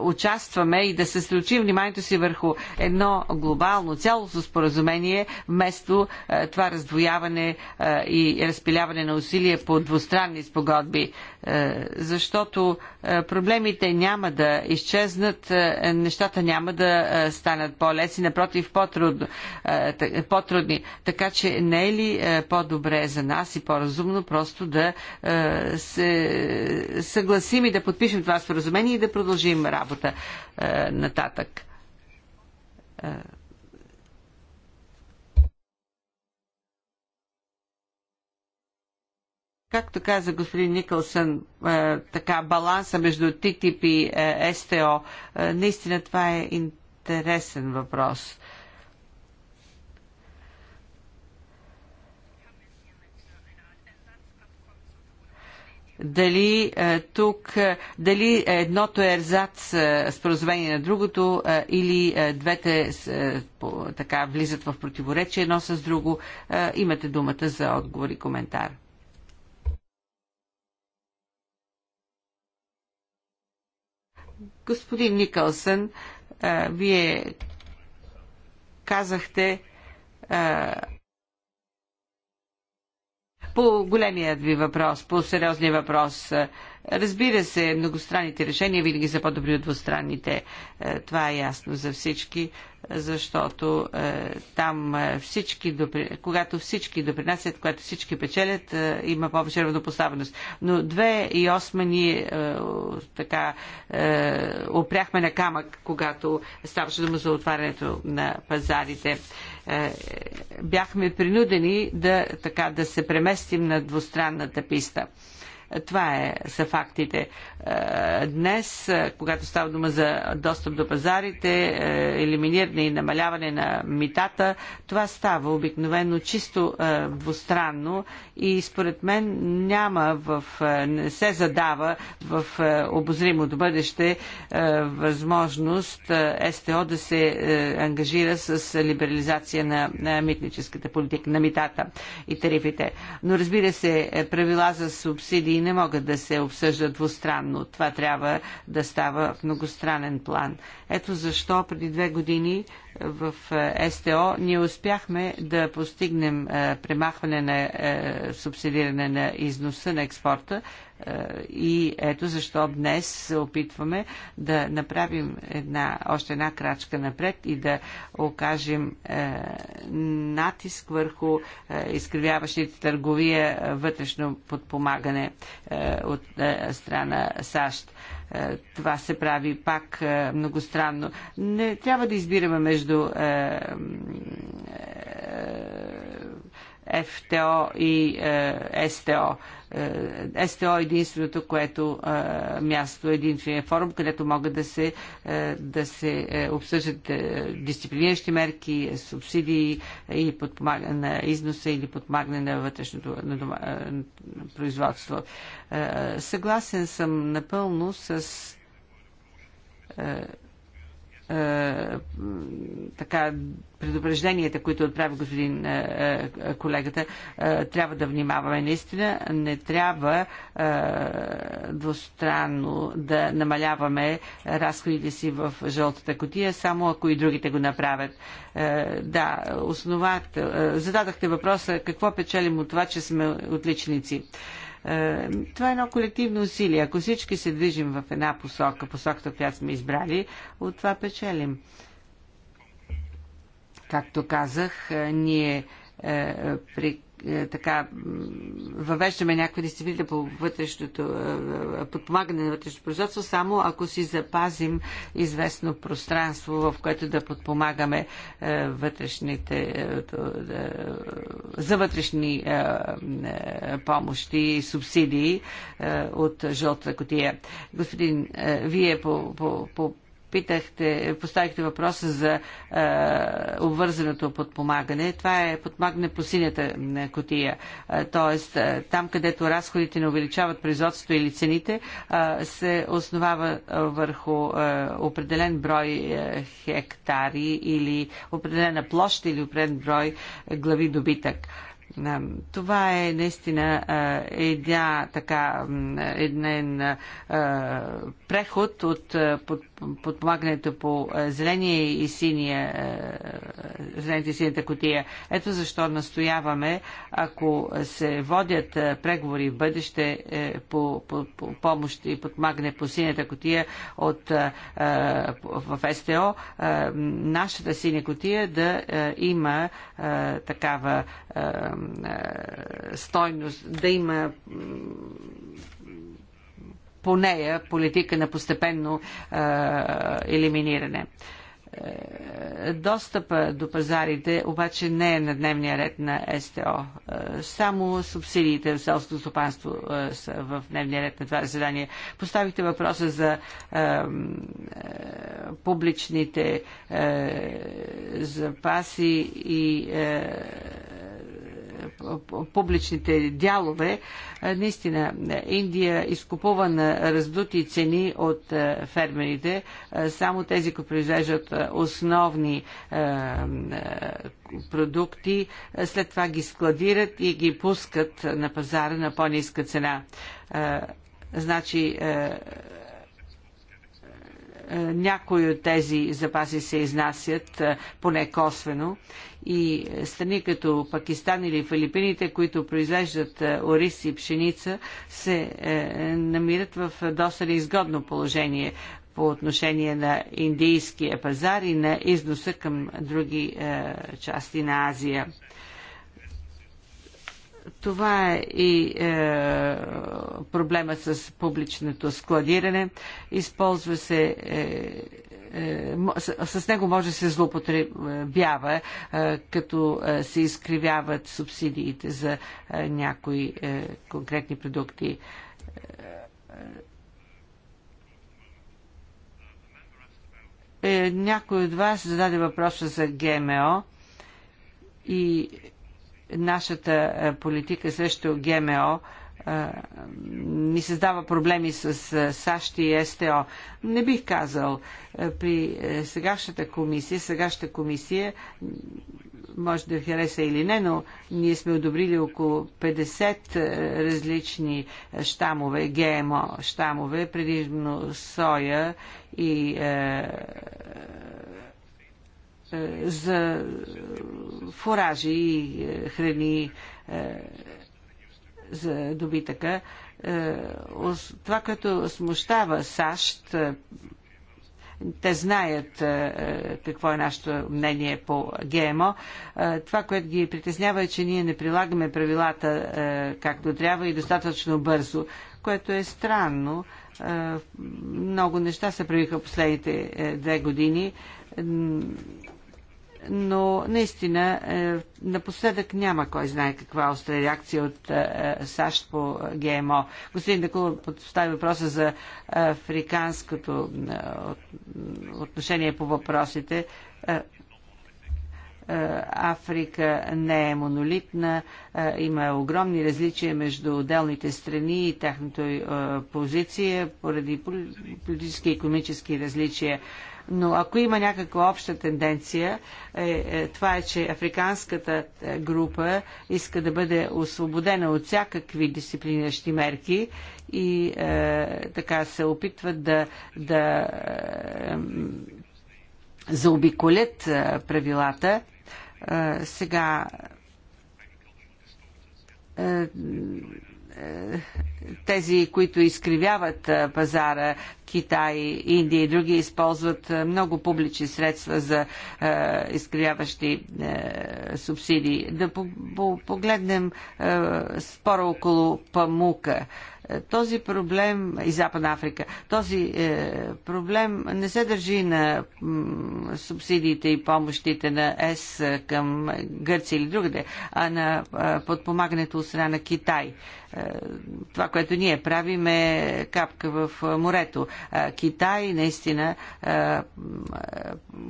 участваме и да се случи вниманието си върху едно глобално цялостно споразумение, вместо е, това раздвояване е, и разпиляване на усилия по двустранни спогодби. Е, защото проблемите няма да изчезнат, нещата няма да станат по-лесни, напротив по-трудни. По така че не е ли по-добре за нас и по по-разумно просто да е, се съгласим и да подпишем това споразумение и да продължим работа е, нататък. Е, както каза господин Никълсън, така баланса между ТИТИП и СТО, наистина това е интересен въпрос. дали е, тук, е, дали едното е ерзац е, споразумение на другото или двете така влизат в противоречие едно с друго. Имате думата за отговор и коментар. Господин Никълсън, вие казахте, по големият ви въпрос, по сериозния въпрос, е, разбира се, многостранните решения винаги са по-добри от двустранните. Е, това е ясно за всички, защото е, там всички, когато всички допринасят, когато всички печелят, има повече равнопоставеност. Но 2008 ние така опряхме на камък, когато ставаше дума за отварянето на пазарите. Е, бяхме принудени да, така, да се преместим на двустранната писта. Това е, са фактите. Е, днес, е, когато става дума за достъп до пазарите, е, елиминиране и намаляване на митата, това става обикновено чисто двустранно и според мен няма в, не се задава в обозримото бъдеще възможност СТО да се ангажира с либерализация на, на митническата политика, на митата и тарифите. Но разбира се, правила за субсидии критерии не могат да се обсъждат двустранно. Това трябва да става в многостранен план. Ето защо преди две години в е, СТО ние успяхме да постигнем е, премахване на е, субсидиране на износа на експорта и ето защо днес се опитваме да направим една, още една крачка напред и да окажем натиск върху изкривяващите търговия вътрешно подпомагане от страна САЩ е, това се прави пак е, многостранно. Не трябва да избираме между е, ФТО и СТО. Е, СТО е единственото, което е, място, единствения форум, където могат да се, е, да се обсъждат дисциплиниращи мерки, субсидии или подпомагане на износа или подпомагане на вътрешното на дома, на производство. Съгласен съм напълно с е, така, предупрежденията, които отправи господин е, е, колегата, трябва да внимаваме. Наистина не трябва двустранно да намаляваме разходите си в жълтата котия, само ако и другите го направят. Да, основател. Зададахте въпроса какво печелим от това, че сме отличници. Е, това е едно колективно усилие. Ако всички се движим в една посока, посоката, която сме избрали, от това печелим. Както казах, е, ние е, при е, така въвеждаме някаква дисциплина по вътрешното, е, е, подпомагане на вътрешното производство, само ако си запазим известно пространство, в което да подпомагаме вътрешните, за вътрешни помощи и субсидии от жълта котия. Господин, вие по, по, по попитахте, поставихте въпроса за е, обвързаното подпомагане. Това е подпомагане по синята е, котия. Е, тоест, е, там където разходите не увеличават производството или цените, е, се основава върху е, определен брой е, хектари или определена площ или определен брой глави добитък. Е, това е наистина е, една, така, един преход от под подпомагането по е, зеления и синия, е, зелените и синята котия. Ето защо настояваме, ако се водят е, преговори в бъдеще по, по, по помощ и подпомагане по синята котия от, в СТО, нашата синя котия да има такава стойност, да има по нея политика на постепенно а, елиминиране. Достъпа до пазарите обаче не е на дневния ред на СТО. Само субсидиите в селското стопанство са в дневния ред на това заседание. Поставихте въпроса за е, е, публичните е, запаси и публичните дялове. Е, наистина, Индия изкупува на раздути цени от е, фермерите. Е, само тези, които произвеждат основни продукти, след това ги складират и ги пускат на пазара на по-ниска цена. Значи, е, някои от тези запаси се изнасят е, поне косвено и е, страни като Пакистан или Филипините, които произвеждат ориз и пшеница, се намират в доста неизгодно положение по отношение на индийския пазар и на износа към други части на Азия. Това е и е, проблема с публичното складиране. Използва се. Е, е, с, с него може да се злоупотребява, е, като е, се изкривяват субсидиите за е, някои е, конкретни продукти. Е, е някой от вас зададе въпроса за ГМО и нашата е, политика срещу ГМО ни е, създава проблеми с е, САЩ и СТО. Не бих казал, при сегашната комисия, сегашната комисия може да хареса или не, но ние сме одобрили около 50 различни щамове, ГМО щамове, предимно соя и е, е, за фуражи и е, храни е, за добитъка. Това, което смущава САЩ, те знаят какво е нашето мнение по ГМО. Това, което ги притеснява е, че ние не прилагаме правилата както трябва и достатъчно бързо, което е странно. Много неща се правиха последните две години но наистина е, напоследък няма кой знае каква остра реакция от е, е, САЩ по ГМО. Господин Декулов постави въпроса за африканското отношение по въпросите. Африка не е монолитна, има огромни различия между отделните страни и тяхната позиция поради политически и економически различия но ако има някаква обща тенденция, е, е, това е, че африканската е, група иска да бъде освободена от всякакви дисциплиниращи мерки и е, така се опитват да, да е, заобиколят е, правилата. Е, сега. Е, тези, които изкривяват пазара, Китай, Индия и други, използват много публични средства за изкривяващи субсидии. Да погледнем спора около памука този проблем и Западна Африка, този е, проблем не се държи на субсидиите и помощите на ЕС към Гърция или другаде, а на подпомагането от страна на Китай. Е, това, което ние правим е капка в морето. Е, Китай наистина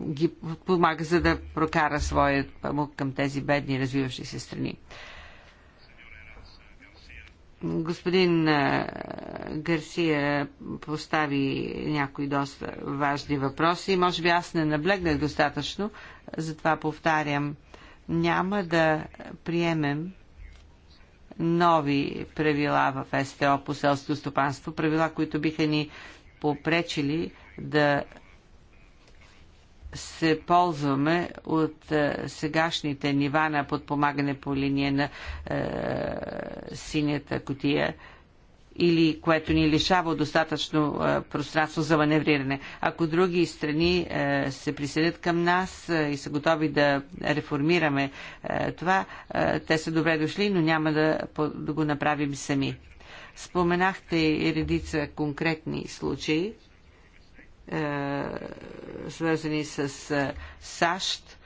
ги помага за да прокара своят памук към тези бедни развиващи се страни. Господин Гарсия постави някои доста важни въпроси. Може би аз не наблегнах достатъчно, затова повтарям. Няма да приемем нови правила в СТО по селското стопанство, правила, които биха ни попречили да се ползваме от е, сегашните нива на подпомагане по линия на е, синята котия или което ни лишава достатъчно е, пространство за маневриране. Ако други страни е, се присъдят към нас е, и са готови да реформираме е, това, е, те са добре дошли, но няма да, по, да го направим сами. Споменахте и редица конкретни случаи е, свързани с е, САЩ.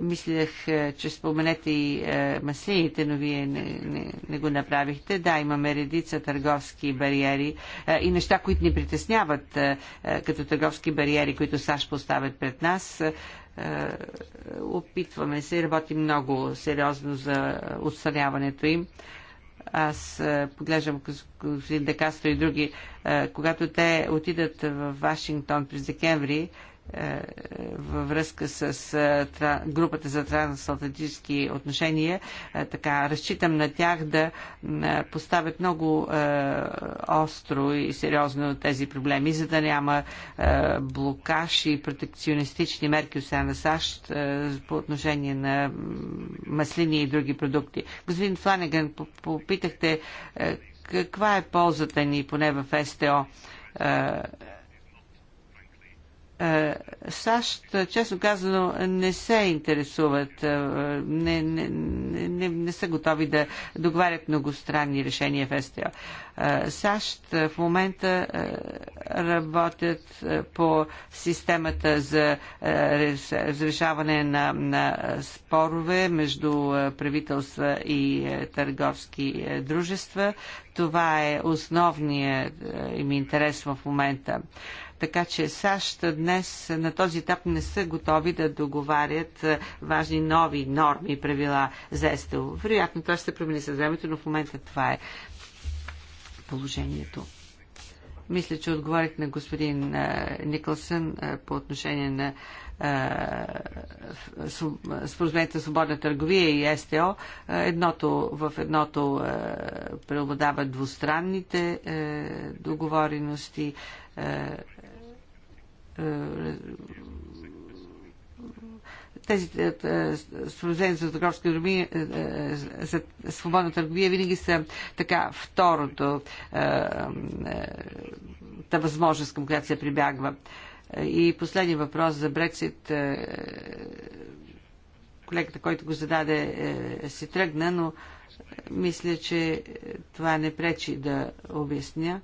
Мислех, е, че споменете и маслините, но вие не, не, не го направихте. Да, имаме редица търговски бариери и неща, които ни притесняват като търговски бариери, които САЩ поставят пред нас. Опитваме се и работим много сериозно за отстраняването им аз е, поглеждам господин Декастро и други, е, когато те отидат в Вашингтон през декември, е, във връзка с е, групата за трансатлантически отношения. Е, така, разчитам на тях да поставят много остро и сериозно тези проблеми, за да няма блокаж и протекционистични мерки от страна на САЩ по отношение на маслини и други продукти. Господин Фланеган, попитахте каква е ползата ни, поне в СТО е, САЩ, честно казано, не се интересуват, е, не, не, не, не са готови да договарят многостранни решения в СТО. Е, САЩ в момента работят по системата за разрешаване на, на спорове между правителства и търговски дружества. Това е основният им интерес в момента. Така че САЩ днес на този етап не са готови да договарят е, важни нови норми и правила за СТО. Вероятно това ще се промени с времето, но в момента това е положението. Мисля, че отговорих на господин е, Никълсън е, по отношение на споразумението за свободна търговия и СТО. Едното, в едното преобладават двустранните договорености е, тези е, е, споразумения за търговска търговия, за свободна търговия винаги са така второто та възможност, към която се прибягва. И последния въпрос за Брексит. Колегата, който го зададе, си тръгна, но мисля, че това не пречи да обясня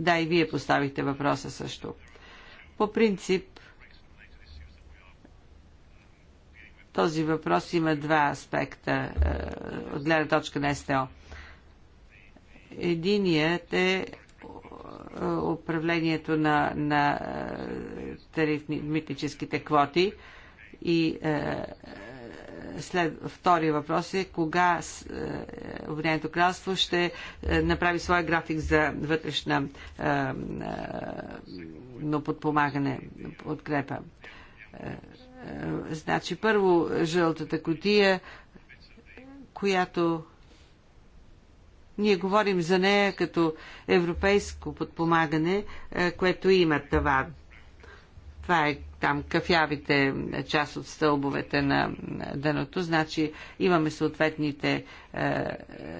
да, и вие поставихте въпроса също. По принцип, този въпрос има два аспекта е, от гледна точка на СТО. Единият е, е управлението на, на е, тарифни, митническите квоти и след, втория въпрос е кога е, Обединеното кралство ще е, направи своя график за вътрешна е, но подпомагане, подкрепа. Значи първо жълтата котия, която ние говорим за нея като европейско подпомагане, което има таван това е там кафявите е, част от стълбовете на дъното, значи имаме съответните е, е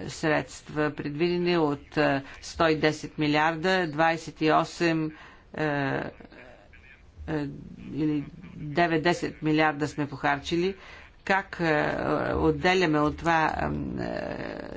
средства предвидени от 110 е, милиарда, 28 е, или 9-10 милиарда сме похарчили как е, отделяме от това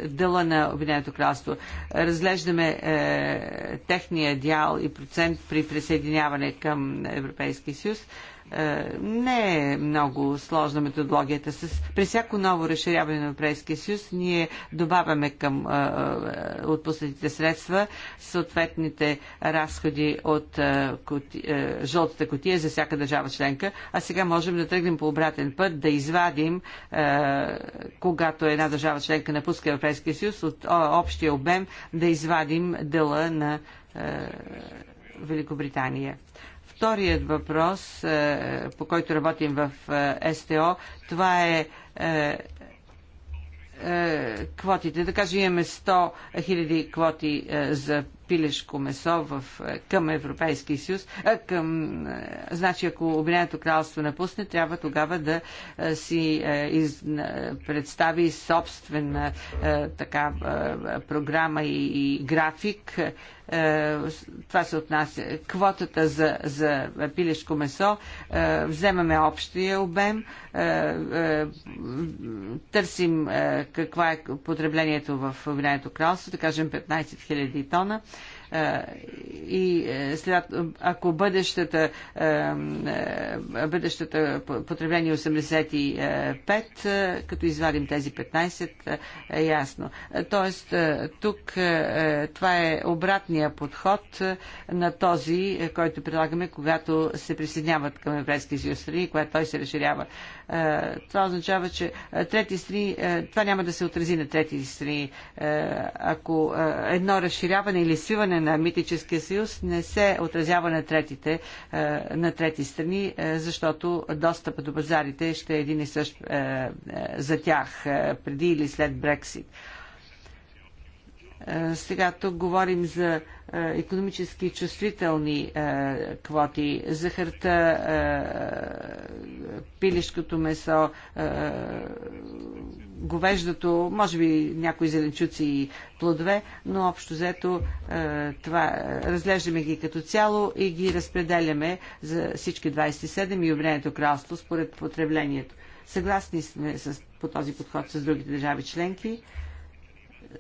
е, дъла на Обединеното кралство. Разглеждаме е, техния дял и процент при присъединяване към Европейския съюз. Е, не е много сложна методологията. С, при всяко ново разширяване на Европейския съюз ние добавяме към е, е, отпуснатите средства съответните разходи от е, кути, е, жълтата котия за всяка държава членка, а сега можем да тръгнем по обратен път, да извадим, е, когато една държава членка напуска Европейския съюз, от общия обем да извадим дела на Великобритания вторият въпрос, е, по който работим в е, СТО, това е, е квотите. Да кажем, имаме 100 000 квоти за пилешко месо в, към Европейския съюз. Към, значи, ако Обединеното кралство напусне, трябва тогава да си из, представи собствена така, програма и, и график е, това се отнася квотата за, за пилешко месо, е, вземаме общия обем, е, търсим каква е потреблението в Обединеното кралство, да кажем 15 000 тона и е, след, ако бъдещата, е, е, бъдещата потребление 85, като извадим тези 15, е ясно. Тоест, тук това е обратния подход на този, който прилагаме, когато се присъединяват към Европейския съюз страни, когато той се разширява. Това означава, че трети страни, това няма да се отрази на трети страни. Ако едно разширяване или свиване на Митическия съюз не се отразява на, третите, е, на трети страни, е, защото достъпа до пазарите ще е един и същ е, за тях преди или след Брексит. Сега тук говорим за економически чувствителни квоти, захарта, пилешкото месо, говеждото, може би някои зеленчуци и плодове, но общо взето е, това, е, разглеждаме ги като цяло и ги разпределяме за всички 27 и обрението кралство според потреблението. Съгласни сме с, по този подход с другите държави членки.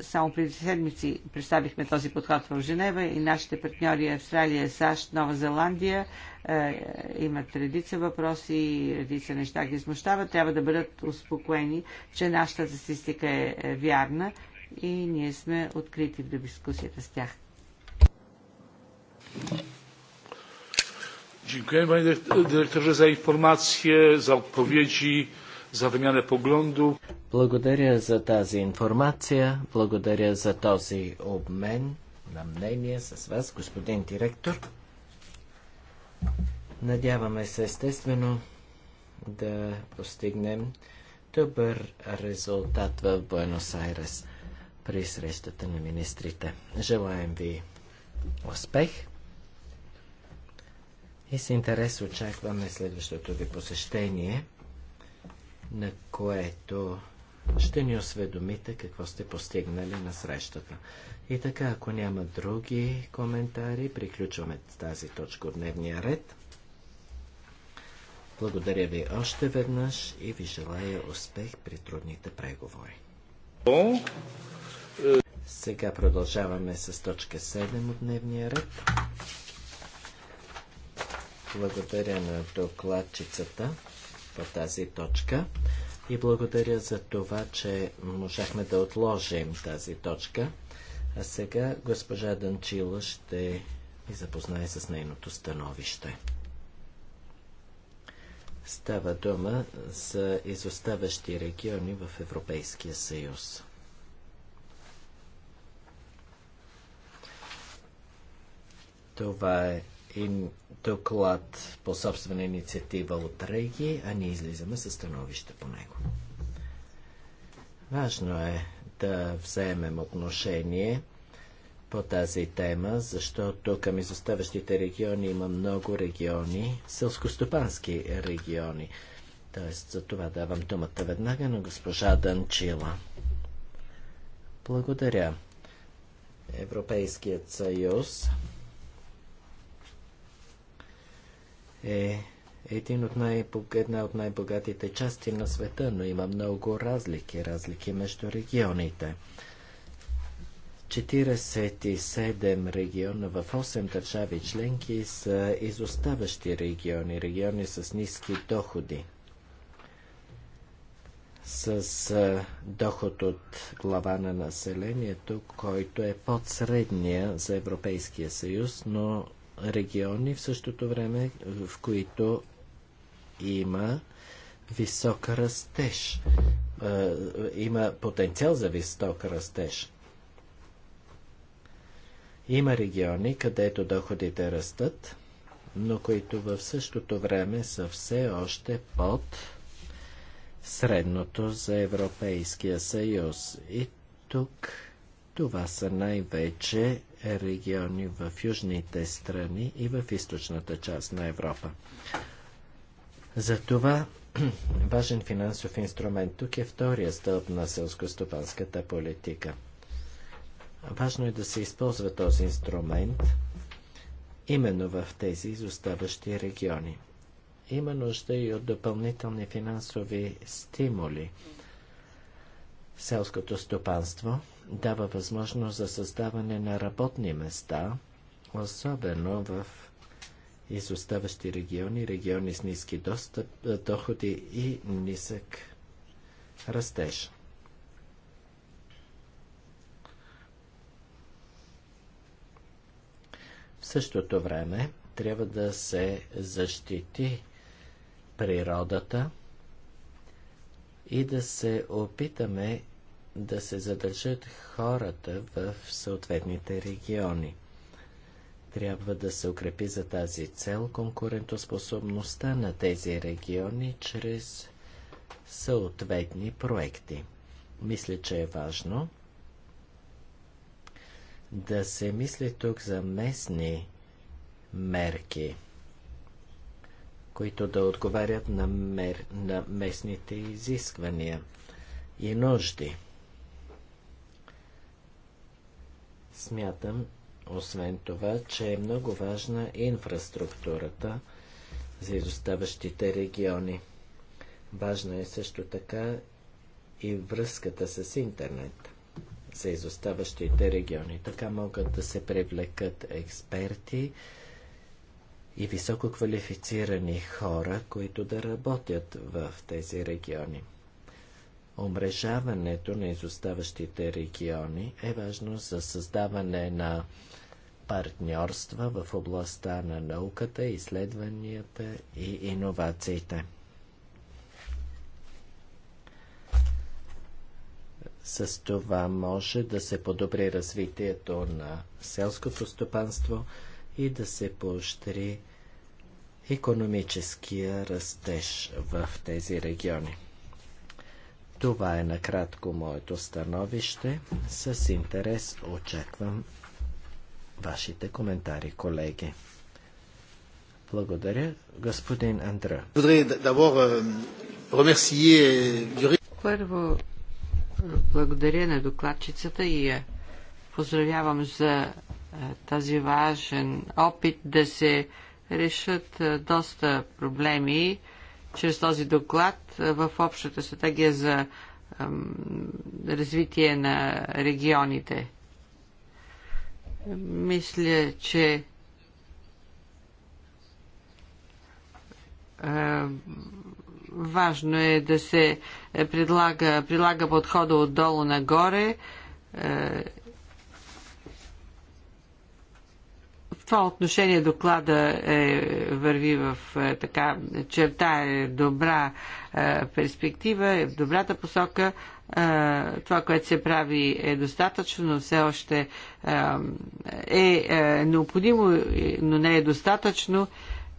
Само преди седмици представихме този подход в Женева и нашите партньори Австралия, САЩ, Нова Зеландия е, имат редица въпроси, редица неща ги смущават. Трябва да бъдат успокоени, че нашата статистика е, е вярна и ние сме открити в дискусията с тях. Dziękujemy panie dyrektorze za informacje, za odpowiedzi за wymianę поглонду. Благодаря за тази информация, благодаря за този обмен на мнение с вас, господин директор. Надяваме се естествено да постигнем добър резултат в Буенос Айрес при срещата на министрите. Желаем ви успех и с интерес очакваме следващото ви посещение на което ще ни осведомите какво сте постигнали на срещата. И така, ако няма други коментари, приключваме тази точка от дневния ред. Благодаря ви още веднъж и ви желая успех при трудните преговори. Сега продължаваме с точка 7 от дневния ред. Благодаря на докладчицата в тази точка и благодаря за това, че можахме да отложим тази точка. А сега госпожа Данчила ще ни запознае с нейното становище. Става дума за изоставащи региони в Европейския съюз. Това е доклад по собствена инициатива от Реги, а ние излизаме със становище по него. Важно е да вземем отношение по тази тема, защото към изоставащите региони има много региони, селскостопански региони. Тоест, за това давам думата веднага на госпожа Данчила. Благодаря. Европейският съюз е един от най една от най-богатите части на света, но има много разлики, разлики между регионите. 47 региона в 8 държави членки са изоставащи региони, региони с ниски доходи. С доход от глава на населението, който е под средния за Европейския съюз, но региони в същото време, в които има висок растеж. Е, има потенциал за висок растеж. Има региони, където доходите растат, но които в същото време са все още под средното за Европейския съюз. И тук това са най-вече региони в южните страни и в източната част на Европа. Затова важен финансов инструмент тук е втория стълб на селскостопанската политика. Важно е да се използва този инструмент именно в тези изоставащи региони. Има нужда и от допълнителни финансови стимули. Селското стопанство – дава възможност за създаване на работни места, особено в изоставащи региони, региони с ниски достъп, е, доходи и нисък растеж. В същото време трябва да се защити природата и да се опитаме да се задържат хората в съответните региони. Трябва да се укрепи за тази цел конкурентоспособността на тези региони чрез съответни проекти. Мисля, че е важно да се мисли тук за местни мерки, които да отговарят на, мер... на местните изисквания и нужди. Смятам, освен това, че е много важна инфраструктурата за изоставащите региони. Важна е също така и връзката с интернет за изоставащите региони. Така могат да се привлекат експерти и високо квалифицирани хора, които да работят в тези региони. Омрежаването на изоставащите региони е важно за създаване на партньорства в областта на науката, изследванията и иновациите. С това може да се подобри развитието на селското стопанство и да се поощри економическия растеж в тези региони. Това е накратко моето становище. С интерес очаквам вашите коментари, колеги. Благодаря, господин Андра. Euh, euh, Първо, благодаря на докладчицата и я поздравявам за тази важен опит да се решат доста проблеми чрез този доклад в общата стратегия за развитие на регионите. Мисля, че важно е да се предлага, прилага подхода отдолу нагоре това отношение доклада е, върви в е, така черта е добра е, перспектива, е в добрата посока. Е, това, което се прави е достатъчно, но все още е, е, е необходимо, но не е достатъчно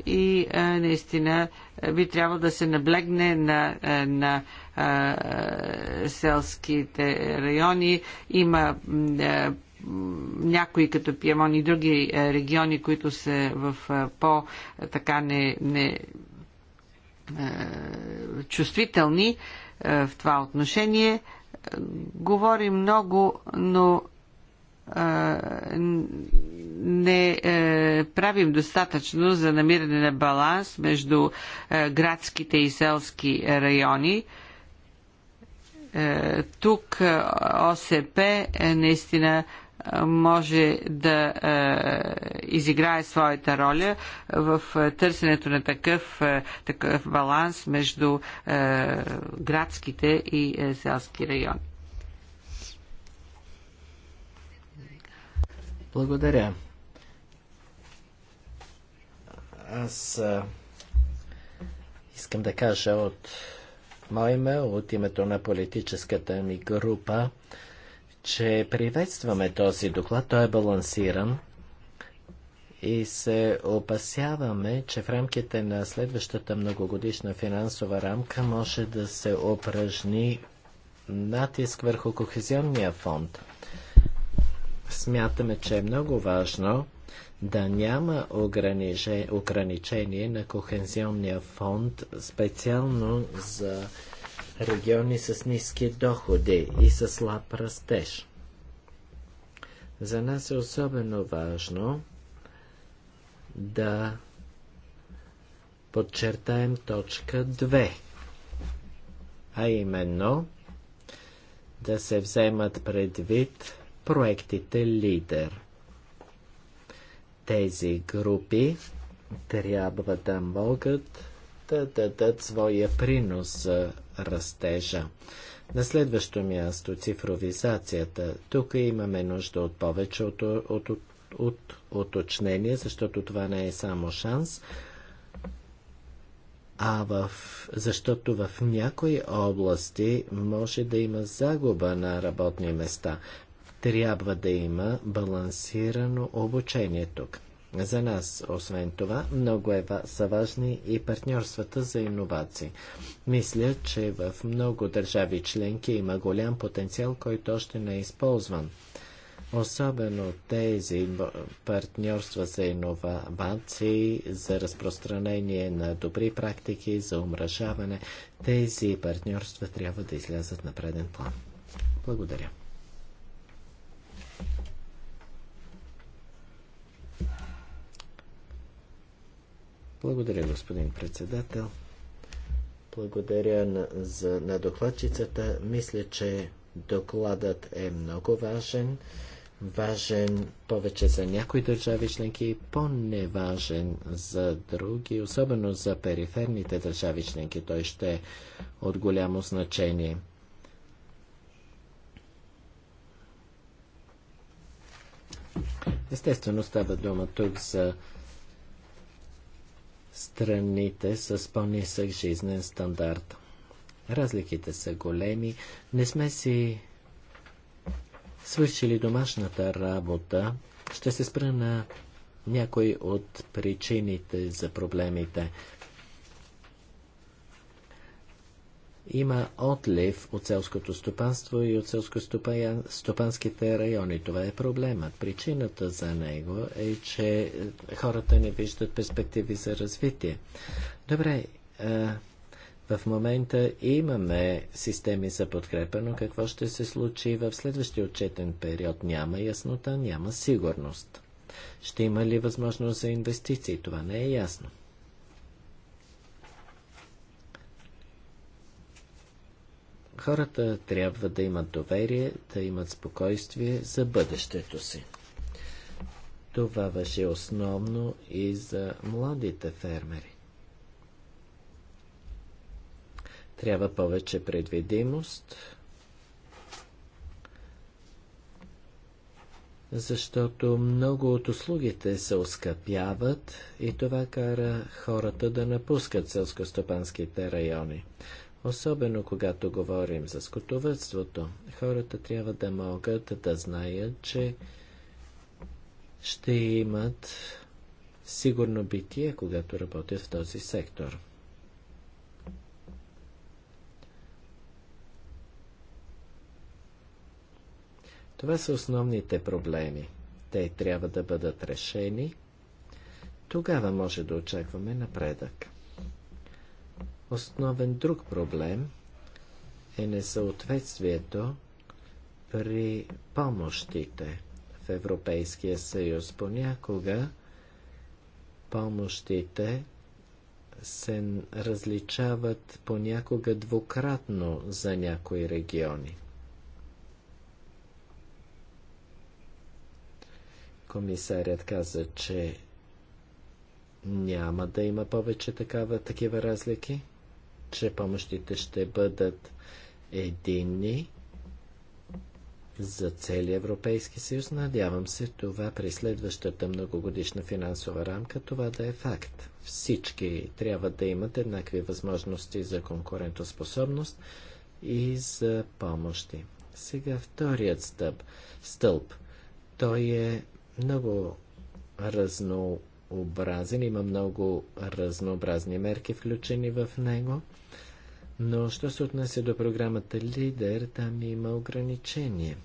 и е, наистина би трябвало да се наблегне на, е, на е, селските райони. Има е, някои като Пиемон и други е, региони, които са в е, по-така е, не, не чувствителни в това отношение. Говори много, но не правим достатъчно за намиране на баланс между градските и селски райони. Тук ОСП наистина може да е, изиграе своята роля в е, търсенето на такъв, е, такъв баланс между градските и селски райони. Благодаря. Аз а, искам да кажа от мое име, от името на политическата ми група, че приветстваме този доклад. Той е балансиран и се опасяваме, че в рамките на следващата многогодишна финансова рамка може да се упражни натиск върху кохезионния фонд. Смятаме, че е много важно да няма ограничение на кохезионния фонд специално за региони с ниски доходи и с слаб растеж. За нас е особено важно да подчертаем точка 2, а именно да се вземат предвид проектите лидер. Тези групи трябва да могат да дадат своя принос за растежа. На следващо място цифровизацията. Тук имаме нужда от повече от, от, от, от уточнение, защото това не е само шанс, а в, защото в някои области може да има загуба на работни места. Трябва да има балансирано обучение тук. За нас, освен това, много е, са важни и партньорствата за иновации. Мисля, че в много държави членки има голям потенциал, който още не е използван. Особено тези партньорства за иновации, за разпространение на добри практики, за умражаване, тези партньорства трябва да излязат на преден план. Благодаря. Благодаря, господин председател. Благодаря на, за, на докладчицата. Мисля, че докладът е много важен. Важен повече за някои държави членки и по-неважен за други, особено за периферните държави членки. Той ще е от голямо значение. Естествено става дума тук за страните с по-нисък жизнен стандарт. Разликите са големи. Не сме си свършили домашната работа. Ще се спра на някои от причините за проблемите. има отлив от селското стопанство и от селско-стопанските райони. Това е проблемът. Причината за него е, че е, хората не виждат перспективи за развитие. Добре, е, в момента имаме системи за подкрепа, но какво ще се случи в следващия отчетен период? Няма яснота, няма сигурност. Ще има ли възможност за инвестиции? Това не е ясно. Хората трябва да имат доверие, да имат спокойствие за бъдещето си. Това беше основно и за младите фермери. Трябва повече предвидимост, защото много от услугите се оскъпяват и това кара хората да напускат селскостопанските райони. Особено когато говорим за скотовътството, хората трябва да могат да знаят, че ще имат сигурно битие, когато работят в този сектор. Това са основните проблеми. Те трябва да бъдат решени. Тогава може да очакваме напредък. Основен друг проблем е несъответствието при помощите в Европейския съюз. Понякога помощите се различават понякога двукратно за някои региони. Комисарят каза, че няма да има повече такава, такива разлики че помощите ще бъдат единни за целия Европейски съюз. Надявам се това при следващата многогодишна финансова рамка това да е факт. Всички трябва да имат еднакви възможности за конкурентоспособност и за помощи. Сега вторият стъп, стълб. Той е много разнообразен, има много разнообразни мерки включени в него – но, що се отнася до програмата Лидер, там има ограничение.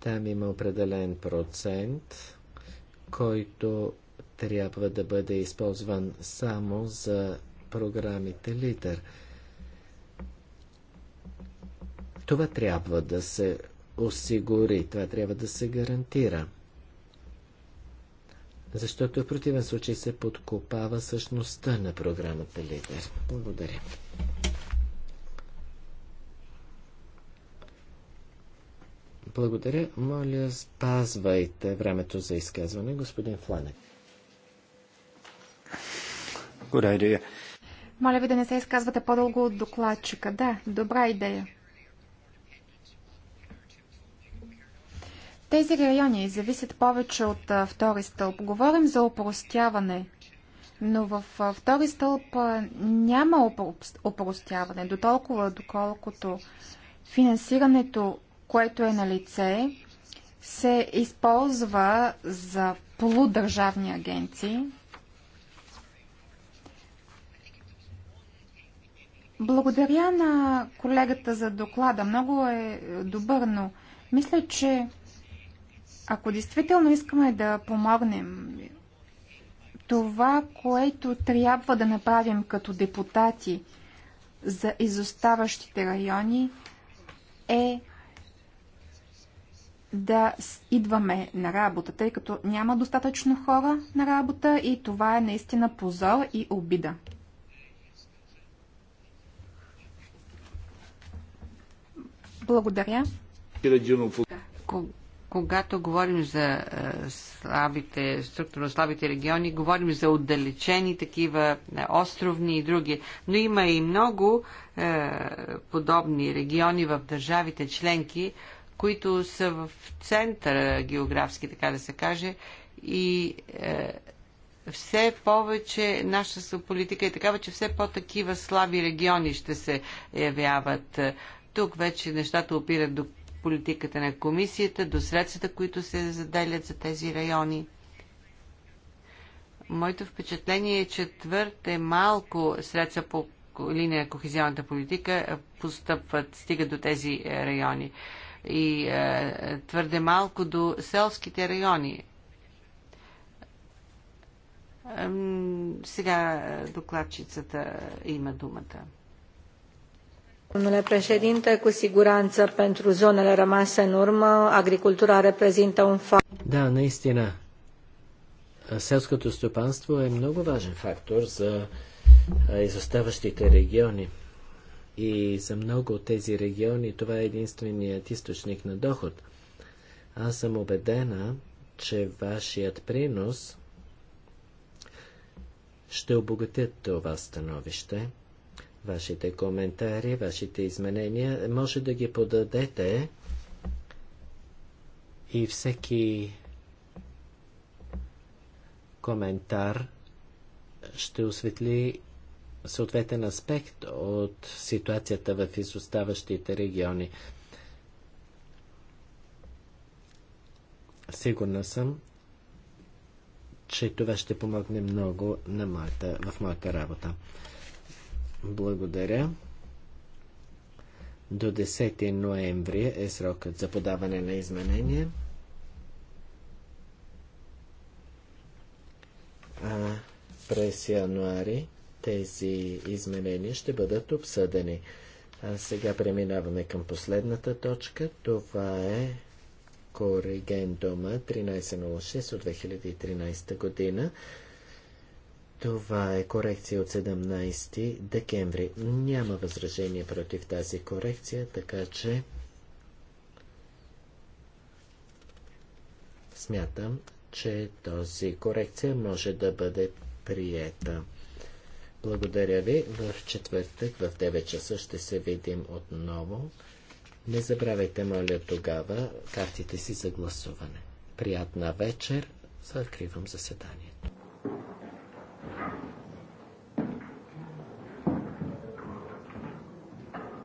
Там има определен процент, който трябва да бъде използван само за програмите Лидер. Това трябва да се осигури, това трябва да се гарантира защото в противен случай се подкопава същността на програмата Лидер. Благодаря. Благодаря. Моля, спазвайте времето за изказване, господин Фланек. Good idea. Моля ви да не се изказвате по-дълго от докладчика. Да, добра идея. Тези райони зависят повече от втори стълб. Говорим за опростяване, но в втори стълб няма опростяване, дотолкова доколкото финансирането, което е на лице, се използва за полудържавни агенции. Благодаря на колегата за доклада. Много е, е добър, но мисля, че ако действително искаме да помогнем това, което трябва да направим като депутати за изоставащите райони, е да идваме на работа, тъй като няма достатъчно хора на работа и това е наистина позор и обида. Благодаря. Благодаря. Когато говорим за е, слабите, структурно слабите региони, говорим за отдалечени такива, е, островни и други. Но има и много е, подобни региони в държавите членки, които са в центъра географски, така да се каже, и е, все повече нашата политика е такава, че все по-такива слаби региони ще се явяват. Тук вече нещата опират до политиката на комисията, до средствата, които се заделят за тези райони. Моето впечатление е, че твърде малко средства по линия на кохезионната политика постъпват, стигат до тези е, райони. И е, твърде малко до селските райони. Сега е, докладчицата има думата. Domnule președinte, cu siguranță pentru zonele rămase în urmă, agricultura reprezintă un factor. Da, наистина. Селското стопанство е много важен фактор за изоставащите региони. И за много от тези региони това е единственият източник на доход. Аз съм убедена, че вашият принос ще обогатят това становище – вашите коментари, вашите изменения. Може да ги подадете и всеки коментар ще осветли съответен аспект от ситуацията в изоставащите региони. Сигурна съм, че това ще помогне много на моята, в моята работа. Благодаря. До 10 ноември е срокът за подаване на изменения. А през януари тези изменения ще бъдат обсъдени. А сега преминаваме към последната точка. Това е коригендума 1306 от 2013 година. Това е корекция от 17 декември. Няма възражение против тази корекция, така че смятам, че този корекция може да бъде приета. Благодаря ви. В четвъртък в 9 часа ще се видим отново. Не забравяйте, моля, тогава картите си за гласуване. Приятна вечер. Закривам заседание.